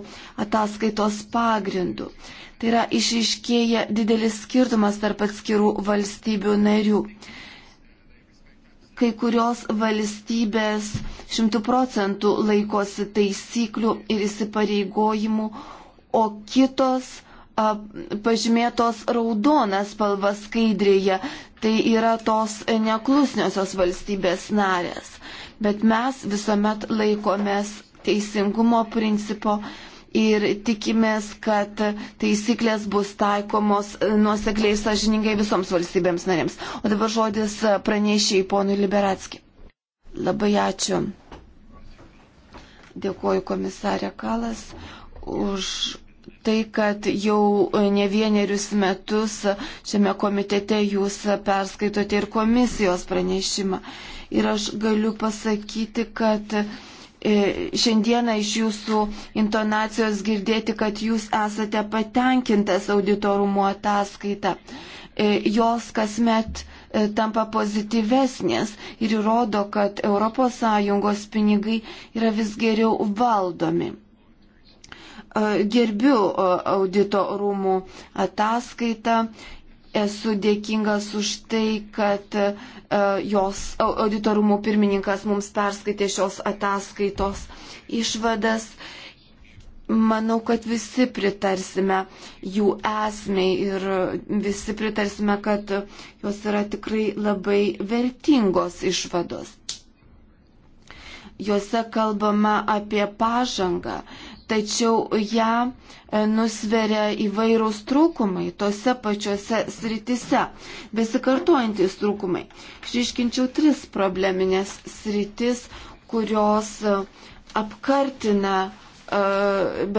ataskaitos pagrindu. Tai yra išiškėja didelis skirtumas tarp atskirų valstybių narių. Kai kurios valstybės šimtų procentų laikosi taisyklių ir įsipareigojimų, o kitos pažymėtos raudonas spalvas skaidrėje, tai yra tos neklusniosios valstybės narės. Bet mes visuomet laikomės teisingumo principo ir tikimės, kad taisyklės bus taikomos nuosekliai sažiningai visoms valstybėms narėms. O dabar žodis pranešė į ponui Liberatskį. Labai ačiū. Dėkuoju komisarė Kalas už tai, kad jau e, ne vienerius metus šiame komitete jūs perskaitote ir komisijos pranešimą. Ir aš galiu pasakyti, kad e, šiandieną iš jūsų intonacijos girdėti, kad jūs esate patenkintas auditorumo ataskaita. E, jos kasmet tampa pozityvesnės ir įrodo, kad ES pinigai yra vis geriau valdomi gerbiu audito rūmų ataskaitą. Esu dėkingas už tai, kad jos auditorumų pirmininkas mums perskaitė šios ataskaitos išvadas. Manau, kad visi pritarsime jų esmei ir visi pritarsime, kad jos yra tikrai labai vertingos išvados. Juose kalbama apie pažangą, tačiau ją e, nusveria įvairūs trūkumai tose pačiose sritise, besikartojantis trūkumai. Išryškinčiau tris probleminės sritis, kurios e, apkartina e,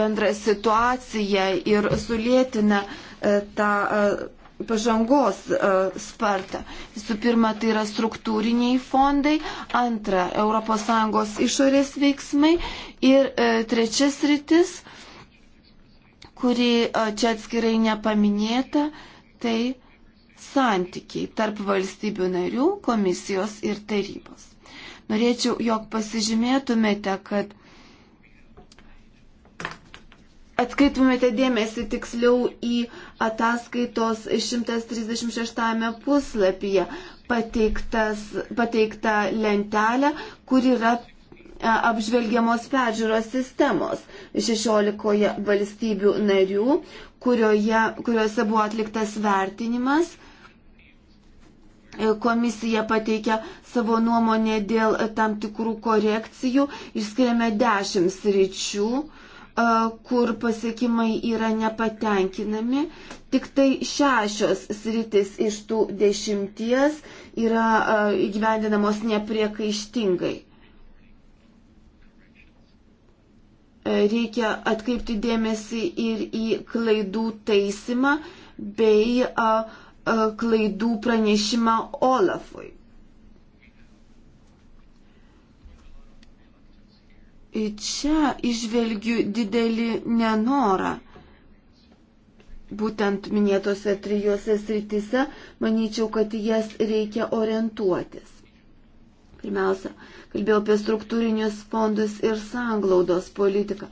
bendrą situaciją ir sulėtina tą pažangos e, spartą. Visų pirma, tai yra struktūriniai fondai, antra, ES išorės veiksmai ir e, trečias rytis, kuri e, čia atskirai nepaminėta, tai santykiai tarp valstybių narių, komisijos ir tarybos. Norėčiau, jog pasižymėtumėte, kad atkreiptumėte dėmesį tiksliau į ataskaitos 136 puslapyje pateiktą lentelę, kur yra e, apžvelgiamos peržiūros sistemos 16 valstybių narių, kurioje, kuriuose buvo atliktas vertinimas. E, komisija pateikia savo nuomonę dėl tam tikrų korekcijų, išskiriame 10 sričių, kur pasiekimai yra nepatenkinami. Tik tai šešios sritis iš tų dešimties yra įgyvendinamos nepriekaištingai. Reikia atkreipti dėmesį ir į klaidų taisimą bei klaidų pranešimą Olafui. čia išvelgiu didelį nenorą. Būtent minėtose trijose sritise, manyčiau, kad jas reikia orientuotis. Pirmiausia, kalbėjau apie struktūrinius fondus ir sanglaudos politiką.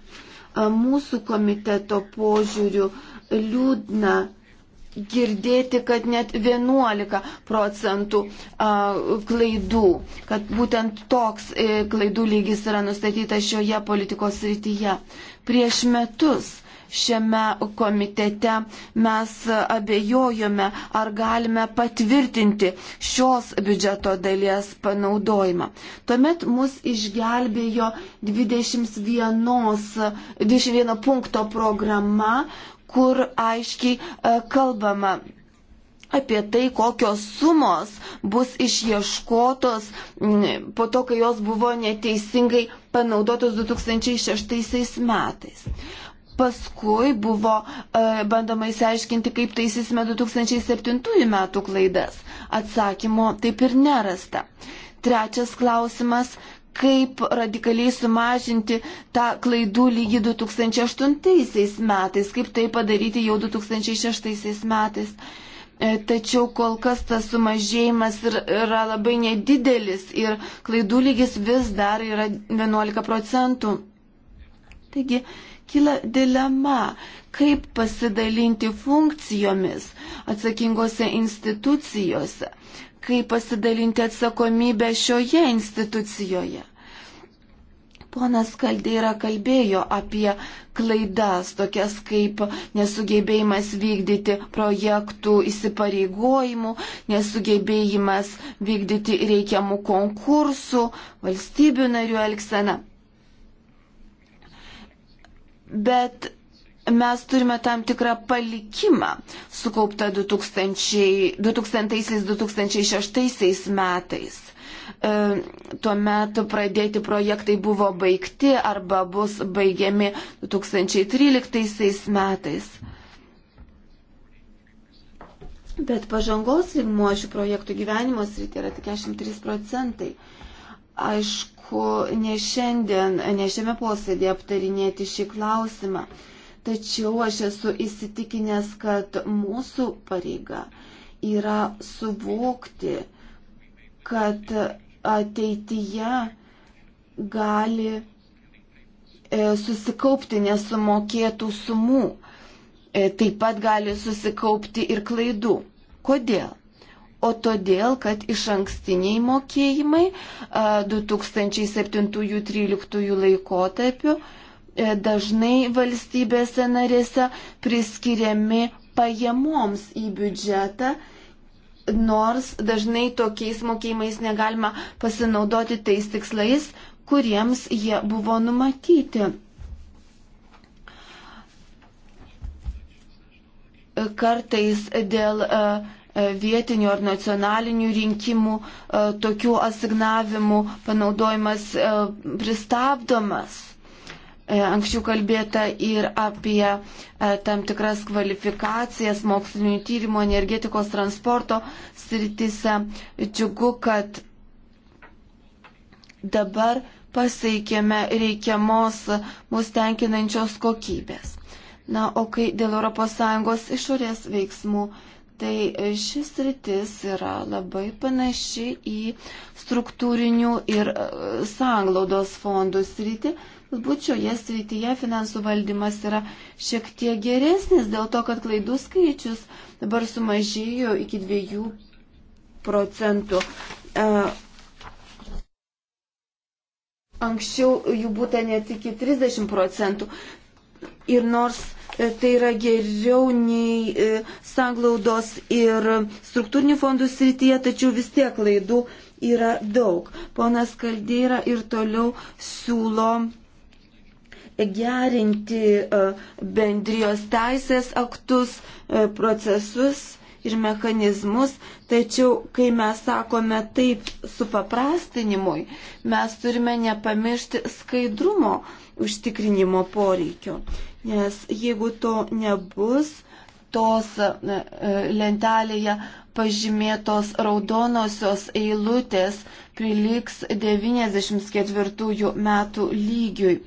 Mūsų komiteto požiūrių liūdna girdėti, kad net 11 procentų klaidų, kad būtent toks e, klaidų lygis yra nustatytas šioje politikos srityje. Prieš metus šiame komitete mes abejojome, ar galime patvirtinti šios biudžeto dalies panaudojimą. Tuomet mus išgelbėjo 21, 21 punkto programa, kur aiškiai e, kalbama apie tai, kokios sumos bus išieškotos po to, kai jos buvo neteisingai panaudotos 2006 metais. Paskui buvo e, bandoma įsiaiškinti, kaip taisysime 2007 metų klaidas. Atsakymo taip ir nerasta. Trečias klausimas kaip radikaliai sumažinti tą klaidų lygį 2008 metais, kaip tai padaryti jau 2006 metais. E, tačiau kol kas tas sumažėjimas yra labai nedidelis ir klaidų lygis vis dar yra 11 procentų. Taigi kyla dilema, kaip pasidalinti funkcijomis atsakingose institucijose kaip pasidalinti atsakomybę šioje institucijoje. Ponas Kaldeira kalbėjo apie klaidas, tokias kaip nesugebėjimas vykdyti projektų įsipareigojimų, nesugebėjimas vykdyti reikiamų konkursų, valstybių narių elgseną. Bet mes turime tam tikrą palikimą sukauptą 2000-2006 metais. E, tuomet pradėti projektai buvo baigti arba bus baigiami 2013 metais. Bet pažangos lygmuo šių projektų gyvenimo srity yra tik 43 procentai. Aišku, ne šiandien, ne šiame posėdėje aptarinėti šį klausimą tačiau aš esu įsitikinęs, kad mūsų pareiga yra suvokti, kad ateityje gali e, susikaupti nesumokėtų sumų. E, taip pat gali susikaupti ir klaidų. Kodėl? o todėl, kad iš ankstiniai mokėjimai 2007-2013 laikotarpiu E, dažnai valstybėse narėse priskiriami pajamoms į biudžetą, nors dažnai tokiais mokėjimais negalima pasinaudoti tais tikslais, kuriems jie buvo numatyti. Kartais dėl uh, vietinių ar nacionalinių rinkimų tokių asignavimų panaudojimas pristabdomas. E, anksčiau kalbėta ir apie e, tam tikras kvalifikacijas mokslinio tyrimo, energetikos, transporto sritise. Džiugu, kad dabar pasiekėme reikiamos mus tenkinančios kokybės. Na, o kai dėl ES išorės veiksmų, tai šis rytis yra labai panaši į struktūrinių ir e, sanglaudos fondų sritį, Galbūt šioje srityje finansų valdymas yra šiek tiek geresnis dėl to, kad klaidų skaičius dabar sumažėjo iki 2 procentų. E, anksčiau jų būta net iki 30 procentų. Ir nors e, tai yra geriau nei e, sanglaudos ir struktūrinių fondų srityje, tačiau vis tiek klaidų yra daug. Ponas Kaldeira ir toliau siūlo gerinti e, bendrijos teisės aktus, e, procesus ir mechanizmus, tačiau kai mes sakome taip supaprastinimui, mes turime nepamiršti skaidrumo užtikrinimo poreikio, nes jeigu to nebus, tos e, lentelėje pažymėtos raudonosios eilutės priliks 94 metų lygiui.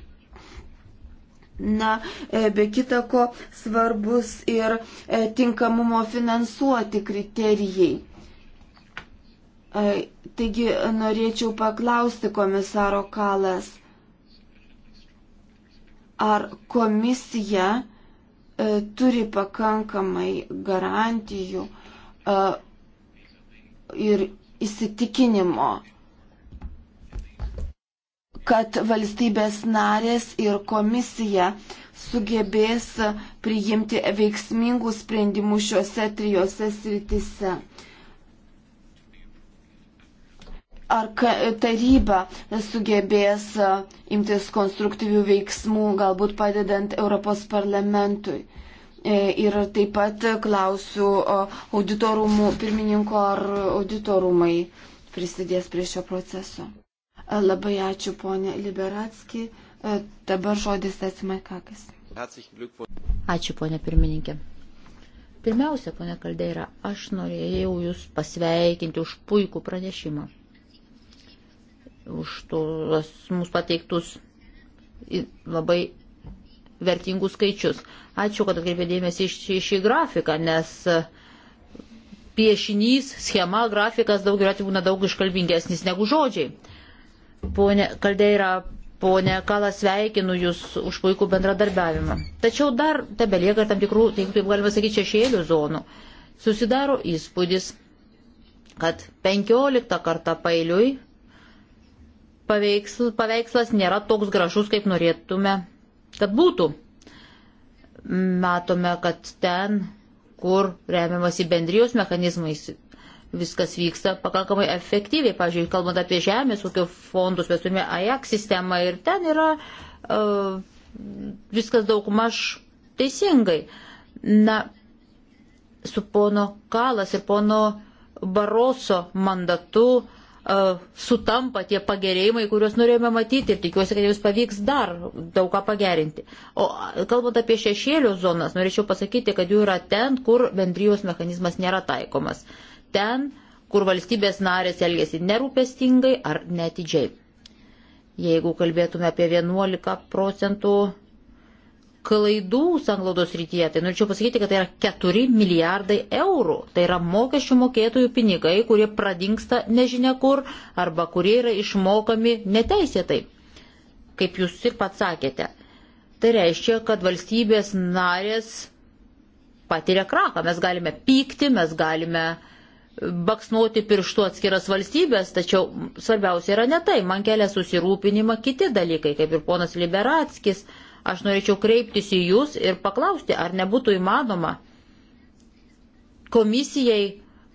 Na, e, be kita ko svarbus ir e, tinkamumo finansuoti kriterijai. E, taigi norėčiau paklausti komisaro Kalas, ar komisija turi pakankamai garantijų ir įsitikinimo kad valstybės narės ir komisija sugebės priimti veiksmingų sprendimų šiuose trijose sritise. Ar taryba sugebės imtis konstruktyvių veiksmų, galbūt padedant Europos parlamentui? E, ir taip pat klausiu auditorumų pirmininko, ar auditorumai prisidės prie šio proceso. Labai ačiū, ponė Liberatski. E, dabar žodis Atsimakakis. Ačiū, ponė pirmininkė. Pirmiausia, ponė Kaldeira, aš norėjau Jūs pasveikinti už puikų pranešimą, už tuos mūsų pateiktus labai vertingus skaičius. Ačiū, kad atkreipė dėmesį į šį grafiką, nes e, piešinys, schema, grafikas daug yra būna daug iškalbingesnis negu žodžiai. Pone Kaldeira, pone Kalas, sveikinu Jūs už puikų bendradarbiavimą. Tačiau dar tebelieka tam tikrų, taip galima sakyti, šešėlių zonų. Susidaro įspūdis, kad 15 kartą pailiui paveiksl, paveikslas nėra toks gražus, kaip norėtume, kad būtų. Matome, kad ten, kur remiamasi bendrijos mechanizmais, viskas vyksta pakankamai efektyviai. Pavyzdžiui, kalbant apie žemės ūkio fondus, mes turime AJAX sistemą ir ten yra uh, viskas daug maž teisingai. Na, su pono Kalas ir pono Baroso mandatu uh, sutampa tie pagerėjimai, kuriuos norėjome matyti ir tikiuosi, kad jums pavyks dar daug ką pagerinti. O kalbant apie šešėlių zonas, norėčiau pasakyti, kad jų yra ten, kur bendrijos mechanizmas nėra taikomas. Uh, ten, kur valstybės narės elgesi nerūpestingai ar netidžiai. Jeigu kalbėtume apie 11 procentų klaidų sanglaudos rytyje, tai norėčiau pasakyti, kad tai yra 4 milijardai eurų. Tai yra mokesčių mokėtojų pinigai, kurie pradingsta nežinia kur arba kurie yra išmokami neteisėtai, kaip jūs ir pats sakėte. Tai reiškia, kad valstybės narės patiria kraką. Mes galime pykti, mes galime uh, baksnuoti pirštu atskiras valstybės, tačiau svarbiausia yra ne tai, man kelia susirūpinimą kiti dalykai, kaip ir ponas Liberatskis. Aš norėčiau kreiptis į jūs ir paklausti, ar nebūtų įmanoma komisijai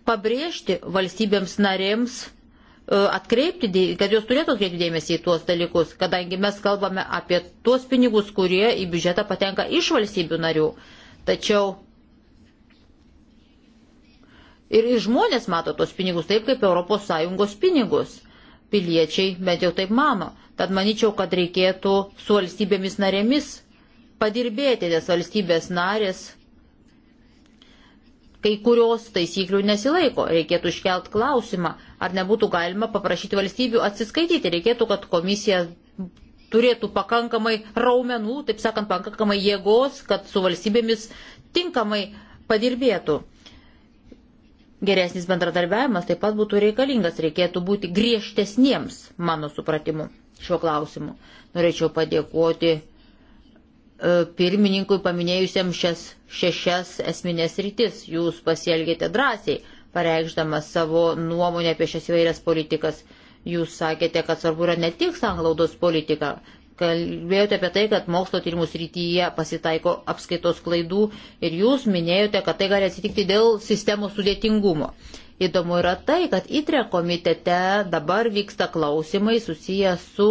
pabrėžti valstybėms narėms, e, atkreipti, kad jos turėtų atkreipti dėmesį į tuos dalykus, kadangi mes kalbame apie tuos pinigus, kurie į biudžetą patenka iš valstybių narių. Tačiau Ir žmonės mato tos pinigus taip, kaip ES pinigus. Piliečiai bent jau taip mano. Tad manyčiau, kad reikėtų su valstybėmis narėmis padirbėti, nes valstybės narės kai kurios taisyklių nesilaiko. Reikėtų iškelt klausimą, ar nebūtų galima paprašyti valstybių atsiskaityti. Reikėtų, kad komisija turėtų pakankamai raumenų, taip sakant, pakankamai jėgos, kad su valstybėmis tinkamai padirbėtų. Geresnis bendradarbiavimas taip pat būtų reikalingas, reikėtų būti griežtesniems, mano supratimu, šiuo klausimu. Norėčiau padėkoti e, pirmininkui paminėjusiam šias šešias esminės rytis. Jūs pasielgėte drąsiai, pareikšdamas savo nuomonę apie šias įvairias politikas. Jūs sakėte, kad svarbu yra ne tik sanglaudos politika, kalbėjote apie tai, kad mokslo tyrimų srityje pasitaiko apskaitos klaidų ir jūs minėjote, kad tai gali atsitikti dėl sistemos sudėtingumo. Įdomu yra tai, kad ITRE komitete dabar vyksta klausimai susiję su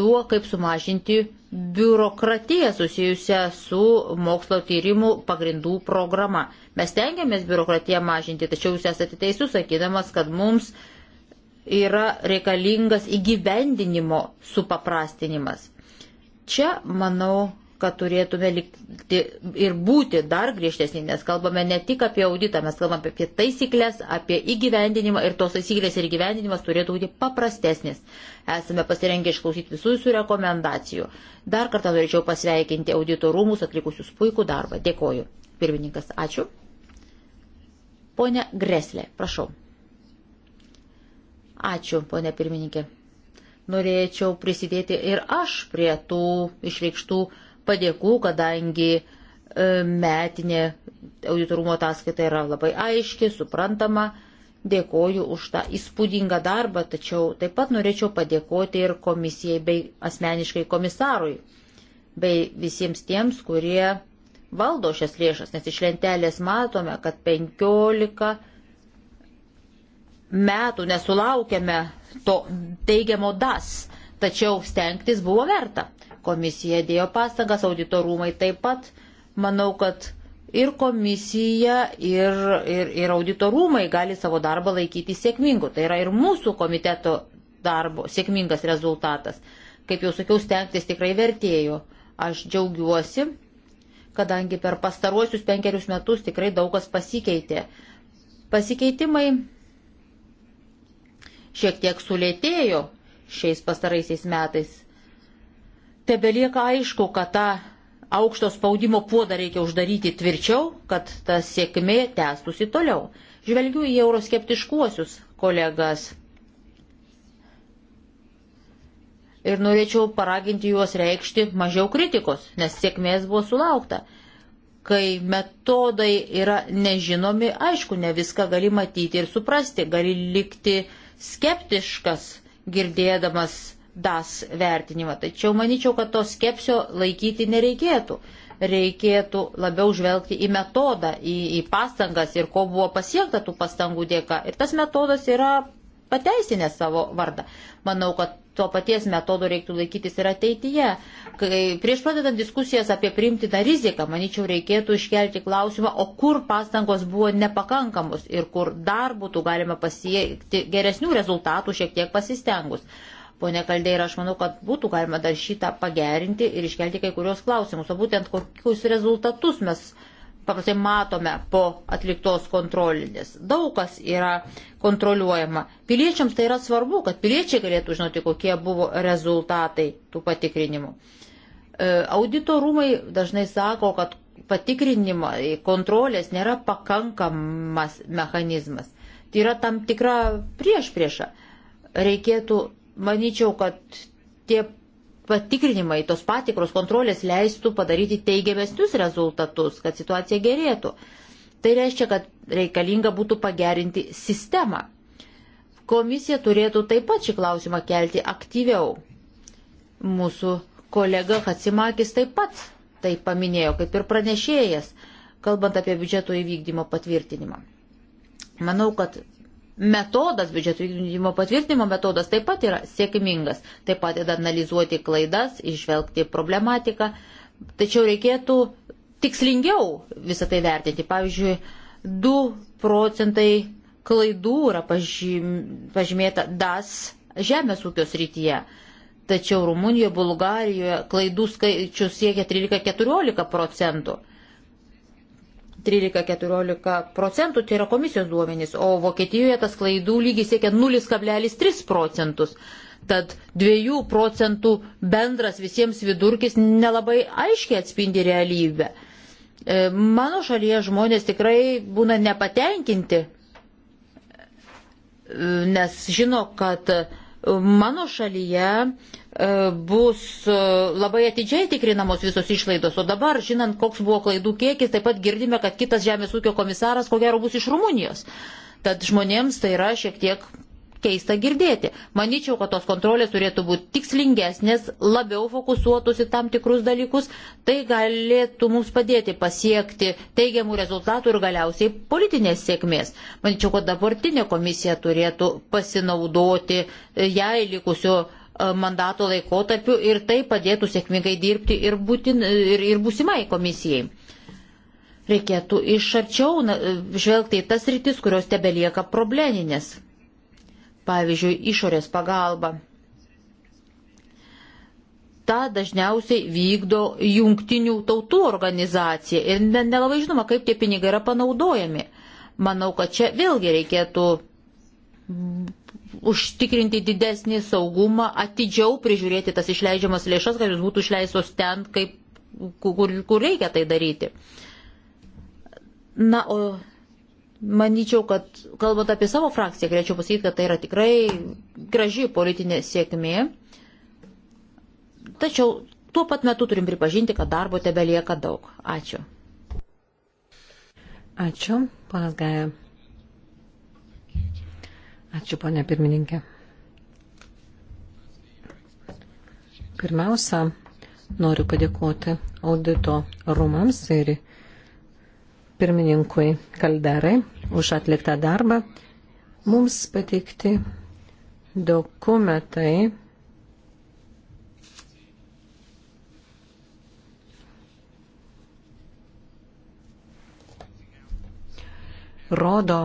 tuo, kaip sumažinti biurokratiją susijusią su mokslo tyrimų pagrindų programa. Mes tengiamės biurokratiją mažinti, tačiau jūs esate teisus, sakydamas, kad mums yra reikalingas įgyvendinimo supaprastinimas. Čia, manau, kad turėtume likti ir būti dar griežtesni, nes kalbame ne tik apie auditą, mes kalbame apie taisyklės, apie įgyvendinimą ir tos taisyklės ir įgyvendinimas turėtų būti paprastesnis. Esame pasirengę išklausyti visų jūsų rekomendacijų. Dar kartą norėčiau pasveikinti audito rūmus atlikusius puikų darbą. Dėkoju. Pirmininkas, ačiū. Pone Greslė, prašau. Ačiū, ponė pirmininkė. Norėčiau prisidėti ir aš prie tų išreikštų padėkų, kadangi e, metinė auditorumo ataskaita yra labai aiški, suprantama. Dėkoju už tą įspūdingą darbą, tačiau taip pat norėčiau padėkoti ir komisijai bei asmeniškai komisarui, bei visiems tiems, kurie valdo šias lėšas, nes iš lentelės matome, kad 15 metų nesulaukėme to teigiamo das, tačiau stengtis buvo verta. Komisija dėjo pastangas, auditorumai taip pat. Manau, kad ir komisija, ir, ir, ir auditorumai gali savo darbą laikyti sėkmingu. Tai yra ir mūsų komiteto darbo sėkmingas rezultatas. Kaip jau sakiau, stengtis tikrai vertėjo. Aš džiaugiuosi, kadangi per pastaruosius penkerius metus tikrai daug kas pasikeitė. Pasikeitimai šiek tiek sulėtėjo šiais pastaraisiais metais. Tebelieka aišku, kad tą aukšto spaudimo puodą reikia uždaryti tvirčiau, kad ta sėkmė tęstųsi toliau. Žvelgiu į euroskeptiškuosius kolegas. Ir norėčiau paraginti juos reikšti mažiau kritikos, nes sėkmės buvo sulaukta. Kai metodai yra nežinomi, aišku, ne viską gali matyti ir suprasti, gali likti uh, skeptiškas girdėdamas DAS vertinimą, tačiau manyčiau, kad to skepsio laikyti nereikėtų. Reikėtų labiau žvelgti į metodą, į, į pastangas ir ko buvo pasiekta tų pastangų dėka. Ir tas metodas yra pateisinę savo vardą. Manau, kad to paties metodo reiktų laikytis ir ateityje. Kai prieš pradedant diskusijas apie priimtiną riziką, manyčiau, reikėtų iškelti klausimą, o kur pastangos buvo nepakankamos ir kur dar būtų galima pasiekti geresnių rezultatų šiek tiek pasistengus. Pone Kaldeira, aš manau, kad būtų galima dar šitą pagerinti ir iškelti kai kurios klausimus, o būtent kokius rezultatus mes paprastai matome po atliktos kontrolinės. Daug kas yra kontroliuojama. Piliečiams tai yra svarbu, kad piliečiai galėtų žinoti, kokie buvo rezultatai tų patikrinimų. E, Audito rūmai dažnai sako, kad patikrinimo e, kontrolės nėra pakankamas mechanizmas. Tai yra tam tikra prieš priešą. Reikėtų, manyčiau, kad tie patikrinimai, tos patikros kontrolės leistų padaryti teigiamesnius rezultatus, kad situacija gerėtų. Tai reiškia, kad reikalinga būtų pagerinti sistemą. Komisija turėtų taip pat šį klausimą kelti aktyviau. Mūsų kolega Hatsimakis taip pat tai paminėjo, kaip ir pranešėjas, kalbant apie biudžeto įvykdymo patvirtinimą. Manau, kad metodas, biudžeto vykdymo patvirtinimo metodas taip pat yra sėkmingas. Taip pat yra analizuoti klaidas, išvelgti problematiką. Tačiau reikėtų tikslingiau visą tai vertinti. Pavyzdžiui, 2 procentai klaidų yra pažymėta DAS žemės ūkio srityje. Tačiau Rumunijoje, Bulgarijoje klaidų skaičius siekia 13-14 procentų. 13-14 procentų, tai yra komisijos duomenys, o Vokietijoje tas klaidų lygis siekia 0,3 procentus. Tad 2 procentų bendras visiems vidurkis nelabai aiškiai atspindi realybę. E, mano šalyje žmonės tikrai būna nepatenkinti, e, nes žino, kad Mano šalyje e, bus e, labai atidžiai tikrinamos visos išlaidos, o dabar, žinant, koks buvo klaidų kiekis, taip pat girdime, kad kitas žemės ūkio komisaras, ko gero, bus iš Rumunijos. Tad žmonėms tai yra šiek tiek keista girdėti. Maničiau, kad tos kontrolės turėtų būti tikslingesnės, labiau fokusuotus į tam tikrus dalykus. Tai galėtų mums padėti pasiekti teigiamų rezultatų ir galiausiai politinės sėkmės. Maničiau, kad dabartinė komisija turėtų pasinaudoti e, jai likusio e, mandato laikotarpiu ir tai padėtų sėkmingai dirbti ir, būtin, e, ir, ir būsimai komisijai. Reikėtų iš arčiau žvelgti į tas rytis, kurios tebelieka probleminės pavyzdžiui, išorės pagalba. Ta dažniausiai vykdo jungtinių tautų organizacija ir nelabai žinoma, kaip tie pinigai yra panaudojami. Manau, kad čia vėlgi reikėtų užtikrinti didesnį saugumą, atidžiau prižiūrėti tas išleidžiamas lėšas, kad jos būtų išleistos ten, kaip, kur, kur reikia tai daryti. Na, o Manyčiau, kad kalbant apie savo frakciją, galėčiau pasakyti, kad tai yra tikrai graži politinė sėkmė. Tačiau tuo pat metu turim pripažinti, kad darbo tebe lieka daug. Ačiū. Ačiū, panas Gaja. Ačiū, ponė pirmininkė. Pirmiausia, noriu padėkoti audito rūmams ir pirmininkui Kalderai už atliktą darbą. Mums pateikti dokumentai rodo,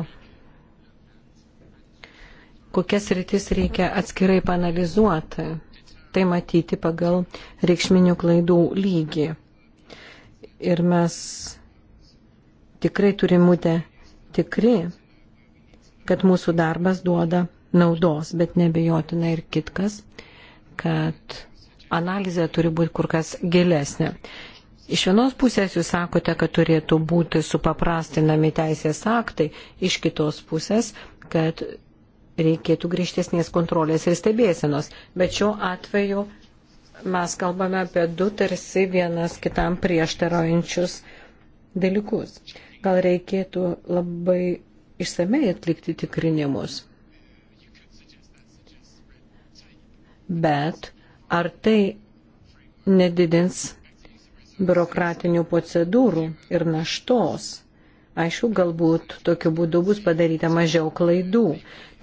kokias rytis reikia atskirai panalizuoti. Tai matyti pagal reikšminių klaidų lygį. Ir mes tikrai turim būti tikri, kad mūsų darbas duoda naudos, bet nebejotina ir kitkas, kad analizė turi būti kur kas gilesnė. Iš vienos pusės jūs sakote, kad turėtų būti supaprastinami teisės aktai, iš kitos pusės, kad reikėtų griežtesnės kontrolės ir stebėsenos. Bet šiuo atveju mes kalbame apie du tarsi vienas kitam prieštaraujančius dalykus. Gal reikėtų labai išsamei atlikti tikrinimus. Bet ar tai nedidins biurokratinių procedūrų ir naštos? Aišku, galbūt tokiu būdu bus padaryta mažiau klaidų,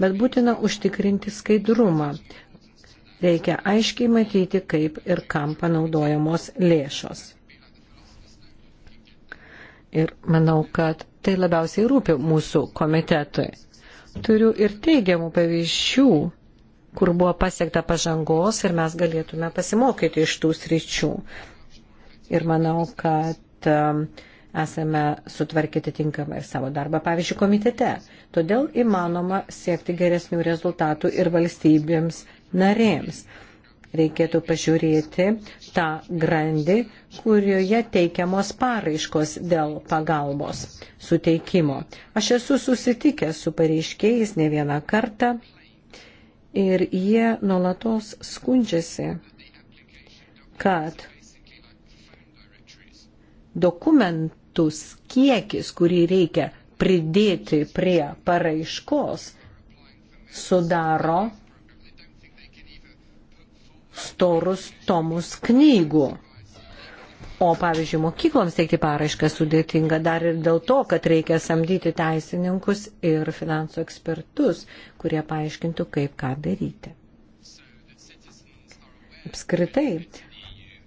bet būtina užtikrinti skaidrumą. Reikia aiškiai matyti, kaip ir kam panaudojamos lėšos ir manau, kad tai labiausiai rūpi mūsų komitetui. Turiu ir teigiamų pavyzdžių, kur buvo pasiekta pažangos ir mes galėtume pasimokyti iš tų sričių. Ir manau, kad um, esame sutvarkyti tinkamai ir savo darbą, pavyzdžiui, komitete. Todėl įmanoma siekti geresnių rezultatų ir valstybėms narėms reikėtų pažiūrėti tą grandį, kurioje teikiamos paraiškos dėl pagalbos suteikimo. Aš esu susitikęs su pareiškėjais ne vieną kartą ir jie nuolatos skundžiasi, kad dokumentus kiekis, kurį reikia pridėti prie paraiškos, sudaro storus tomus knygų. O pavyzdžiui, mokykloms teikti paraišką sudėtinga dar ir dėl to, kad reikia samdyti teisininkus ir finansų ekspertus, kurie paaiškintų, kaip ką daryti. Apskritai,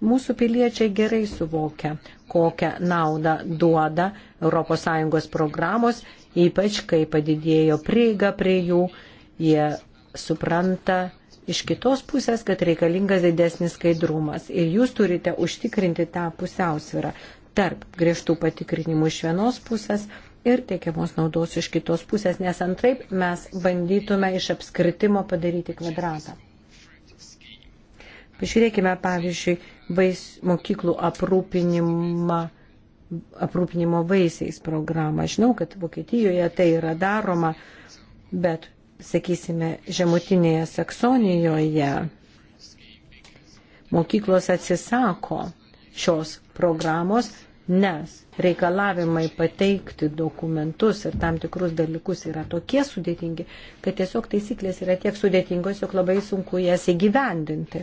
mūsų piliečiai gerai suvokia, kokią naudą duoda ES programos, ypač kai padidėjo prieiga prie jų, jie supranta, iš kitos pusės, kad reikalingas didesnis skaidrumas. Ir jūs turite užtikrinti tą pusiausvyrą tarp griežtų patikrinimų iš vienos pusės ir teikiamos naudos iš kitos pusės, nes antraip mes bandytume iš apskritimo padaryti kvadratą. Pažiūrėkime, pavyzdžiui, vais, mokyklų aprūpinimą aprūpinimo vaisiais programą. Žinau, kad Vokietijoje tai yra daroma, bet sakysime, žemutinėje Saksonijoje mokyklos atsisako šios programos, nes reikalavimai pateikti dokumentus ir tam tikrus dalykus yra tokie sudėtingi, kad tiesiog taisyklės yra tiek sudėtingos, jog labai sunku jas įgyvendinti.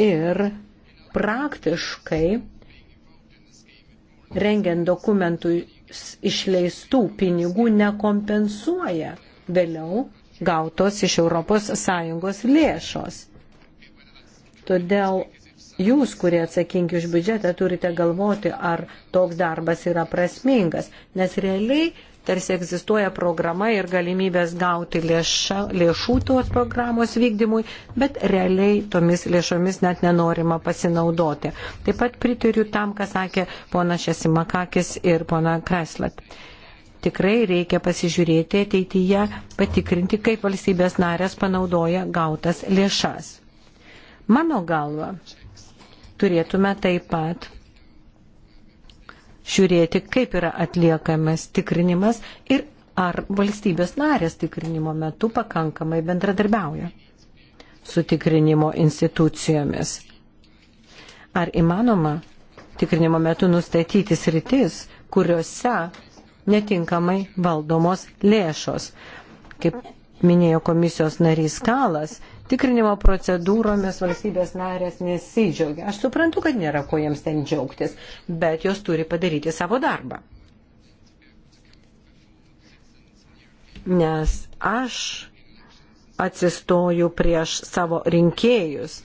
Ir praktiškai rengiant dokumentui išleistų pinigų nekompensuoja vėliau gautos iš ES lėšos. Todėl jūs, kurie atsakingi už biudžetą, turite galvoti, ar toks darbas yra prasmingas, nes realiai tarsi egzistuoja programa ir galimybės gauti lėša, lėšų tos programos vykdymui, bet realiai tomis lėšomis net nenorima pasinaudoti. Taip pat pritariu tam, ką sakė pona Šesimakakis ir pona Kreslat tikrai reikia pasižiūrėti ateityje, patikrinti, kaip valstybės narės panaudoja gautas lėšas. Mano galva, turėtume taip pat žiūrėti, kaip yra atliekamas tikrinimas ir ar valstybės narės tikrinimo metu pakankamai bendradarbiauja su tikrinimo institucijomis. Ar įmanoma tikrinimo metu nustatyti sritis, kuriuose netinkamai valdomos lėšos. Kaip minėjo komisijos narys Kalas, tikrinimo procedūromis valstybės narės nesidžiaugia. Aš suprantu, kad nėra ko jiems ten džiaugtis, bet jos turi padaryti savo darbą. Nes aš atsistoju prieš savo rinkėjus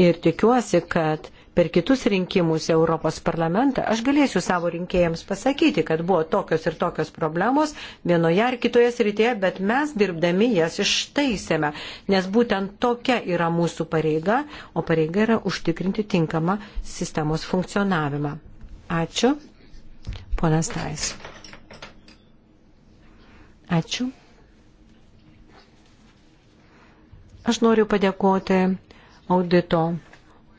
ir tikiuosi, kad per kitus rinkimus Europos parlamentą, aš galėsiu savo rinkėjams pasakyti, kad buvo tokios ir tokios problemos vienoje ar kitoje srityje, bet mes dirbdami jas ištaisėme, nes būtent tokia yra mūsų pareiga, o pareiga yra užtikrinti tinkamą sistemos funkcionavimą. Ačiū. Ponas Tais. Ačiū. Aš noriu padėkoti audito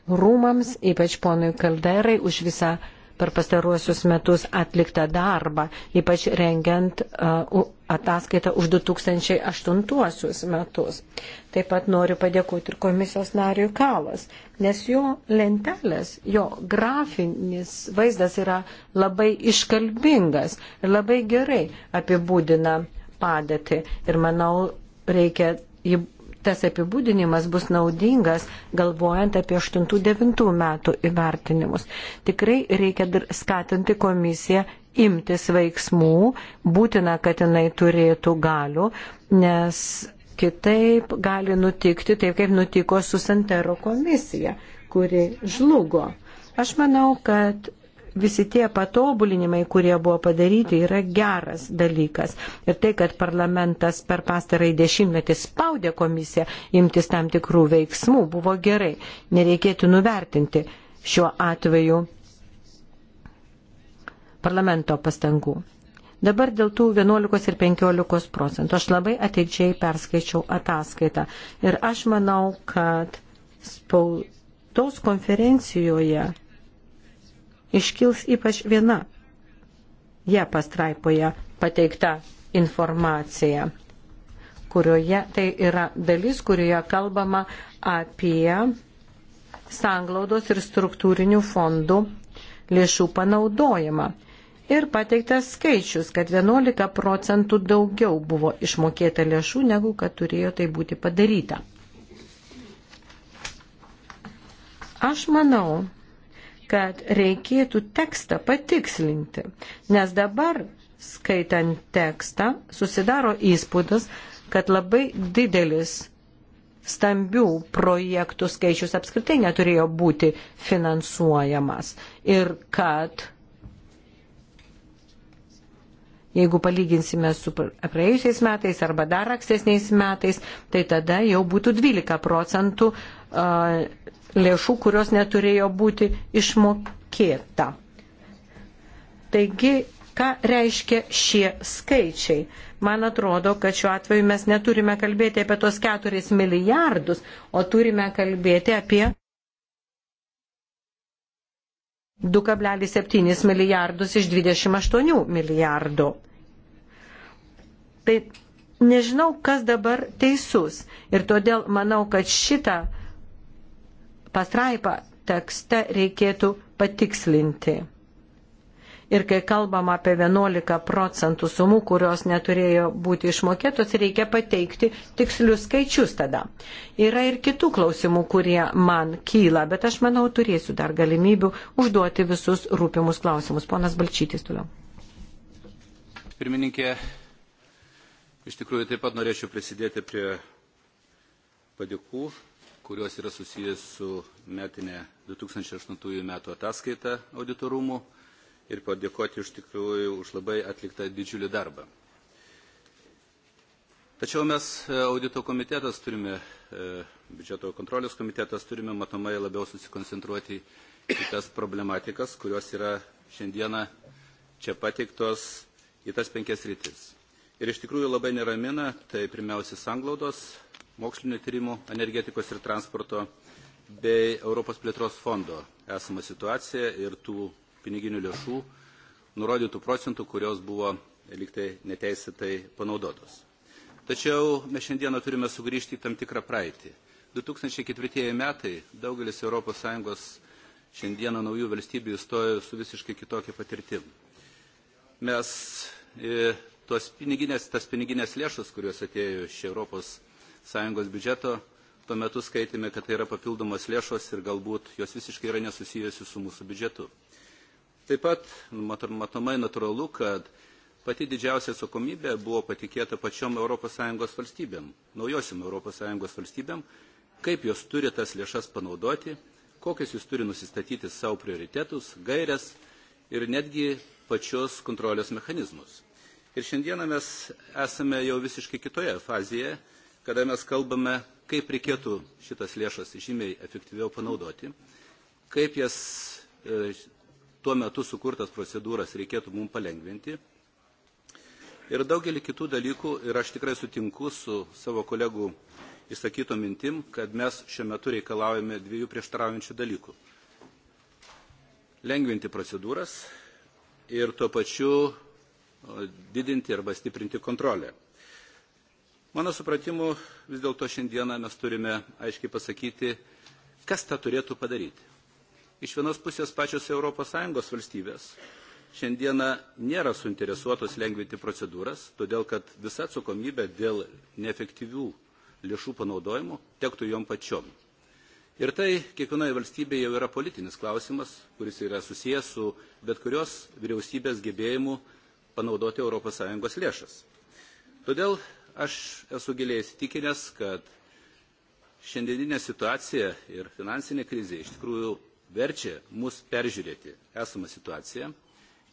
rūmams, ypač ponui Kalderai, už visą per pastaruosius metus atliktą darbą, ypač rengiant uh, ataskaitą už 2008 metus. Taip pat noriu padėkoti ir komisijos nariui Kalas, nes jo lentelės, jo grafinis vaizdas yra labai iškalbingas ir labai gerai apibūdina padėtį. Ir manau, reikia jį tas apibūdinimas bus naudingas, galvojant apie 8-9 metų įvertinimus. Tikrai reikia skatinti komisiją imtis veiksmų, būtina, kad jinai turėtų galių, nes kitaip gali nutikti taip, kaip nutiko su Santero komisija, kuri žlugo. Aš manau, kad visi tie patobulinimai, kurie buvo padaryti, yra geras dalykas. Ir tai, kad parlamentas per pastarąjį dešimtmetį spaudė komisiją imtis tam tikrų veiksmų, buvo gerai. Nereikėtų nuvertinti šiuo atveju parlamento pastangų. Dabar dėl tų 11 ir 15 procentų. Aš labai ateidžiai perskaičiau ataskaitą. Ir aš manau, kad spaudos konferencijoje iškils ypač viena jie ja, pastraipoje pateikta informacija, kurioje tai yra dalis, kurioje kalbama apie sanglaudos ir struktūrinių fondų lėšų panaudojimą. Ir pateiktas skaičius, kad 11 procentų daugiau buvo išmokėta lėšų, negu kad turėjo tai būti padaryta. Aš manau, kad reikėtų tekstą patikslinti, nes dabar, skaitant tekstą, susidaro įspūdis, kad labai didelis stambių projektų skaičius apskritai neturėjo būti finansuojamas ir kad jeigu palyginsime su praėjusiais metais arba dar ankstesniais metais, tai tada jau būtų 12 procentų uh, lėšų, kurios neturėjo būti išmokėta. Taigi, ką reiškia šie skaičiai? Man atrodo, kad šiuo atveju mes neturime kalbėti apie tos keturis milijardus, o turime kalbėti apie 2,7 milijardus iš 28 milijardų. Tai nežinau, kas dabar teisus. Ir todėl manau, kad šitą pastraipą tekste reikėtų patikslinti. Ir kai kalbam apie 11 procentų sumų, kurios neturėjo būti išmokėtos, reikia pateikti tikslius skaičius tada. Yra ir kitų klausimų, kurie man kyla, bet aš manau, turėsiu dar galimybių užduoti visus rūpimus klausimus. Ponas Balčytis toliau. Pirmininkė, iš tikrųjų taip pat norėčiau prisidėti prie padėkų kurios yra susijęs su metinė 2008 metų ataskaita auditorumų ir padėkoti iš tikrųjų už labai atliktą didžiulį darbą. Tačiau mes e, audito komitetas turime, e, biudžeto kontrolės komitetas turime matomai labiau susikoncentruoti į tas problematikas, kurios yra šiandieną čia pateiktos į tas penkias rytis. Ir iš tikrųjų labai neramina, tai pirmiausia sanglaudos mokslinio tyrimų, energetikos ir transporto bei Europos plėtros fondo esamą situaciją ir tų piniginių lėšų nurodytų procentų, kurios buvo liktai neteisėtai panaudotos. Tačiau mes šiandieną turime sugrįžti į tam tikrą praeitį. 2004 metai daugelis ES šiandieną naujų valstybių įstojo su visiškai kitokia patirtim. Mes e, tuos piniginės, tas piniginės lėšas, kurios atėjo iš Europos sąjungos biudžeto. Tuo metu skaitėme, kad tai yra papildomos lėšos ir galbūt jos visiškai yra nesusijusi su mūsų biudžetu. Taip pat matomai natūralu, kad pati didžiausia atsakomybė buvo patikėta pačiom ES valstybėm, naujosiam ES valstybėm, kaip jos turi tas lėšas panaudoti, kokius jūs turi nusistatyti savo prioritetus, gairias ir netgi pačios kontrolės mechanizmus. Ir šiandieną mes esame jau visiškai kitoje fazėje kada mes kalbame, kaip reikėtų šitas lėšas žymiai efektyviau panaudoti, kaip jas e, tuo metu sukurtas procedūras reikėtų mums palengventi. Ir daugelį kitų dalykų, ir aš tikrai sutinku su savo kolegų išsakyto mintim, kad mes šiuo metu reikalaujame dviejų prieštaraujančių dalykų. Lengvinti procedūras ir tuo pačiu didinti arba stiprinti kontrolę. Mano supratimu, vis dėlto šiandieną mes turime aiškiai pasakyti, kas tą turėtų padaryti. Iš vienos pusės pačios ES valstybės šiandieną nėra suinteresuotos lengvinti procedūras, todėl kad visa atsakomybė dėl neefektyvių lėšų panaudojimo tektų jom pačiom. Ir tai kiekvienoje valstybėje jau yra politinis klausimas, kuris yra susijęs su bet kurios vyriausybės gebėjimu panaudoti ES lėšas. Todėl aš esu giliai įsitikinęs, kad šiandieninė situacija ir finansinė krizė iš tikrųjų verčia mus peržiūrėti esamą situaciją,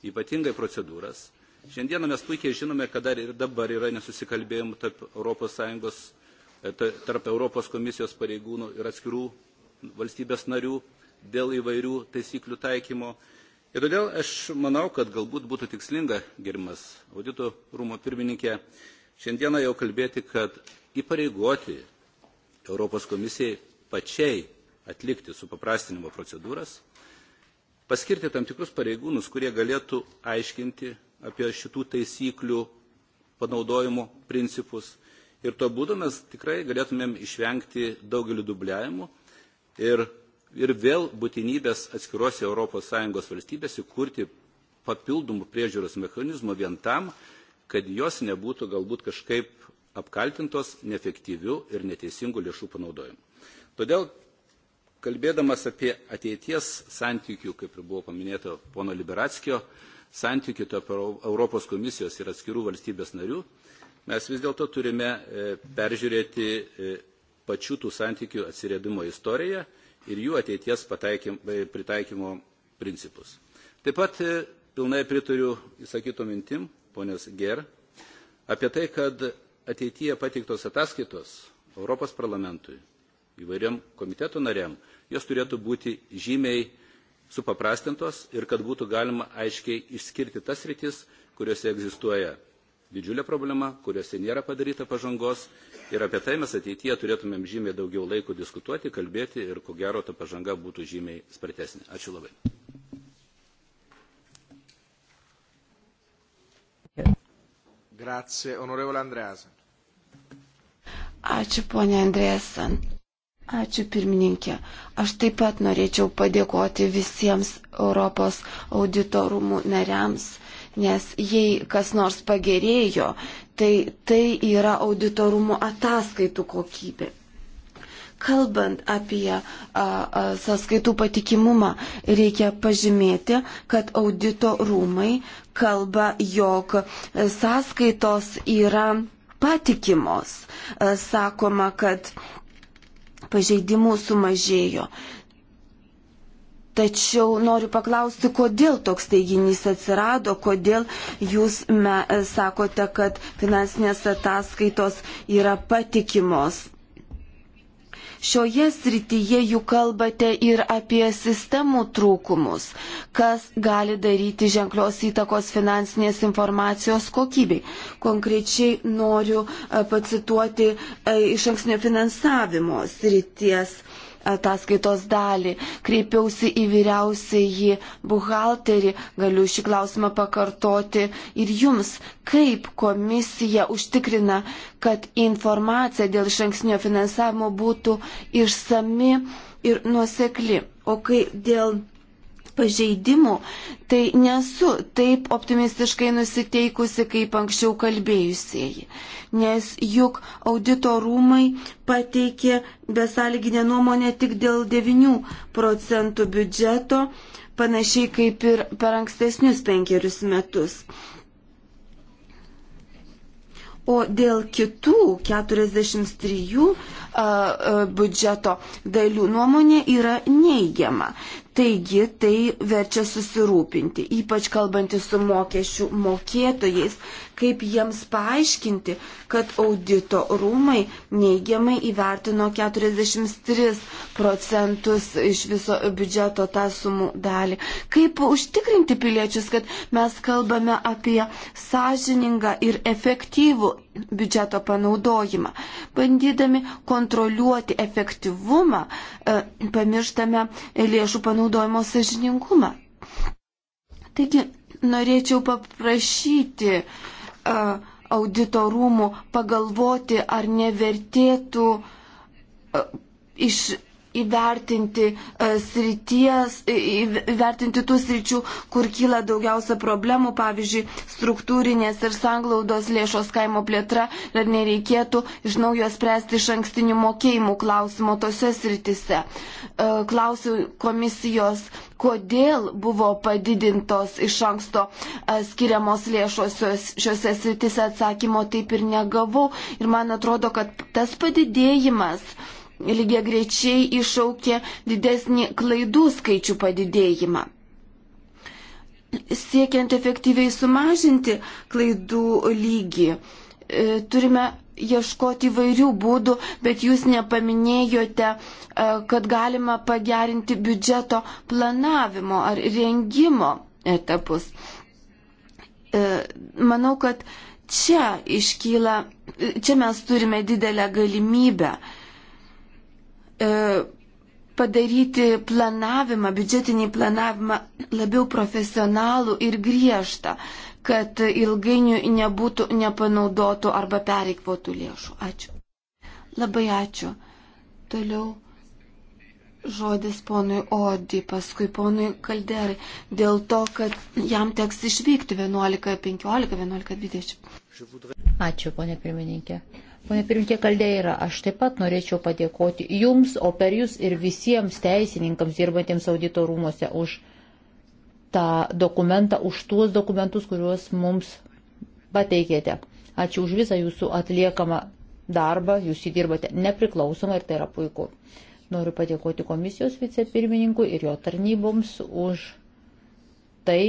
ypatingai procedūras. Šiandieną mes puikiai žinome, kad dar ir dabar yra nesusikalbėjimų tarp Europos, Sąjungos, e, tarp Europos komisijos pareigūnų ir atskirų valstybės narių dėl įvairių taisyklių taikymo. Ir todėl aš manau, kad galbūt būtų tikslinga, gerimas audito rūmo pirmininkė, Šiandieną jau kalbėti, kad įpareigoti Europos komisijai pačiai atlikti supaprastinimo procedūras, paskirti tam tikrus pareigūnus, kurie galėtų aiškinti apie šitų taisyklių panaudojimo principus. Ir to būdu mes tikrai galėtumėm išvengti daugelį dubliavimų ir, ir vėl būtinybės atskiruose ES valstybėse kurti papildomų priežiūros mechanizmų vien tam, kad jos nebūtų galbūt kažkaip apkaltintos neefektyvių ir neteisingų lėšų panaudojimu. Todėl, kalbėdamas apie ateities santykių, kaip ir buvo paminėta pono Liberatskio, santykių tarp Europos komisijos ir atskirų valstybės narių, mes vis dėlto turime e, peržiūrėti e, pačių tų santykių atsirėdimo istoriją ir jų ateities e, pritaikymo principus. Taip pat pilnai pritariu įsakyto mintim, ponios Ger, apie tai, kad ateityje pateiktos ataskaitos Europos parlamentui, įvairiam komiteto nariam, jos turėtų būti žymiai supaprastintos ir kad būtų galima aiškiai išskirti tas rytis, kuriuose egzistuoja didžiulė problema, kuriuose nėra padaryta pažangos ir apie tai mes ateityje turėtumėm žymiai daugiau laiko diskutuoti, kalbėti ir ko gero ta pažanga būtų žymiai spartesnė. Ačiū labai. Grazie, onorevole Andreasen. Ačiū, ponė Andreasen. Ačiū pirmininkė. Aš taip pat norėčiau padėkoti visiems Europos auditorumų nariams, nes jei kas nors pagerėjo, tai tai yra auditorumų ataskaitų kokybė. Kalbant apie a, a, sąskaitų patikimumą, reikia pažymėti, kad audito rūmai kalba, jog sąskaitos yra patikimos. A, sakoma, kad pažeidimų sumažėjo. Tačiau noriu paklausti, kodėl toks teiginys atsirado, kodėl jūs me, sakote, kad finansinės ataskaitos yra patikimos. Šioje srityje juk kalbate ir apie sistemų trūkumus, kas gali daryti ženklios įtakos finansinės informacijos kokybei. Konkrečiai noriu e, pacituoti e, iš anksnio finansavimo srities ataskaitos dalį. Kreipiausi į vyriausiąjį buhalterį, galiu šį klausimą pakartoti ir jums, kaip komisija užtikrina, kad informacija dėl išankstinio finansavimo būtų išsami ir nuosekli. O kai dėl pažeidimų, tai nesu taip optimistiškai nusiteikusi, kaip anksčiau kalbėjusieji. Nes juk audito rūmai pateikė besąlyginę nuomonę tik dėl 9 procentų biudžeto, panašiai kaip ir per ankstesnius penkerius metus. O dėl kitų 43 a, a, biudžeto dalių nuomonė yra neigiama. Taigi tai verčia susirūpinti, ypač kalbantys su mokesčių mokėtojais, kaip jiems paaiškinti, kad audito rūmai neigiamai įvertino 43 procentus iš viso biudžeto tą sumų dalį. Kaip užtikrinti piliečius, kad mes kalbame apie sąžiningą ir efektyvų biudžeto panaudojimą. Bandydami kontroliuoti efektyvumą, e, pamirštame lėšų panaudojimo sažiningumą. Taigi norėčiau paprašyti auditorumų pagalvoti, ar nevertėtų iš įvertinti, e, srities, įvertinti tų sričių, kur kyla daugiausia problemų, pavyzdžiui, struktūrinės ir sanglaudos lėšos kaimo plėtra, ar nereikėtų iš naujo spręsti iš ankstinių mokėjimų klausimo tose sritise. E, klausiu komisijos, kodėl buvo padidintos iš anksto e, skiriamos lėšos šiuose sritise atsakymo taip ir negavau. Ir man atrodo, kad tas padidėjimas, lygiai greičiai išaukė didesnį klaidų skaičių padidėjimą. Siekiant efektyviai sumažinti klaidų lygį, e, turime ieškoti įvairių būdų, bet jūs nepaminėjote, e, kad galima pagerinti biudžeto planavimo ar rengimo etapus. E, manau, kad čia iškyla, čia mes turime didelę galimybę E, padaryti planavimą, biudžetinį planavimą labiau profesionalų ir griežtą, kad ilgainiui nebūtų nepanaudotų arba pereikvotų lėšų. Ačiū. Labai ačiū. Toliau žodis ponui Odi, paskui ponui Kalderai, dėl to, kad jam teks išvykti 11.15, 11.20. Ačiū, ponė pirmininkė. Pone pirmininkė Kaldeira, aš taip pat norėčiau padėkoti jums, o per jūs ir visiems teisininkams dirbantiems audito rūmose už tą dokumentą, už tuos dokumentus, kuriuos mums pateikėte. Ačiū už visą jūsų atliekamą darbą, jūs įdirbate nepriklausomai ir tai yra puiku. Noriu padėkoti komisijos vicepirmininkui ir jo tarnyboms už tai,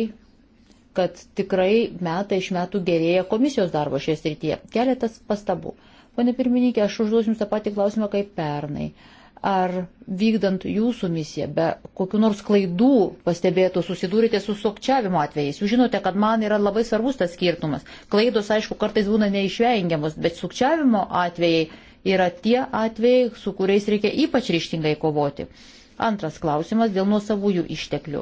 kad tikrai metai iš metų gerėja komisijos darbo šioje srityje. Keletas pastabų. Pone pirmininkė, aš užduosiu Jums tą patį klausimą kaip pernai. Ar vykdant Jūsų misiją be kokiu nors klaidų pastebėtų susidūrite su sukčiavimo atvejais? Jūs žinote, kad man yra labai svarbus tas skirtumas. Klaidos, aišku, kartais būna neišvengiamos, bet sukčiavimo atvejai yra tie atvejai, su kuriais reikia ypač ryštingai kovoti. Antras klausimas dėl nuosavųjų išteklių,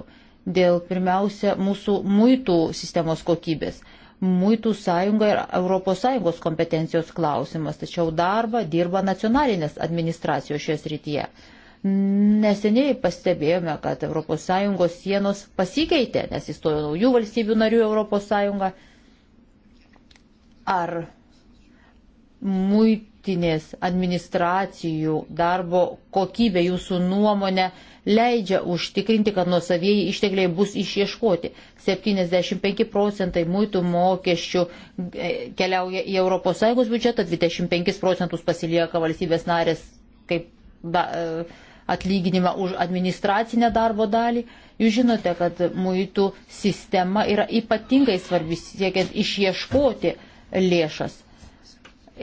dėl pirmiausia mūsų muitų sistemos kokybės. Muitų sąjunga ir ES kompetencijos klausimas, tačiau darbą dirba nacionalinės administracijos šioje srityje. Neseniai pastebėjome, kad ES sienos pasikeitė, nes įstojo naujų valstybių narių ES. Ar muitinės administracijų darbo kokybė jūsų nuomonė leidžia užtikrinti, kad nuosavieji ištekliai bus išieškoti. 75 procentai muitų mokesčių e, keliauja į ES biudžetą, 25 procentus pasilieka valstybės narės kaip da, e, atlyginimą už administracinę darbo dalį. Jūs žinote, kad muitų sistema yra ypatingai svarbi siekiant išieškoti lėšas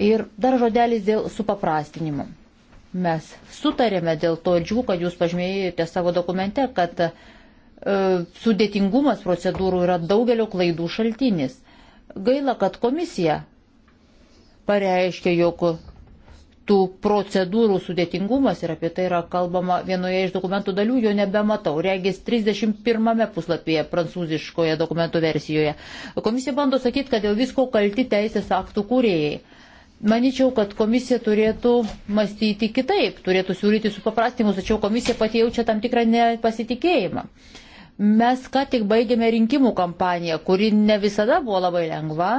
Ir dar žodelis dėl supaprastinimo. Mes sutarėme dėl to ir džiugu, kad jūs pažymėjote savo dokumente, kad e, sudėtingumas procedūrų yra daugelio klaidų šaltinis. Gaila, kad komisija pareiškia, jog tų procedūrų sudėtingumas ir apie tai yra kalbama vienoje iš dokumentų dalių, jo nebematau. Regis 31 puslapyje prancūziškoje dokumentų versijoje. Komisija bando sakyti, kad dėl visko kalti teisės aktų kūrėjai. Maničiau, kad komisija turėtų mąstyti kitaip, turėtų siūlyti supaprastimus, tačiau komisija pati jaučia tam tikrą nepasitikėjimą. Mes ką tik baigėme rinkimų kampaniją, kuri ne visada buvo labai lengva,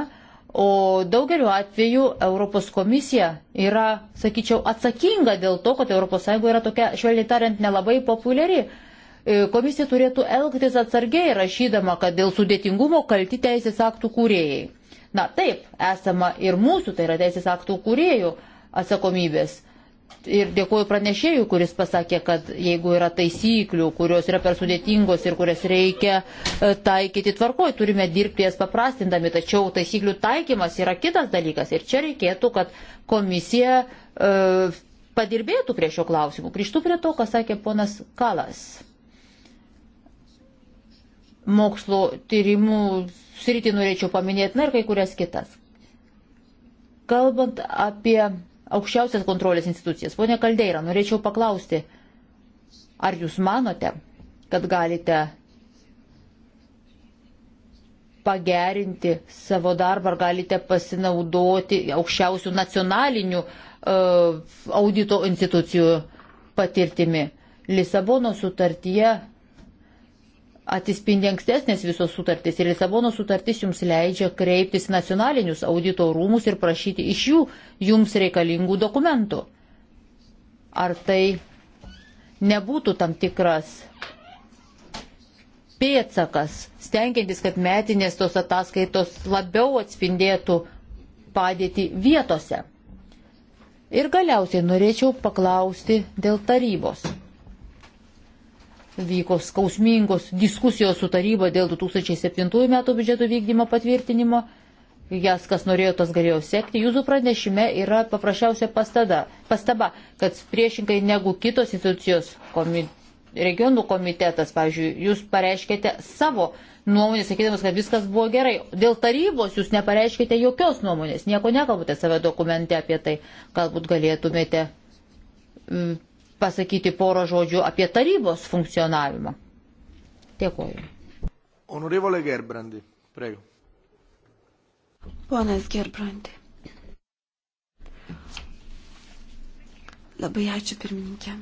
o daugeliu atveju Europos komisija yra, sakyčiau, atsakinga dėl to, kad ES yra tokia, švelniai tariant, nelabai populiari. E, komisija turėtų elgtis atsargiai, rašydama, kad dėl sudėtingumo kalti teisės aktų kūrėjai. Na taip, esama ir mūsų, tai yra teisės aktų kūrėjų atsakomybės. Ir dėkuoju pranešėjui, kuris pasakė, kad jeigu yra taisyklių, kurios yra per sudėtingos ir kurias reikia e, taikyti tvarkoj, turime dirbti jas paprastindami, tačiau taisyklių taikymas yra kitas dalykas. Ir čia reikėtų, kad komisija e, padirbėtų prie šio klausimų. Grįžtų prie to, ką sakė ponas Kalas mokslo tyrimų sritį norėčiau paminėti, na ir kai kurias kitas. Kalbant apie aukščiausias kontrolės institucijas, ponė Kaldeira, norėčiau paklausti, ar jūs manote, kad galite pagerinti savo darbą, ar galite pasinaudoti aukščiausių nacionalinių uh, audito institucijų patirtimi. Lisabono sutartyje atsispindi ankstesnės visos sutartys ir Lisabono sutartis jums leidžia kreiptis nacionalinius audito rūmus ir prašyti iš jų jums reikalingų dokumentų. Ar tai nebūtų tam tikras pėtsakas, stengiantis, kad metinės tos ataskaitos labiau atspindėtų padėti vietose? Ir galiausiai norėčiau paklausti dėl tarybos vyko skausmingos diskusijos su taryba dėl 2007 metų biudžeto vykdymo patvirtinimo. Jas, kas norėjo, tas galėjo sekti. Jūsų pranešime yra paprasčiausia pastada, pastaba, kad priešingai negu kitos institucijos, komi, regionų komitetas, pavyzdžiui, jūs pareiškėte savo nuomonę, sakydamas, kad viskas buvo gerai. Dėl tarybos jūs nepareiškėte jokios nuomonės, nieko nekalbate save dokumente apie tai. Galbūt galėtumėte mm, pasakyti porą žodžių apie tarybos funkcionavimą. Dėkuoju. Honorevole Gerbrandi, prego. Ponas Gerbrandi. Labai ačiū pirmininkė.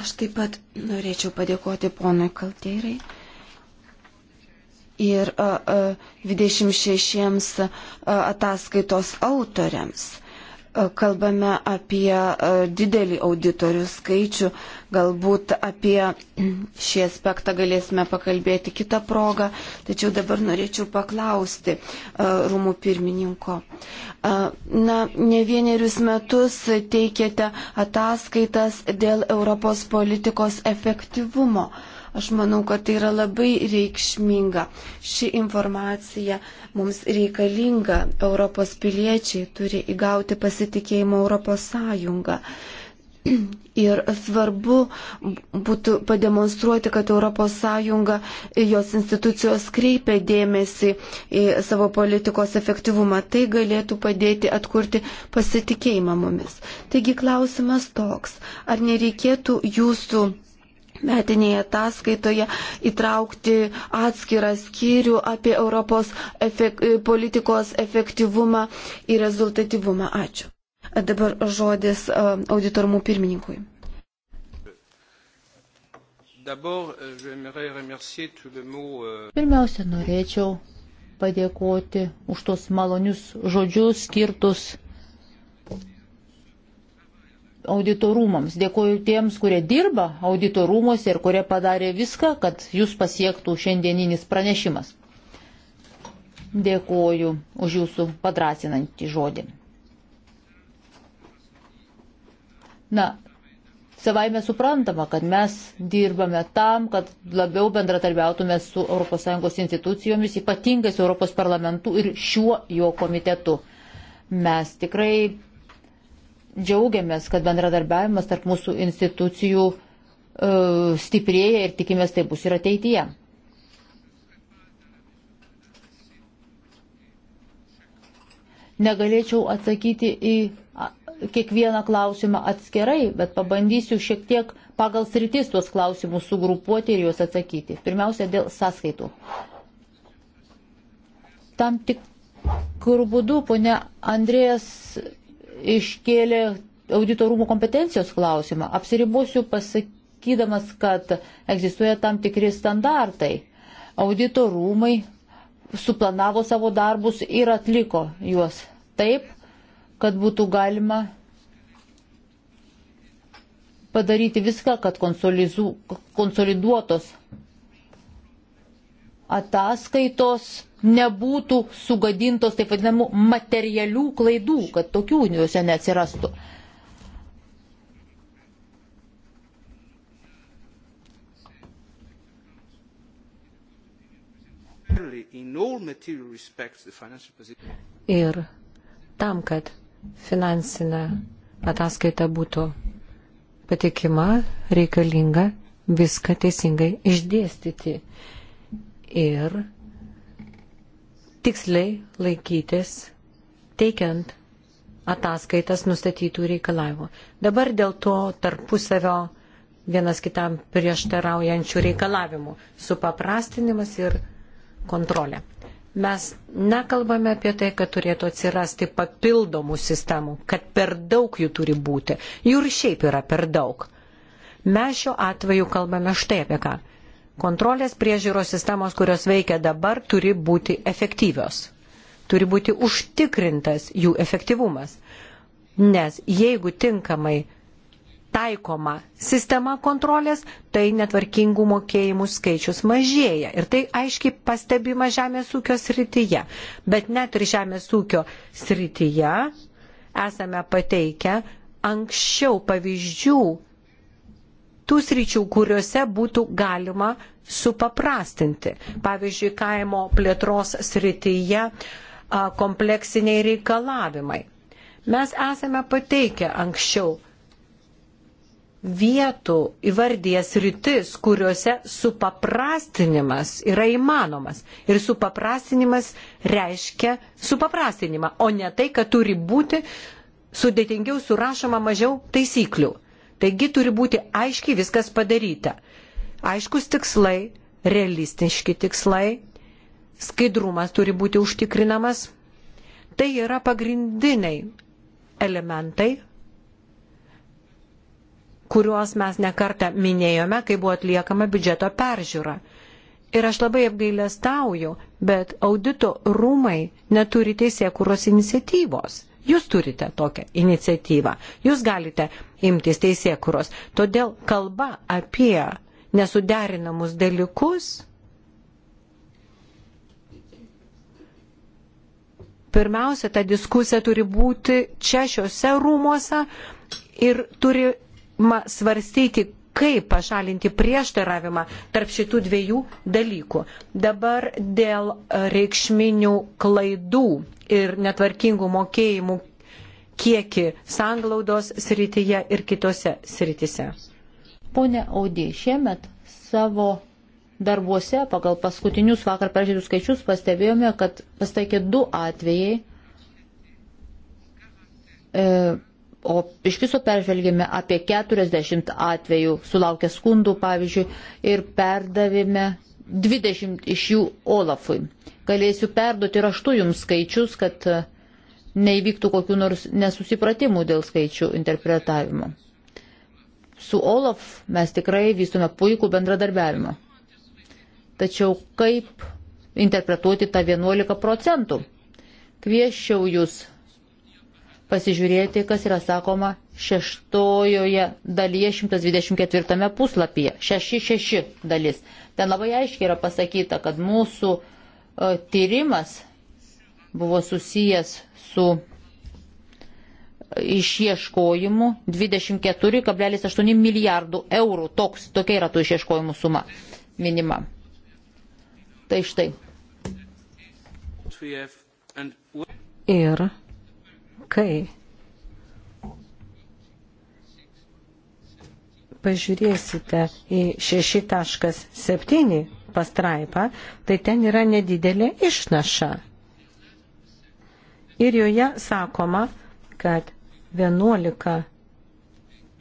Aš taip pat norėčiau padėkoti ponui Kalteirai ir a, a, 26 a, ataskaitos autoriams. E, kalbame apie e, didelį auditorių skaičių, galbūt apie (clears throat) šį aspektą galėsime pakalbėti kitą progą, tačiau dabar norėčiau paklausti e, rūmų pirmininko. Na, ne vienerius metus teikėte ataskaitas dėl Europos politikos efektyvumo. Aš manau, kad tai yra labai reikšminga. Ši informacija mums reikalinga. Europos piliečiai turi įgauti pasitikėjimą Europos Sąjungą. Ir svarbu būtų pademonstruoti, kad ES, jos institucijos kreipia dėmesį į savo politikos efektyvumą. Tai galėtų padėti atkurti pasitikėjimą mumis. Taigi klausimas toks, ar nereikėtų jūsų metinėje ataskaitoje įtraukti atskirą skyrių apie Europos efek politikos efektyvumą ir rezultatyvumą. Ačiū. Dabar žodis e, auditorumų pirmininkui. E, e, Pirmiausia, norėčiau padėkoti už tos malonius žodžius skirtus auditorumams. Dėkoju tiems, kurie dirba auditorumuose ir kurie padarė viską, kad jūs pasiektų šiandieninis pranešimas. Dėkoju už jūsų padrasinantį žodį. Na, savaime suprantama, kad mes dirbame tam, kad labiau bendratarbiautume su ES institucijomis, ypatingai su ES parlamentu ir šiuo jo komitetu. Mes tikrai džiaugiamės, kad bendradarbiavimas tarp mūsų institucijų e, stiprėja ir tikimės tai bus ir ateityje. Negalėčiau atsakyti į kiekvieną klausimą atskirai, bet pabandysiu šiek tiek pagal sritis tuos klausimus sugrupuoti ir juos atsakyti. Pirmiausia, dėl sąskaitų. Tam tikrų būdų ponia Andrėjas iškėlė auditorumų kompetencijos klausimą. Apsiribosiu pasakydamas, kad egzistuoja tam tikri standartai. Auditorumai suplanavo savo darbus ir atliko juos taip, kad būtų galima padaryti viską, kad konsoliduotos ataskaitos nebūtų sugadintos taip vadinamų materialių klaidų, kad tokių juose neatsirastų. Ir tam, kad finansinė ataskaita būtų patikima, reikalinga viską teisingai išdėstyti ir tiksliai laikytis, teikiant ataskaitas nustatytų reikalavimų. Dabar dėl to tarpusavio vienas kitam prieštaraujančių reikalavimų - supaprastinimas ir kontrolė. Mes nekalbame apie tai, kad turėtų atsirasti papildomų sistemų, kad per daug jų turi būti. Jų ir šiaip yra per daug. Mes šiuo atveju kalbame štai apie ką. Kontrolės priežiūros sistemos, kurios veikia dabar, turi būti efektyvios. Turi būti užtikrintas jų efektyvumas. Nes jeigu tinkamai taikoma sistema kontrolės, tai netvarkingų mokėjimų skaičius mažėja. Ir tai aiškiai pastebima žemės ūkio srityje. Bet net ir žemės ūkio srityje esame pateikę anksčiau pavyzdžių tų sričių, kuriuose būtų galima supaprastinti. Pavyzdžiui, kaimo plėtros srityje kompleksiniai reikalavimai. Mes esame pateikę anksčiau vietų įvardyjas rytis, kuriuose supaprastinimas yra įmanomas. Ir supaprastinimas reiškia supaprastinimą, o ne tai, kad turi būti sudėtingiau surašoma mažiau taisyklių. Taigi turi būti aiškiai viskas padaryta. Aiškus tikslai, realistiški tikslai, skaidrumas turi būti užtikrinamas. Tai yra pagrindiniai elementai, kuriuos mes nekartą minėjome, kai buvo atliekama biudžeto peržiūra. Ir aš labai apgailestauju, bet audito rūmai neturi teisėkuros iniciatyvos. Jūs turite tokią iniciatyvą, jūs galite imtis teisėkuros. Todėl kalba apie nesuderinamus dalykus pirmiausia, ta diskusija turi būti čia šiuose rūmuose ir turi svarstyti, kaip pašalinti prieštaravimą tarp šitų dviejų dalykų. Dabar dėl reikšminių klaidų ir netvarkingų mokėjimų kiekį sanglaudos srityje ir kitose srityse. Pone Audė, šiemet savo darbuose pagal paskutinius vakar peržiūrėtus skaičius pastebėjome, kad pastaikė du atvejai. E, o iš viso peržvelgėme apie 40 atvejų, sulaukę skundų pavyzdžiui, ir perdavėme 20 iš jų Olafui. Galėsiu perduoti raštu jums skaičius, kad e, neįvyktų kokiu nors nesusipratimu dėl skaičių interpretavimo. Su Olaf mes tikrai vystome puikų bendradarbiavimą. Tačiau kaip interpretuoti tą 11 procentų? Kvieščiau jūs pasižiūrėti, kas yra sakoma šeštojoje dalyje 124 puslapyje. 6-6 dalis. Ten labai aiškiai yra pasakyta, kad mūsų e, tyrimas buvo susijęs su išieškojimu 24,8 milijardų eurų. Toks, tokia yra tų išieškojimų suma minima. Tai štai. Ir kai pažiūrėsite į 6.7 pastraipą, tai ten yra nedidelė išnaša. Ir joje sakoma, kad 11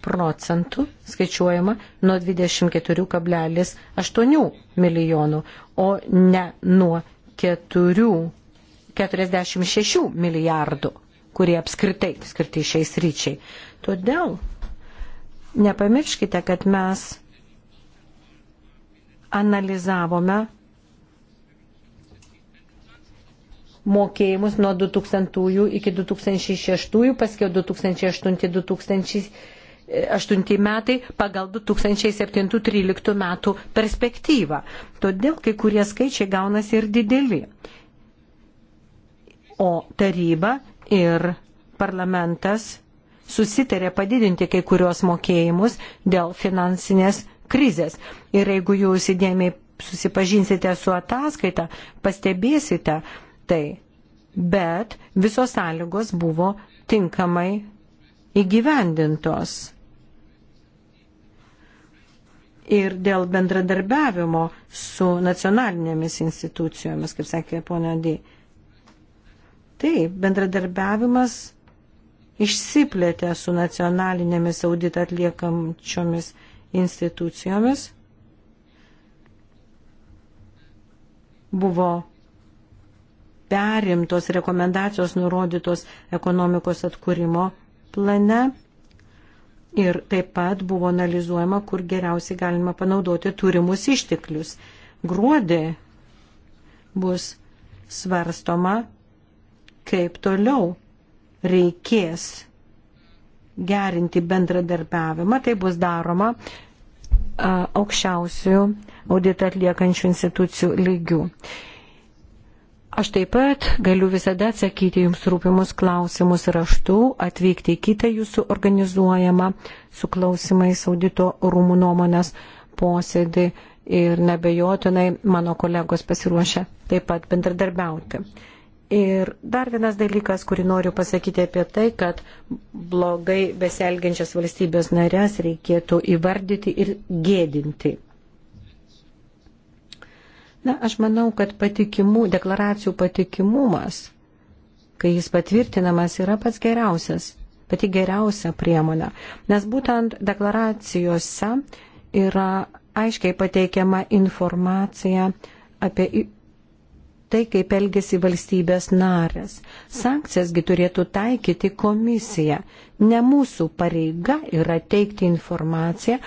procentų skaičiuojama nuo 24,8 milijonų, o ne nuo 4, 46 milijardų kurie apskritai skirti šiais ryčiai. Todėl nepamirškite, kad mes analizavome mokėjimus nuo 2000 iki 2006, paskiau 2008-2008 e, metai pagal 2007-2013 metų perspektyvą. Todėl kai kurie skaičiai gaunasi ir dideli. O taryba ir parlamentas susitarė padidinti kai kurios mokėjimus dėl finansinės krizės. Ir jeigu jūs įdėmiai susipažinsite su ataskaita, pastebėsite tai. Bet visos sąlygos buvo tinkamai įgyvendintos. Ir dėl bendradarbiavimo su nacionalinėmis institucijomis, kaip sakė ponia D. Taip, bendradarbiavimas išsiplėtė su nacionalinėmis auditą atliekamčiomis institucijomis. Buvo perimtos rekomendacijos nurodytos ekonomikos atkūrimo plane ir taip pat buvo analizuojama, kur geriausiai galima panaudoti turimus išteklius. Gruodį bus svarstoma kaip toliau reikės gerinti bendradarbiavimą, tai bus daroma aukščiausių auditą atliekančių institucijų lygių. Aš taip pat galiu visada atsakyti jums rūpimus klausimus raštu, atvykti į kitą jūsų organizuojamą su klausimais audito rūmų nuomonės posėdį ir nebejotinai mano kolegos pasiruošę taip pat bendradarbiauti. Ir dar vienas dalykas, kurį noriu pasakyti apie tai, kad blogai beselgiančias valstybės narės reikėtų įvardyti ir gėdinti. Na, aš manau, kad patikimų, deklaracijų patikimumas, kai jis patvirtinamas, yra pats geriausias, pati geriausia priemonė. Nes būtent deklaracijose yra aiškiai pateikiama informacija apie tai, kaip elgesi valstybės narės. Sankcijasgi turėtų taikyti komisija. Ne mūsų pareiga yra teikti informaciją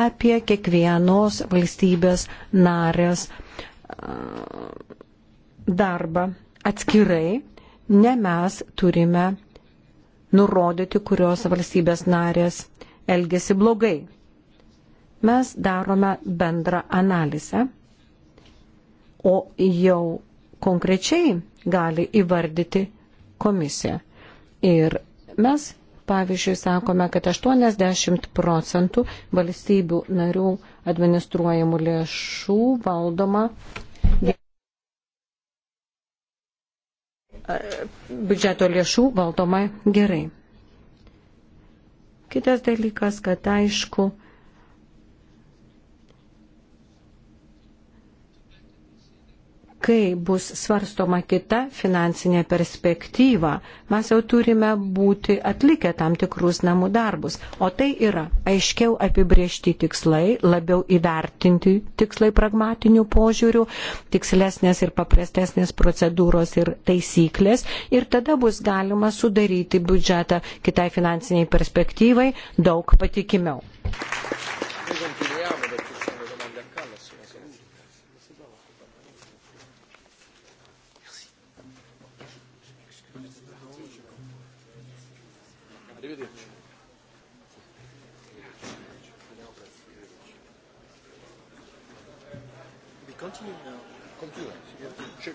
apie kiekvienos valstybės narės darbą atskirai, ne mes turime nurodyti, kurios valstybės narės elgesi blogai. Mes darome bendrą analizę, o jau konkrečiai gali įvardyti komisija. Ir mes, pavyzdžiui, sakome, kad 80 procentų valstybių narių administruojamų lėšų valdoma biudžeto lėšų valdoma gerai. Kitas dalykas, kad aišku, kai bus svarstoma kita finansinė perspektyva, mes jau turime būti atlikę tam tikrus namų darbus. O tai yra aiškiau apibriežti tikslai, labiau įvertinti tikslai pragmatinių požiūrių, tikslesnės ir paprastesnės procedūros ir taisyklės. Ir tada bus galima sudaryti biudžetą kitai finansiniai perspektyvai daug patikimiau.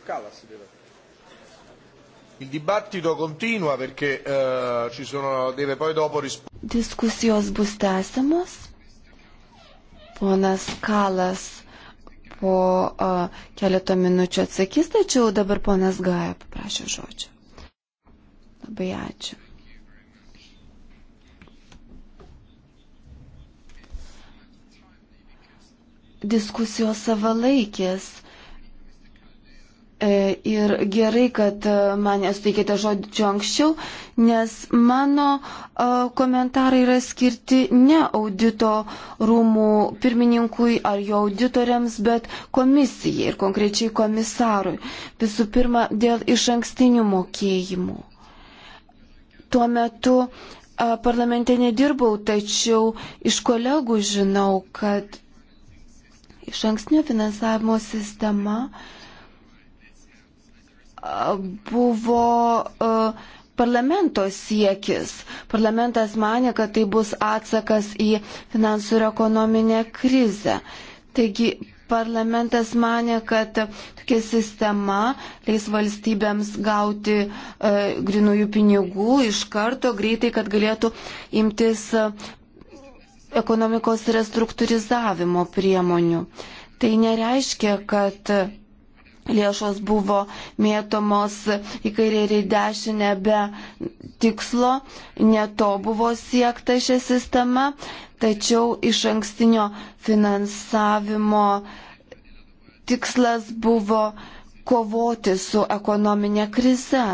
cala si deve. Il dibattito continua perché eh, ci sono, deve poi dopo rispondere. Diskusijos bus tęsiamos. Ponas Kalas po uh, e, keletą minučių atsakys, tačiau dabar ponas Gaja paprašė žodžio. Labai ačiū. Diskusijos savalaikės E, ir gerai, kad e, mane suteikėte žodžiu anksčiau, nes mano e, komentarai yra skirti ne audito rūmų pirmininkui ar jo auditoriams, bet komisijai ir konkrečiai komisarui. Visų pirma, dėl iš ankstinių mokėjimų. Tuo metu parlamente nedirbau, tačiau iš kolegų žinau, kad iš ankstinio finansavimo sistema uh, buvo e, parlamento siekis. Parlamentas mane, kad tai bus atsakas į finansų ir ekonominę krizę. Taigi parlamentas mane, kad tokia sistema leis valstybėms gauti e, grinųjų pinigų iš karto greitai, kad galėtų imtis e, ekonomikos restruktūrizavimo priemonių. Tai nereiškia, kad lėšos buvo mėtomos į kairę ir į dešinę be tikslo, ne to buvo siekta šią sistemą, tačiau iš ankstinio finansavimo tikslas buvo kovoti su ekonominė krize.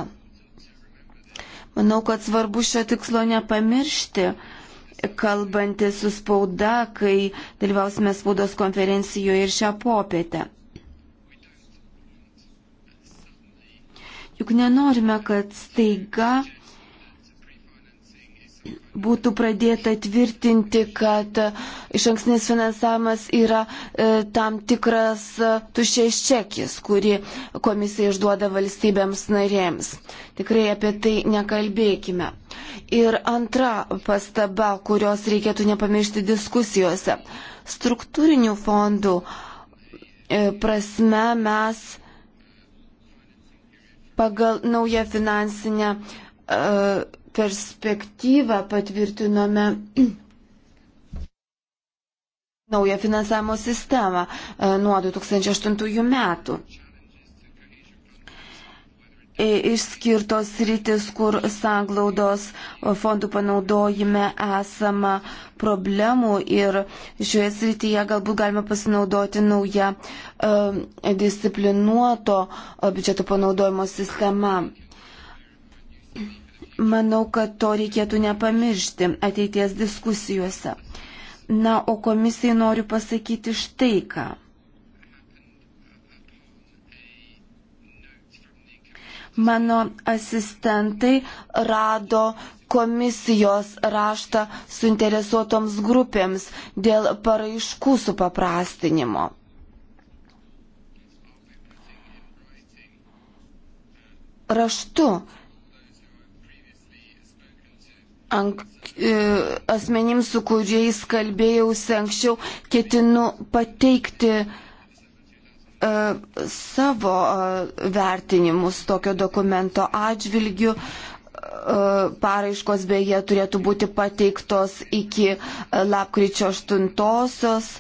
Manau, kad svarbu šio tikslo nepamiršti kalbantį su spauda, kai dalyvausime spaudos konferencijoje ir šią popietę. Juk nenorime, kad staiga būtų pradėta tvirtinti, kad e, iš anksnis finansavimas yra e, tam tikras e, tušės čekis, kurį komisija išduoda valstybėms narėms. Tikrai apie tai nekalbėkime. Ir antra pastaba, kurios reikėtų nepamiršti diskusijose. Struktūrinių fondų e, prasme mes Pagal naują finansinę e, perspektyvą patvirtinome (clears throat) naują finansavimo sistemą e, nuo 2008 metų išskirtos rytis, kur sanglaudos fondų panaudojime esama problemų ir šioje srityje galbūt galima pasinaudoti naują disciplinuoto e, biudžeto panaudojimo sistema. Manau, kad to reikėtų nepamiršti ateities diskusijose. Na, o komisijai noriu pasakyti štai ką. Mano asistentai rado komisijos raštą suinteresuotoms grupėms dėl paraiškų supaprastinimo. Raštu Ank, e, asmenims, su kuriais kalbėjausi anksčiau, ketinu pateikti E, savo e, vertinimus tokio dokumento atžvilgių. E, paraiškos beje turėtų būti pateiktos iki lapkričio 8-osios.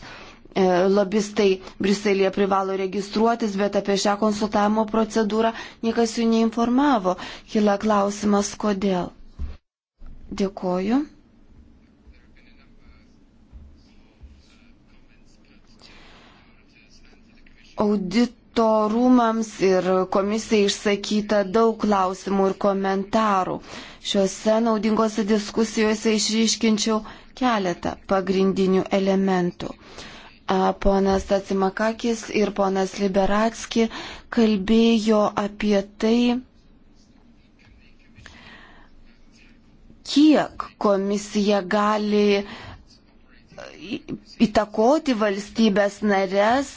Lobistai Briselėje privalo registruotis, bet apie šią konsultavimo procedūrą niekas jų neinformavo. Kila klausimas, kodėl. Dėkoju. Audito rūmams ir komisijai išsakyta daug klausimų ir komentarų. Šiuose naudingose diskusijose išryškinčiau keletą pagrindinių elementų. Ponas Atsimakakis ir ponas Liberatski kalbėjo apie tai, kiek komisija gali uh, įtakoti valstybės narės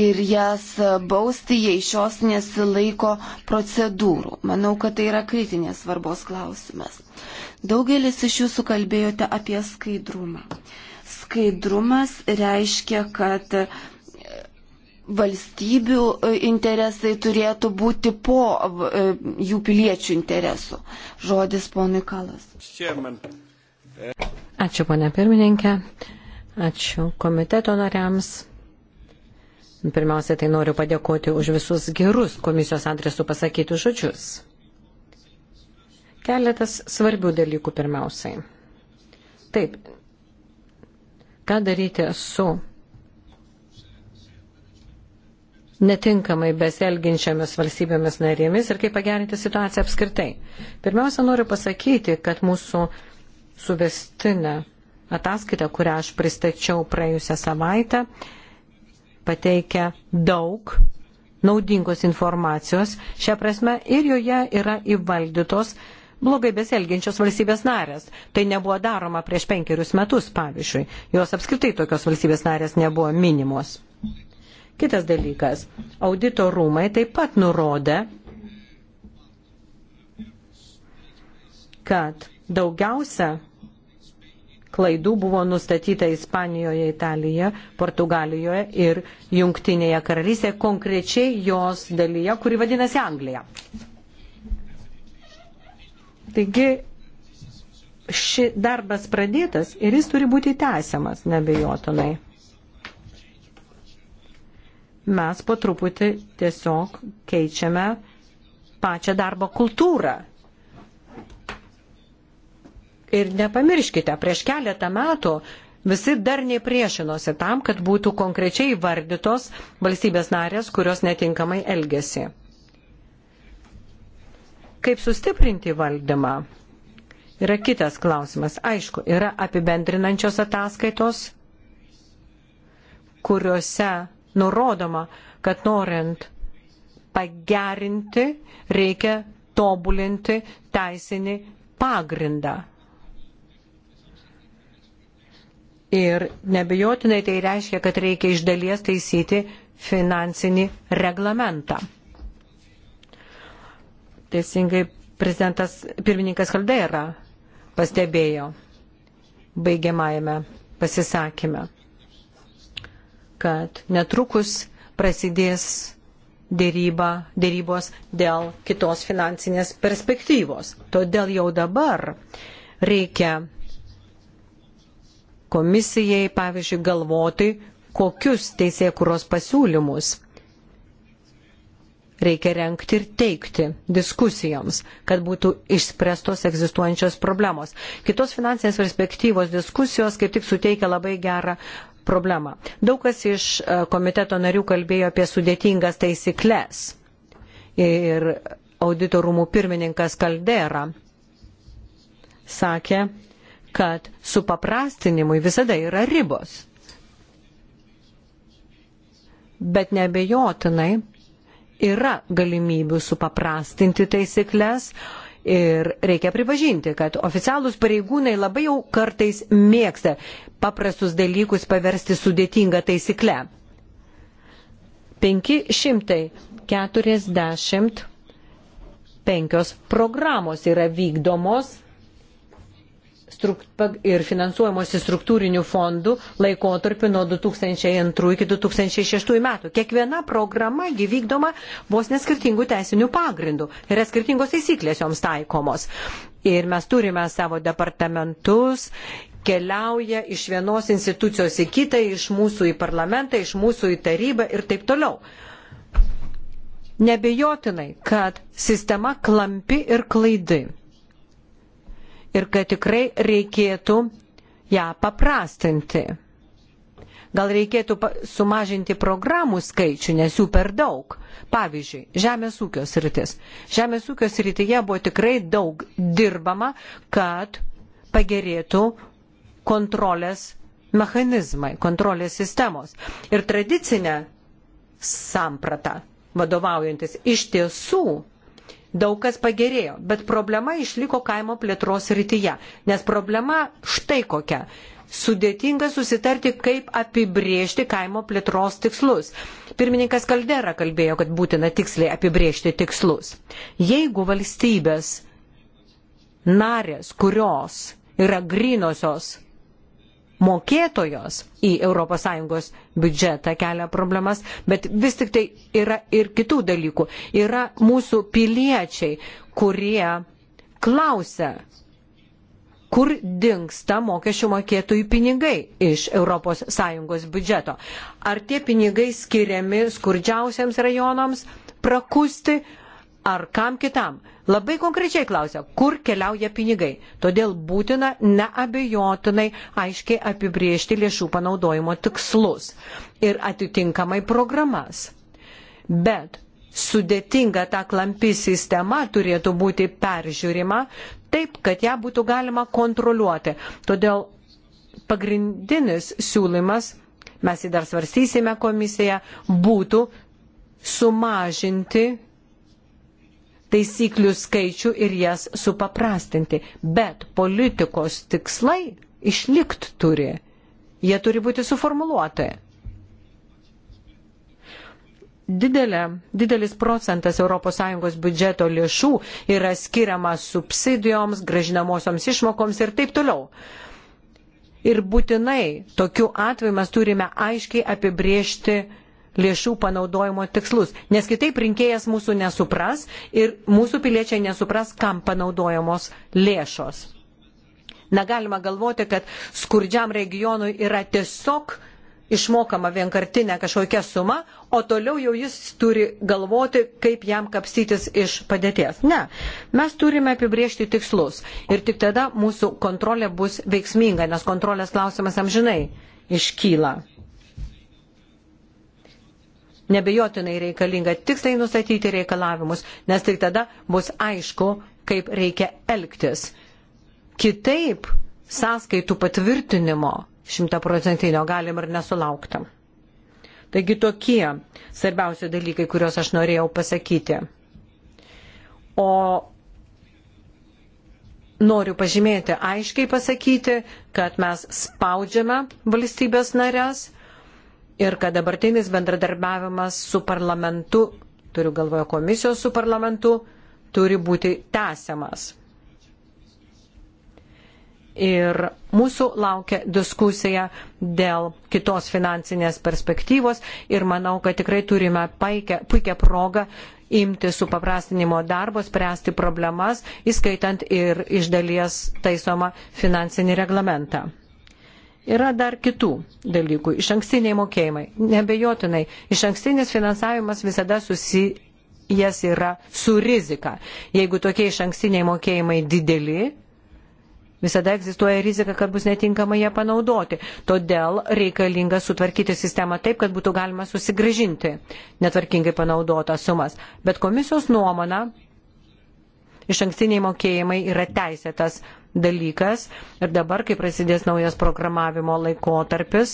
ir jas bausti, jei šios nesilaiko procedūrų. Manau, kad tai yra kritinės svarbos klausimas. Daugelis iš jūsų kalbėjote apie skaidrumą. Skaidrumas reiškia, kad valstybių interesai turėtų būti po e, jų piliečių interesų. Žodis ponui Kalas. Ačiū, ponia pirmininkė. Ačiū komiteto nariams. Pirmiausia, tai noriu padėkoti už visus gerus komisijos adresų pasakytų žodžius. Keletas svarbių dalykų pirmiausiai. Taip, ką daryti su netinkamai besielginčiamis valstybėmis narėmis ir kaip pagerinti situaciją apskritai. Pirmiausia, noriu pasakyti, kad mūsų suvestinė ataskaita, kurią aš pristačiau praėjusią savaitę, pateikia daug naudingos informacijos šią prasme ir joje yra įvaldytos blogai besielginčios valstybės narės. Tai nebuvo daroma prieš penkerius metus, pavyzdžiui. Jos apskritai tokios valstybės narės nebuvo minimos. Kitas dalykas. Audito rūmai taip pat nurodė, kad daugiausia klaidų buvo nustatyta Ispanijoje, Italijoje, Portugalijoje ir Jungtinėje karalystėje, konkrečiai jos dalyje, kuri vadinasi Anglija. Taigi ši darbas pradėtas ir jis turi būti tęsiamas, nebejotinai. Mes po truputį tiesiog keičiame pačią darbo kultūrą Ir nepamirškite, prieš keletą metų visi dar nepriešinosi tam, kad būtų konkrečiai vardytos valstybės narės, kurios netinkamai elgesi. Kaip sustiprinti valdymą? Yra kitas klausimas. Aišku, yra apibendrinančios ataskaitos, kuriuose nurodoma, kad norint pagerinti, reikia tobulinti teisinį pagrindą Ir nebejotinai tai reiškia, kad reikia iš dalies taisyti finansinį reglamentą. Teisingai prezidentas pirmininkas Haldera pastebėjo baigiamajame pasisakymė, kad netrukus prasidės dėryba, dėrybos dėl kitos finansinės perspektyvos. Todėl jau dabar reikia komisijai, pavyzdžiui, galvoti, kokius teisėkuros pasiūlymus reikia renkti ir teikti diskusijoms, kad būtų išspręstos egzistuojančios problemos. Kitos finansinės perspektyvos diskusijos kaip tik suteikia labai gerą problemą. Daug kas iš e, komiteto narių kalbėjo apie sudėtingas taisyklės ir auditorumų pirmininkas Kaldera sakė, kad su paprastinimui visada yra ribos. Bet nebejotinai yra galimybių supaprastinti taisyklės ir reikia pripažinti, kad oficialūs pareigūnai labai jau kartais mėgsta paprastus dalykus paversti sudėtingą taisyklę. 545 programos yra vykdomos ir finansuojamosi struktūrinių fondų laikotarpiu nuo 2002 iki 2006 metų. Kiekviena programa gyvykdoma vos neskirtingų teisinių pagrindų. Yra skirtingos taisyklės joms taikomos. Ir mes turime savo departamentus keliauja iš vienos institucijos į kitą, iš mūsų į parlamentą, iš mūsų į tarybą ir taip toliau. Nebejotinai, kad sistema klampi ir klaidi ir kad tikrai reikėtų ją paprastinti. Gal reikėtų sumažinti programų skaičių, nes jų per daug. Pavyzdžiui, žemės ūkio sritis. Žemės ūkio srityje buvo tikrai daug dirbama, kad pagerėtų kontrolės mechanizmai, kontrolės sistemos. Ir tradicinė samprata, vadovaujantis iš tiesų daug kas pagerėjo, bet problema išliko kaimo plėtros rytyje, nes problema štai kokia. Sudėtinga susitarti, kaip apibriežti kaimo plėtros tikslus. Pirmininkas Kaldera kalbėjo, kad būtina tiksliai apibriežti tikslus. Jeigu valstybės narės, kurios yra grinosios mokėtojos į ES biudžetą kelia problemas, bet vis tik tai yra ir kitų dalykų. Yra mūsų piliečiai, kurie klausia, kur dinksta mokesčių mokėtojų pinigai iš ES biudžeto. Ar tie pinigai skiriami skurdžiausiams rajonams prakusti, ar kam kitam. Labai konkrečiai klausia, kur keliauja pinigai. Todėl būtina neabejotinai aiškiai apibriežti lėšų panaudojimo tikslus ir atitinkamai programas. Bet sudėtinga ta klampi sistema turėtų būti peržiūrima taip, kad ją būtų galima kontroliuoti. Todėl pagrindinis siūlymas, mes jį dar svarstysime komisiją, būtų sumažinti taisyklių skaičių ir jas supaprastinti. Bet politikos tikslai išlikt turi. Jie turi būti suformuluoti. Didelė, didelis procentas ES biudžeto lėšų yra skiriamas subsidijoms, gražinamosioms išmokoms ir taip toliau. Ir būtinai tokiu atveju mes turime aiškiai apibriežti lėšų panaudojimo tikslus, nes kitaip rinkėjas mūsų nesupras ir mūsų piliečiai nesupras, kam panaudojamos lėšos. Negalima galvoti, kad skurdžiam regionui yra tiesiog išmokama vienkartinė kažkokia suma, o toliau jau jis turi galvoti, kaip jam kapstytis iš padėties. Ne, mes turime apibriežti tikslus ir tik tada mūsų kontrolė bus veiksminga, nes kontrolės klausimas amžinai iškyla nebejotinai reikalinga tiksliai nustatyti reikalavimus, nes tik tada bus aišku, kaip reikia elgtis. Kitaip sąskaitų patvirtinimo šimtaprocentinio galim ir nesulaukti. Taigi tokie svarbiausi dalykai, kuriuos aš norėjau pasakyti. O noriu pažymėti, aiškiai pasakyti, kad mes spaudžiame valstybės narės ir kad dabartinis bendradarbiavimas su parlamentu, turiu galvoje komisijos su parlamentu, turi būti tęsiamas. Ir mūsų laukia diskusija dėl kitos finansinės perspektyvos ir manau, kad tikrai turime paikę, puikią progą imti su paprastinimo darbo, spręsti problemas, įskaitant ir iš dalies taisomą finansinį reglamentą. Yra dar kitų dalykų. Iš ankstiniai mokėjimai. Nebejotinai, iš ankstinis finansavimas visada susijęs yra su rizika. Jeigu tokie iš ankstiniai mokėjimai dideli, Visada egzistuoja rizika, kad bus netinkamai jie panaudoti. Todėl reikalinga sutvarkyti sistemą taip, kad būtų galima susigražinti netvarkingai panaudotas sumas. Bet komisijos nuomona, iš ankstiniai mokėjimai yra teisėtas dalykas ir dabar, kai prasidės naujas programavimo laikotarpis,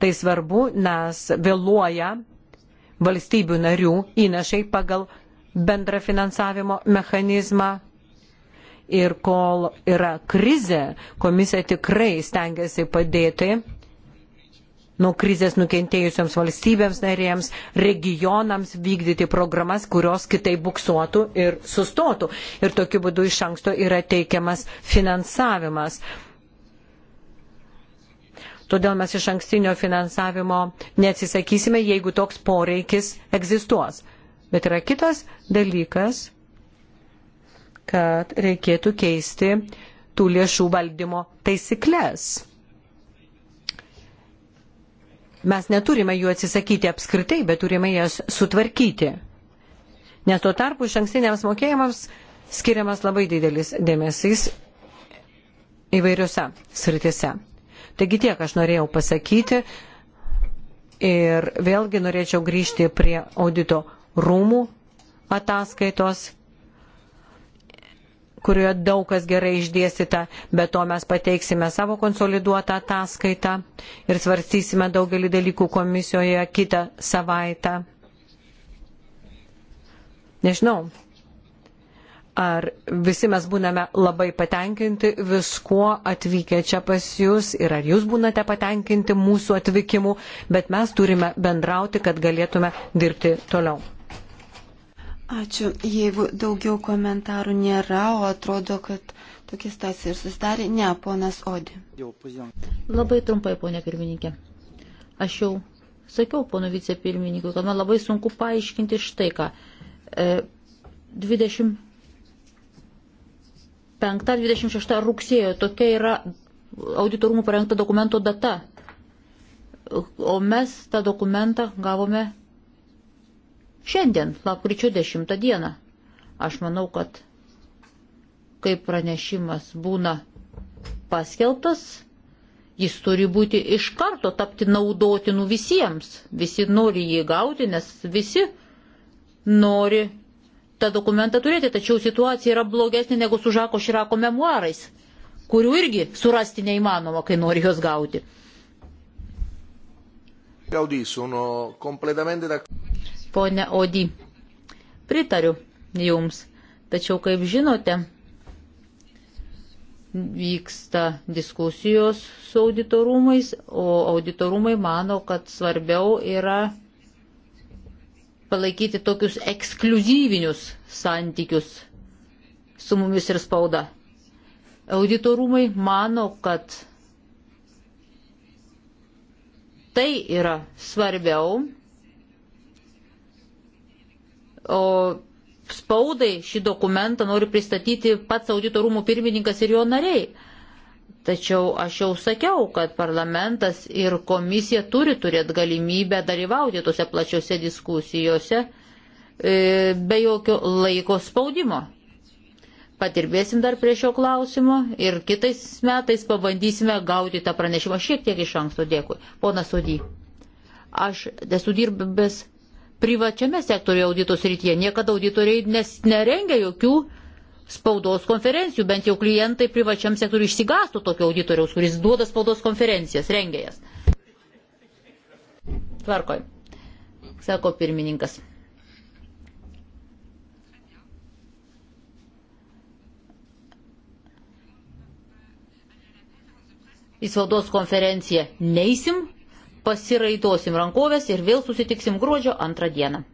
tai svarbu, nes vėluoja valstybių narių įnašai pagal bendrą finansavimo mechanizmą. Ir kol yra krize, komisija tikrai stengiasi padėti nuo krizės nukentėjusiams valstybėms narėms, regionams vykdyti programas, kurios kitai buksuotų ir sustotų. Ir tokiu būdu iš anksto yra teikiamas finansavimas. Todėl mes iš ankstinio finansavimo neatsisakysime, jeigu toks poreikis egzistuos. Bet yra kitas dalykas, kad reikėtų keisti tų lėšų valdymo taisyklės. Mes neturime jų atsisakyti apskritai, bet turime jas sutvarkyti. Nes tuo tarpu iš ankstiniams mokėjimams skiriamas labai didelis dėmesys įvairiose sritise. Taigi tiek aš norėjau pasakyti ir vėlgi norėčiau grįžti prie audito rūmų ataskaitos kurioje daug kas gerai išdėsita, bet to mes pateiksime savo konsoliduotą ataskaitą ir svarstysime daugelį dalykų komisijoje kitą savaitę. Nežinau, ar visi mes būname labai patenkinti viskuo atvykę čia pas jūs ir ar jūs būnate patenkinti mūsų atvykimu, bet mes turime bendrauti, kad galėtume dirbti toliau. Ačiū. Jeigu daugiau komentarų nėra, o atrodo, kad tokia stacija ir susidarė, ne, ponas Odi. Labai trumpai, ponė pirmininkė. Aš jau sakiau pono vicepirmininkui, kad man labai sunku paaiškinti štai ką. E, 25-26 rugsėjo tokia yra auditorumų parengta dokumento data. O mes tą dokumentą gavome Šiandien, lapkričio 10 dieną, aš manau, kad kai pranešimas būna paskelbtas, jis turi būti iš karto tapti naudotinų visiems. Visi nori jį gauti, nes visi nori tą dokumentą turėti, tačiau situacija yra blogesnė negu su Žako Širako memoarais, kurių irgi surasti neįmanoma, kai nori juos gauti. Gaudį, sono completamente d'accordo. Pone Odi, pritariu Jums, tačiau kaip žinote, vyksta diskusijos su auditorumais, o auditorumai mano, kad svarbiau yra palaikyti tokius ekskluzyvinius santykius su mumis ir spauda. Auditorumai mano, kad tai yra svarbiau O spaudai šį dokumentą nori pristatyti pats audito rūmų pirmininkas ir jo nariai. Tačiau aš jau sakiau, kad parlamentas ir komisija turi turėti galimybę dalyvauti tose plačiose diskusijose e, be jokio laiko spaudimo. Patirbėsim dar prie šio klausimo ir kitais metais pabandysime gauti tą pranešimą šiek tiek iš anksto. Dėkui. Pona Sodį, aš esu dirbęs privačiame sektoriuje audito srityje. Niekada auditoriai nes, nerengia jokių spaudos konferencijų, bent jau klientai privačiam sektoriui išsigastų tokio auditoriaus, kuris duoda spaudos konferencijas, rengia jas. Tvarkoj, sako pirmininkas. Į spaudos konferenciją neįsim, pasiraidosim rankovės ir vėl susitiksim gruodžio antrą dieną.